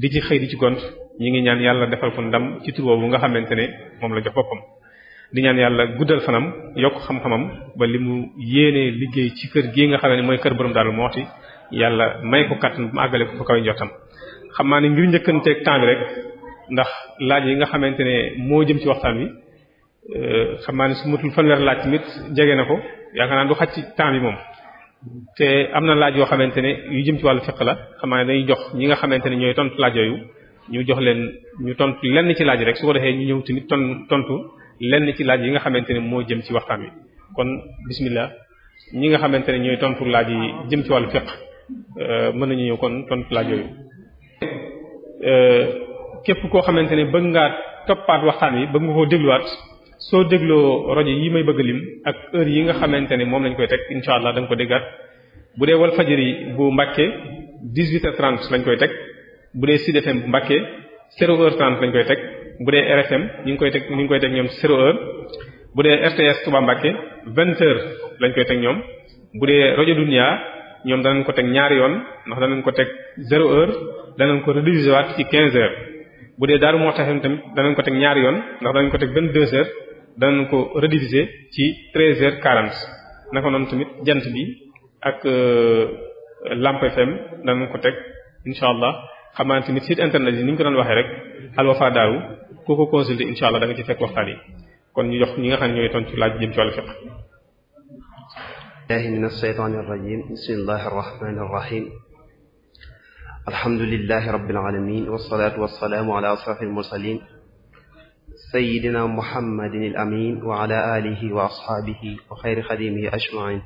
di ci xëy di ci gont ñi ngi ñaan yàlla defal ko ndam ci tur boobu nga xamante ne moom la jox boppam di ñaan yàlla guddal fanam yokk xam-xamam ba li mu yéenee liggéey ci kër gii nga xam ne mooy kër borom daal moo mooti yàlla may ko kàttan mu àggale ko fa kaw njottam xam ndax laaj yi nga xamante ne moo jëm ci waxtaan wi euh, xam naa su matul fanweer laaj tamit jege na ko yaakaar naa du xaj ci temps bi moom te am na laaj yoo xamante ne yu jëm ci wàllu fiq la xam ne dañuy jox ñi nga xamante ne ñooy tontu laaj yooyu ñu jox leen ñu tontu lenn ci laaj rek su ko defee ñu ñëw tamit ton tontu lenn ci laaj yi nga xamante ne moo jëm ci waxtaan wi kon bismillah ñi nga xamante ne ñooy tontu laaj yi jëm ci wàllu fiq euh, mën nañu ñëw kon tontu laaj yooyu euh, képp koo xamante ne bëgg ngaa toppaat waxtaan yi bëgg nga koo dégluwaat soo dégloo rajo yi may bëgg lim ak heure yi nga xamante ne moom lañ koy teg incha allah da nga ko déggaat bu dee wal fajiri bu Mbàkke 18h30 lañ koy teg bu dee Sud bu Mbàkke 0 h lañ koy teg bu dee RFM ñu ngi koy teg ñu ngi koy teg ñoom 0h bu dee RTS Touba Mbàkke 20h lañ koy teg ñoom bu dee rajo Dunia ñoom danañ ko teg ñaari yoon ndax danañ ko teg 0h danañ ko rediviser waat ci quinze h bu dee daaru moo taxin tamit danañ ko teg ñaari yoon ndax danañ ko teg vingt-deux heures danañ ko rediviser ci treize heures quarante naka noonu tamit jant bi ak euh, Lamp FM danañ ko teg incha allah xam ni tamit site internet yi ni ñu ko doon waxee rek Al Wafa Daaru ku ko consulter incha allah da ci fekk waxtaan yi kon ñu jox ñi nga xam ne ñooy ci laaj jëm ci wàllu fiqh. A'uuzu a mina shaytaani rajiim bismillaahi rahmaani rahiim alhamdulilahi rabbil alamin wasalaatu wasalaamu ala ashraf almursalin sayidina muhammadin il amin wa ala alihi wa ashaabihi wa xayri xadimihi ajmain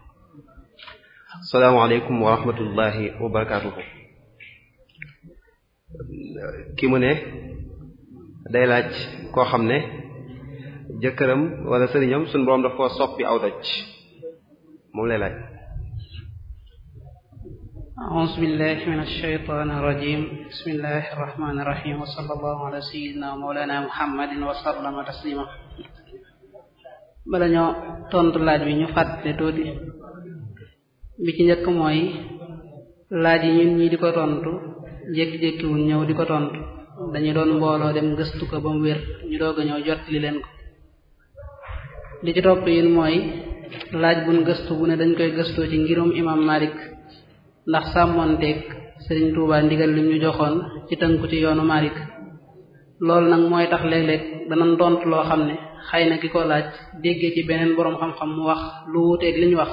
asalaamualeykum wa rahmatullahi wa barakatuhu ki mu ne day laaj koo xam ne jëkkëram wala sëriñam suñu boroom daf koo soppi aw doj moom lay laaj أعوذ بالله من الشيطان الرجيم بسم الله الرحمن الرحيم وصلى الله على bala ñoo tontu laaj bi ñu fàttali tuuti bi ci njëkk mooy laaj yi ñun ñi di ko tontu jékki-jékki ñëw di ko tontu dañu doon mbooloo dem gëstu ko ba mu wér ñu doog ñëw jot leen ko li ci topp yéen mooy laaj buñ gëstu bu ne dañ koy gëstoo ci ngirum imam Malik ndax dégg sëriñ Touba ndigal lim ñu joxoon ci tënku ci yoonu Malick loolu nag mooy tax léeg-léeg danañ tontu loo xam ne xëy na ki ko laaj déggee ci beneen boroom xam-xam mu wax lu wuuteeg li wax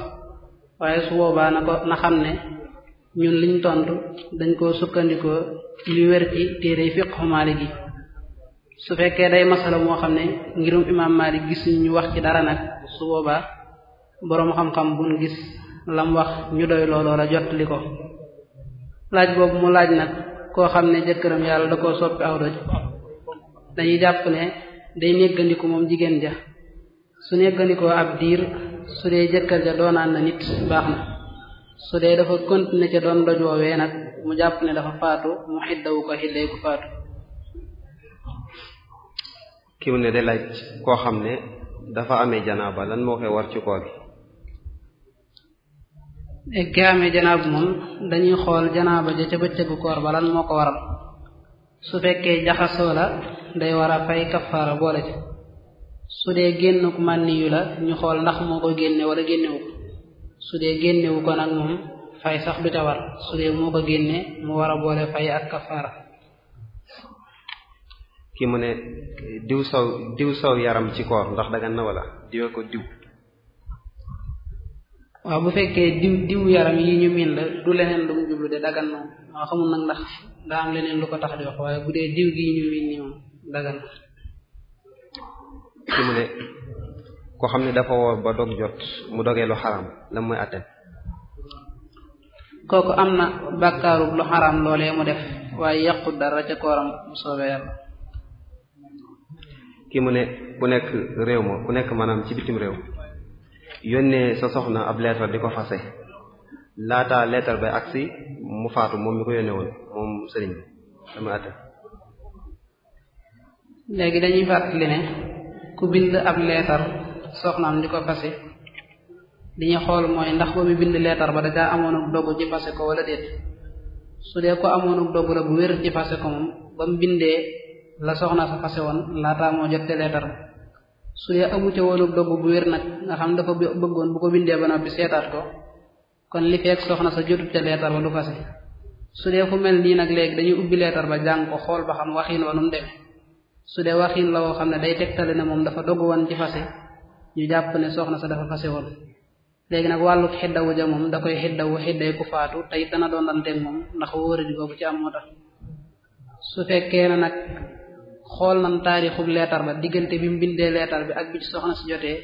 waaye su boobaa na ko na xam ne ñun liñ tontu dañ koo sukkandikoo ci li wér ci téere fiqhu Malick gi su fekkee day masala moo xam ne ngirum imaam Malick gis ñu wax ci dara nag su boobaa boroom xam-xam buñ gis lam wax ñu doy looloo la jot li ko laaj boobu mu laaj nag koo xam ne jëkkëram yàlla da koo soppi aw doj dañuy jàpp ne day néggandiku moom jigéen ja su néggandikoo ab diir su dee jëkkër ja doonaan na nit baax na su dee dafa continuer ca doon doj woowee nag mu jàpp ne dafa faatu mu xiddawu ko xidday ku faatu ki mu ne de laaj koo xam ne dafa amee janaaba lan moo koy war ci koor gi eggaame eh, janaab moom dañuy xool janaaba ja ca bëccëgu koor ba lan moo ko waral su fekkee jaxasoo la day war a fay kafaara boole ci su dee génn ku mànni la ñu xool ndax moo génne wala génnewu ko dee génnewu ko nag moom fay sax du ca war su dee moo ko génne mu war a boole fay ak kafaara kii mu ne diw saw diw saw yaram ci koor ndax dagan na wala diwe ko diw waaw bu fekkee diw diw yaram yi ñu miin la du leneen lu mu jublu de dagan moom waaw xamul nag ndax daa am leneen lu ko tax di wax waaye bu diw gi ñu miin ni moom xam ne dafa woor ba dog mu dogee lu xaram lan mooy àtteem mu def waaye yàqu dara ca kooram ki mu ne ku nekk réew ma ku nekk maanaam ci bitim réew yónnee sa soxna ab lettre di ko fase laata lettre ba agsi mu faatu moom mi ko yónnee woon moom sëriñ bi dama léegi dañuy fàttali ne ku bind ab leetar soxnaam di ko fase li ñu xool mooy ndax ba mu bind leetar ba da caa amoon ak dogu ci fase ko wala déet su dee ko amoon ak dogu la bu wér ci fase ko moom ba mu bindee la soxna sa fase woon laataa moo jot te leetar su dee amu ca woonu dogg bu wér nag nga xam dafa bëggoon bu ko bindee ba noppi seetaat ko kon li fekk soxna sa jotut ca leetar ba du fase su dee fu mel nii nag léegi dañuy ubbi ba jàng xool ba xam waxiin wa nu mu su dee waxiin la woo xam ne day tegtale ne moom dafa dogg woon ci fase ñu jàpp ne soxna sa dafa fase woon léegi nag wàllu xiddawu ja moom da koy xiddawu xidday ku faatu tey dana doon danteeg moom ndax wóoradi boobu ci am moo tax su fekkee na nag xool na taarixub leetar ba diggante bi mu bindee leetar bi ak bi ci soxna si jotee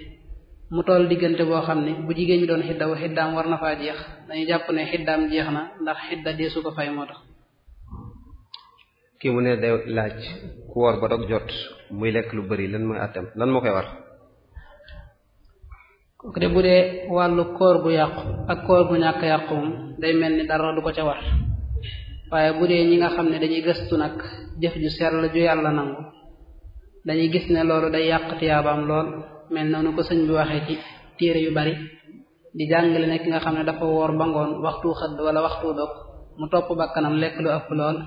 mu toll diggante boo xam ne bu jigéen ñi doon xidda wa xiddaam war na faa jeex dañu jàpp ne xiddaam jeex na ndax xidda deesu ko fay moo tax kii mu ne day laaj ku woor ba dog jot muy lekk lu bari lan mooy àttam lan moo koy war kooku de bu dee wàllu koor bu yàqu ak koor bu ñàkk yàqu day mel ni dara du ko ca war waaye bu dee ñi nga xam ne dañuy gëstu nag jëf ju la ju yàlla nangu dañuy gis ne loolu day yàq tiyaabaam lool mel noonu ko sëñ bi waxee ci téere yu bari di jàngale ne ki nga xam ne dafa woor ba ngoon waxtu xëdd wala waxtu dog mu topp bakkanam lekk lu ëpp lool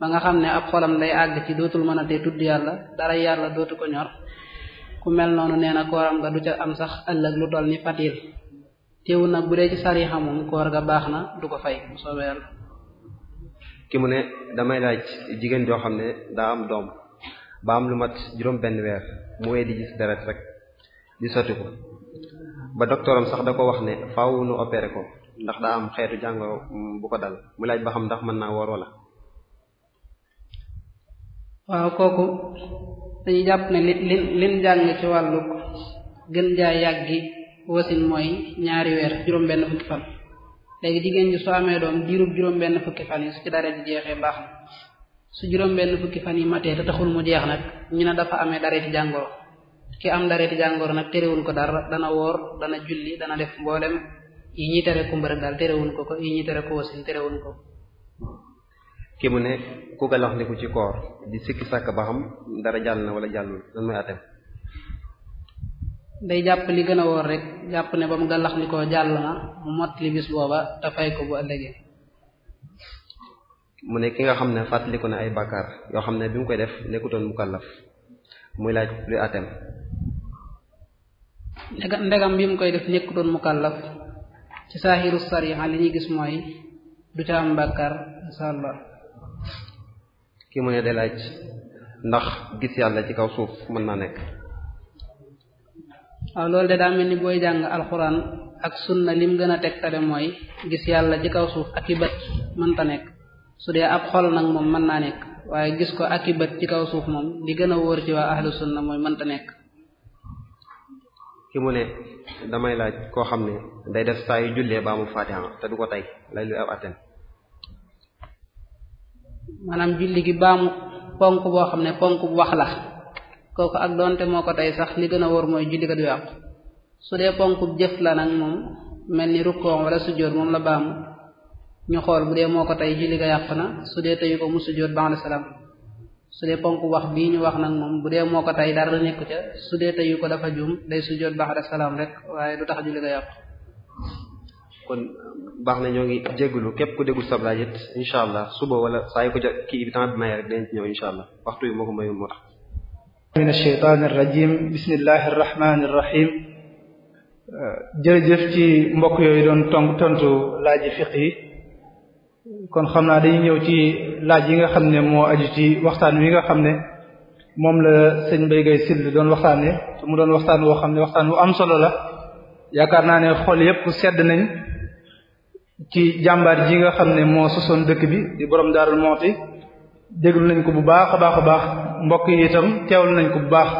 ba nga xam ne ab xolam day àgg ci dootul mën a tee tudd yàlla dara yàlla dootu ko ñor ku mel noonu nee na kooram nga du ca am sax ëllëg lu dool ni fatil teewu nag bu dee ci sarixa moom koor ga baax na du ko fay ki mu ne damay laaj jigéen joo xam ne daa am doom ba am lu mat juróom benn weer mu wee di gis deret rek di sotti ba docteuram sax da ko wax ne faaw nu opéré ko ndax daa am xeetu jàngoro bu ko dal mu laaj ba xam ndax mën naa woor wala waaw kooku dañuy jàpp ne li lin jàng ci wàllu gën jaa yàggi wasin mooy ñaari weer juróom benn fukki fan léegi jigéen ji soo amee doom diirub juróom-benn fukki fan yi su ci dara ji jeexee su juróom-benn fukki fan yi matee te taxul mu jeex nag ñi ne dafa amee dareeti jàngoro ki am dareeti jàngoro nag terewul ko dara dana woor dana julli dana def mboolem yi ñuy tere ko mbërëg daal terewul ko ko yi ñuy tere ko wasin terewul ko. ki mu ne ku galax ndiku ci koor di sikki sàkk ba xam dara jàll na wala jàllul lan mooy atem. day jàpp li gën a wóor rek jàpp ne ba mu gàllax li ko jàll na mu mott li bis booba te fay ko bu ëllëgee mu ne ki nga xam ne fàttaliku na ay bàkkaar yoo xam ne bi mu koy def nekkutoon mukallaf muy laaj luy atem ndegam ndegam bi mu koy def nekkutoon mukallaf ci saaxiru sariha li ñuy gis mooy du ca am bàkkaar ki mu ne day laaj ndax gis yàlla ci kaw suuf mën naa nekk waaw loolu de daal mel ni booy jàng alxuraan ak sunna lim gën a tegtale mooy gis yàlla ci kaw suuf ak i bët mënta nekk su dee ab xol nag moom mën naa nekk waaye gis ko ak i bët ci kaw suuf moom li gën a wóor ci waa ahlu sunna mooy mënta nekk ki mu ne damay laaj koo xam ne day def saa yu jullee baa mu fatiha te du ko tey lay luy ab atten maanaam julli gi baa mu ponk boo xam ne ponk bu wax la kooku ak donte moo ko tey sax li gën a war mooy julli ga du yàqu su dee ponk jëf la nag moom mel ni rukkoon wala sujjóot moom la baamu ñu xool bu dee moo ko tey julli ga yàqu na su dee teyu ko mu sujjóot ba'da salaam su dee ponk wax bii ñu wax nag moom bu dee moo ko tey dara nekku ca su dee teyu ko dafa juum day sujjóot ba'da salaam rek waaye du tax julli ga yàqu kon baax na ñoo ngi jégalu képp ku déglu sablaaj it incha allah suba wala saa yu ko jot kii bi tamit bi maye rek dinañ ci ñëw incha allah waxtu yu moo ko mayul moo tax min alsheytaan irrajim bismillahi irrahmani irrahim jërëjëf ci mbokk yooyu doon tong tontu laaj fiq yi kon xam naa dañuy ñëw ci laaj yi nga xam ne moo aju ci waxtaan wi nga xam ne moom la sëñ Mbaye Guèye Syll doon waxtaan te mu doon waxtaan woo xam ne waxtaan wu am solo la yaakaar naa ne xol yépp sedd nañ ci jàmbaar ji nga xam ne moo sosoon dëkk bi di borom Darou Moukhty déglu nañ ko bu baax a baax a baax mbokk yi itam teewlu nañ ko bu baax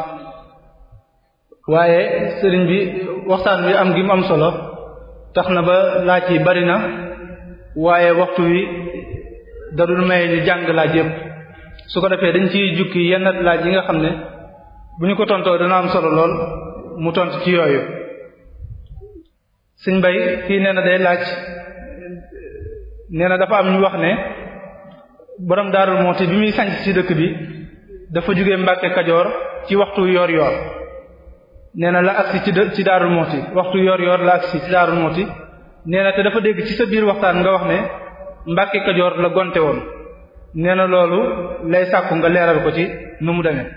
waaye sëriñ bi waxtaan bi am gi am solo tax na ba laaj yi bari na waaye waxtu wi dadul may ñu jàng laaj yépp su ko defee dañ ciy jukki yenn laaj yi nga xam ne bu ñu ko tontoo dana am solo lool mu tontu ci yooyu sëñ bay fii nee na day laaj nee na dafa am ñu wax ne borom daarul mooti bi muy sanc ci dëkk bi dafa jóge Mbàkke Kajoor ci waxtu yor yor nee na la agsi ci ci daarul mooti waxtu yor yoor la agsi ci daarul mooti nee na te dafa dégg ci sa biir waxtaan nga wax ne Mbàkke Kajoor la gonte woon nee na loolu lay sàkku nga leeral ko ci nu mu demee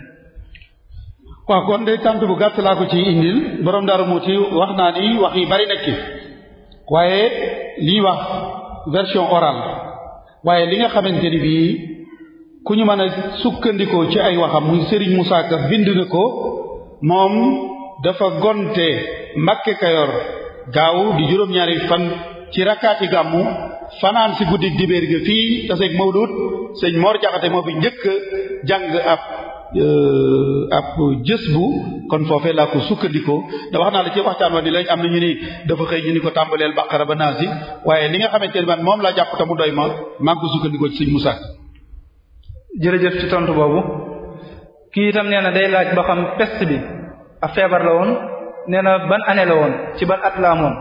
waaw kon de tànt bu gàtt laa ko ci indil borom daaru muuti wax naa ni wax yi bari nekk waaye lii wax version orale waaye li nga xamante ni bii ku ñu mën a sukkandikoo ci ay waxam muy Serigne Moussa Ka bind na ko moom dafa gonte Mbàkke Kayoor gaaw di juróom-ñaari fan ci rakkaati gàmmu fanaan si guddi dibéer ga fii taseeg Mawlud sëñ Mor Jaxate moo fi njëkk jàng ab Euh, ab jës bu kon foofee laa ko sukkandikoo da wax naa la ci waxtaan wa ni lañ am na ñu ni dafa xëy ñu ni ko tàmbaleel baqara ba naas yi waaye li nga xamante ni man moom laa jàpp te mu doy ma maa ko ci sëñ Moussa ci tontu boobu kii itam nee na day laaj ba xam peste bi a feebar la woon nee na ban année ci ban at la amoon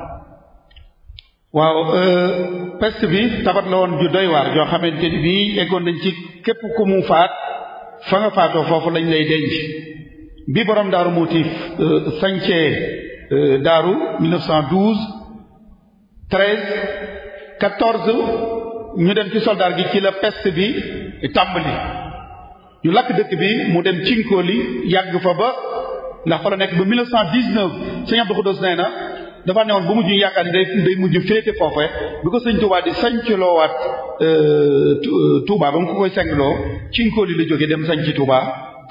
waaw euh, peste bi tabat la woon ju doy waar joo xamante ni bii eggoon ci képp ku mu faat fa nga faatoo foofu lañu lay denc bi borom daaru muuti euh, sañcee euh, daaru 1912 13 14 ñu dem ci soldaar gi ci la peste bi tàmbali ñu lakk dëkk bi mu dem cinkóoli yàgg fa ba ndax fa la nekk ba 1919 Sëñ Abdou Khoudoss nee na dafa newoon bu mujj yaakaar ni day day mujj féete foofe bi ko sëñ Touba di sanc loowaat euh, Touba euh, ba mu ko koy sengloo ci Nkóoli la jógee dem sanc Touba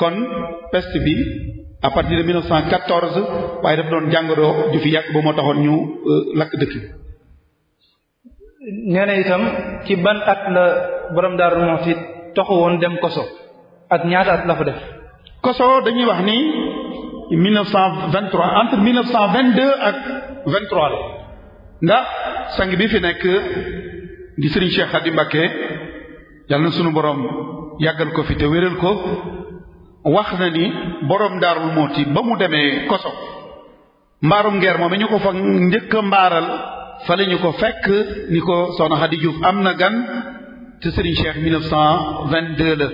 kon pest bi à partir de 1914 waaye dafa doon jàngoro ju fi yàgg ba moo taxoon ñu euh, lakk dëkk nee na itam ci ban at la borom Daaru Muxti toxu woon dem Koso ak ñaata at def Koso dañuy wax ni 1923 entre 1922 ak vingt-trois ndax sang bi fi nekk di Serigne Cheikh Khady Mbacké yàlla na sunu boroom yàggal ko fi te wéral ko wax na ni borom daarul mooti ba mu demee koso mbaarum ngeer moom ñu ko fa njëkk mbaaral fa la ko fekk ni ko soxna Khady Diouf am na gan te Serigne Cheikh 1922 la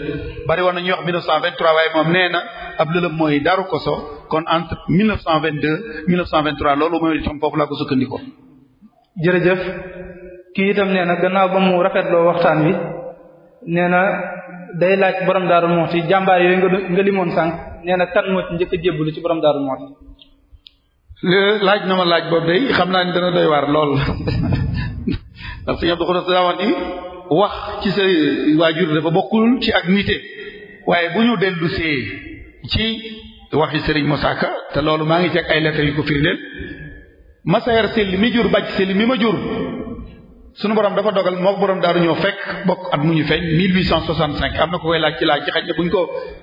bari woon na ñuy wax 1923 waaye moom nee na ab lëlëm mooy Daaru Koso kon entre 1922 1923 loolu mooy tam foofu laa ko sukkandikoo. jërëjëf kii itam nee na gannaaw ba mu rafetloo waxtaan wi nee na day laaj borom Daaru Muxti jàmbaar yooyu nga nga limoon sànq nee na kan moo ci njëkk a jébbalu ci borom Daaru Muxti. laaj na ma laaj boobu day xam naa ni dana doy waar lool ndax Sëriñ wax ci sa waajur dafa bokkul ci ak nite waaye bu ñu dellusee ci waxi sëriñ Moussa Ka te loolu maa ngi ci ay lettres yu ko firndeel ma sa yar sell mi jur bàcc sell mi ma jur sunu borom dafa dogal moo borom daaru ñëw fekk bokk at mu ñu feeñ 1865 am na ko koy laaj ci laaj ci xaj na buñ ko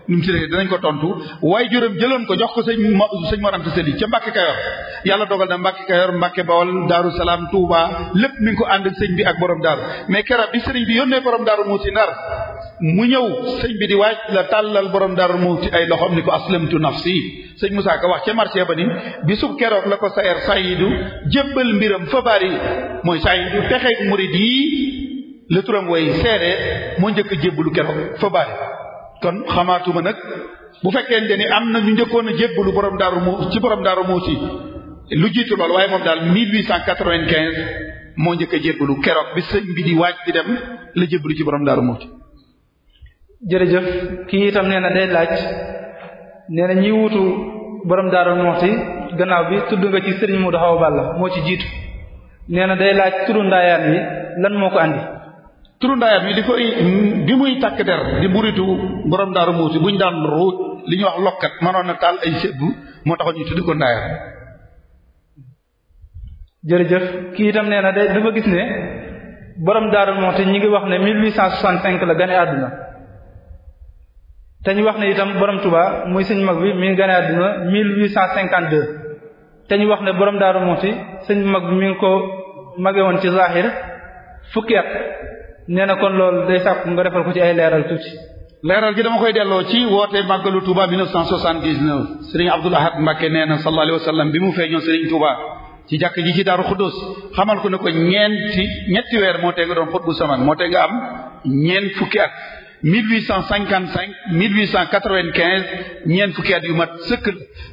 nu mu tuddee danañ ko tontu waaye juróom jëloon ko jox ko sëñ mo sëñ Mor Anta Sali ca Mbacke Kayor yàlla dogal na Mbacke Kayor Mbacke Bawol Daaru Salaam Touba lépp mi ngi ko ànd sëñ bi ak borom daaru mais keroog bi sëriñ bi yónnee borom daaru moo si nar mu ñëw sëñ bi di waaj la tàllal borom Darou ci ay loxoom ni ko aslamtu nafsi sëñ Moussa Ka wax ci marché ba ni bisu keroog la ko sayer Sayyidu jébbal mbiram fa yi mooy Sayyidu texeeg murid yi la turam way seere moo njëkk jébbalu keroog fa bari kon xamaatuma nag bu fekkee fekkente ni am na ñu njëkkoon a jébbalu borom Darou Mouhty ci borom daaru Darou Mouhty lu jiitu loolu waaye moom daal 1895 moo njëkk a jébbalu keroog bi sëñ bi di waaj di dem la jébbalu ci borom Darou Mouhty jërëjëf kii itam nee na day laaj nee na ñi wutu borom Daaru Muxti gannaaw bi tudd nga ci mu Modou Awa la moo ci jiitu nee na day laaj turu ndaayaan wi lan moo ko andi. turu ndaayaan wi di koy bi muy takk der di buritu borom Daaru Muxti buñ daan ruuj li ñu wax lokkat mënoon na taal ay seddu moo taxoon ñu tudd ko ndaayaan. jërëjëf kii itam nee na day dafa gis ne borom Daaru Muxti ñi ngi wax ne 1865 la gane àdduna. te ñu wax ne itam borom Touba muy sëñ mag bi mi ngi gane àdduna 1852 te ñu wax ne borom Daaru Muxti sëñ mag bi mi ngi ko mage woon ci zahir fukki at nee na kon loolu day sàkku nga defal ko ci ay leeral tuuti. leeral gi dama koy delloo ci woote màggalu Touba 1979 sëriñ Abdoul Ahad Mbacké nee na sallallahu alayhi wa sallam bi mu feeñoo sëriñ Touba ci jàkk ji ci Daaru Xuddoos xamal ko ne ko ñeenti ñetti weer moo tee nga doon xutbu saman moo tee nga am ñeent fukki at. 1855 1895 ñeent fukki at yu mat sëkk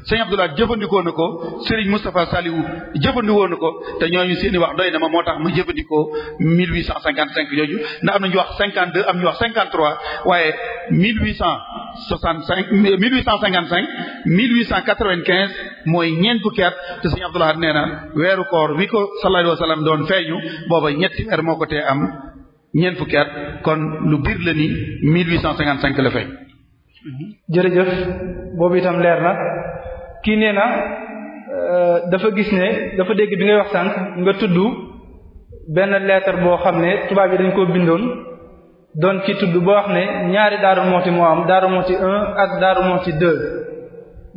sëñ Abdoulaye jëfandikoo na ko Serigne Moustapha Saliou jëfandikoo na ko te ñooñu seeni wax doy na ma moo tax ma jëfandikoo 1855 jooju ndax am na ñu wax 52 am ñu wax 53 waaye 1865 1855 1895 mooy ñeent fukki at te sëñ Abdoulaye nee na weeru koor wi ko sallallahu alayhi wa sallam doon feeñu booba ñetti weer moo ko tee am. ñeent fukki at kon lu biir la ni 1855 la fay. jërëjëf boobu itam leer na kii nee na euh, dafa gis ne dafa dégg bi ngay wax sànq nga tudd benn leetar boo xam ne tubaab yi dañ koo bindoon doon ci tudd boo wax ne ñaari Darou ci moo am moo ci un ak moo ci deux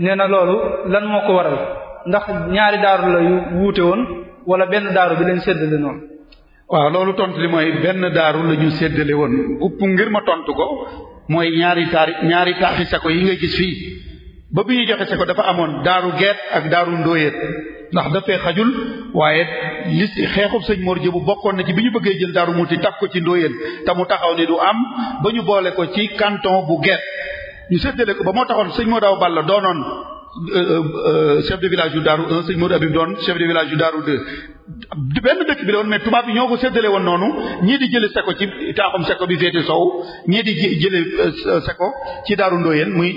nee na loolu lan moo ko waral ndax ñaari daaru la wuute woon wala benn daaru bi lañ séddale noonu. waaw loolu tontu li mooy benn daaru la ñu séddale woon upp ngir ma tontu ko mooy ñaari taari ñaari taaxi sako yi nga gis fii ba bi ñuy joxe ko dafa amoon daaru geet ak daaru ndóoyéet ndax dafee xajul waaye li si xeexub sëñ Mor bu bokkoon na ci bi ñu bëggee jël daaru muuti takk ko ci ndóoyéen te mu taxaw ni du am ba ñu boole ko ci canton bu geet ñu séddale ko ba moo taxoon sëñ moo daaw balla doonoon Euh, euh, euh, chef de village yu daaru un sëñ Modou Abib doon chef de village yu daaru deux benn dëkk bi la woon mais tubaab bi ñoo ko seddale woon noonu ñii di jële seko ci taaxum seko bi féete sow ñii di jële seko ci daaru ndóoyeen muy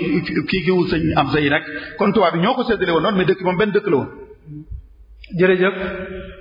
kii kiwu sëñ am sa yi nag kon tubaab yi ñoo ko seddale woon noonu mais dëkk moom benn dëkk la woon jërëjëf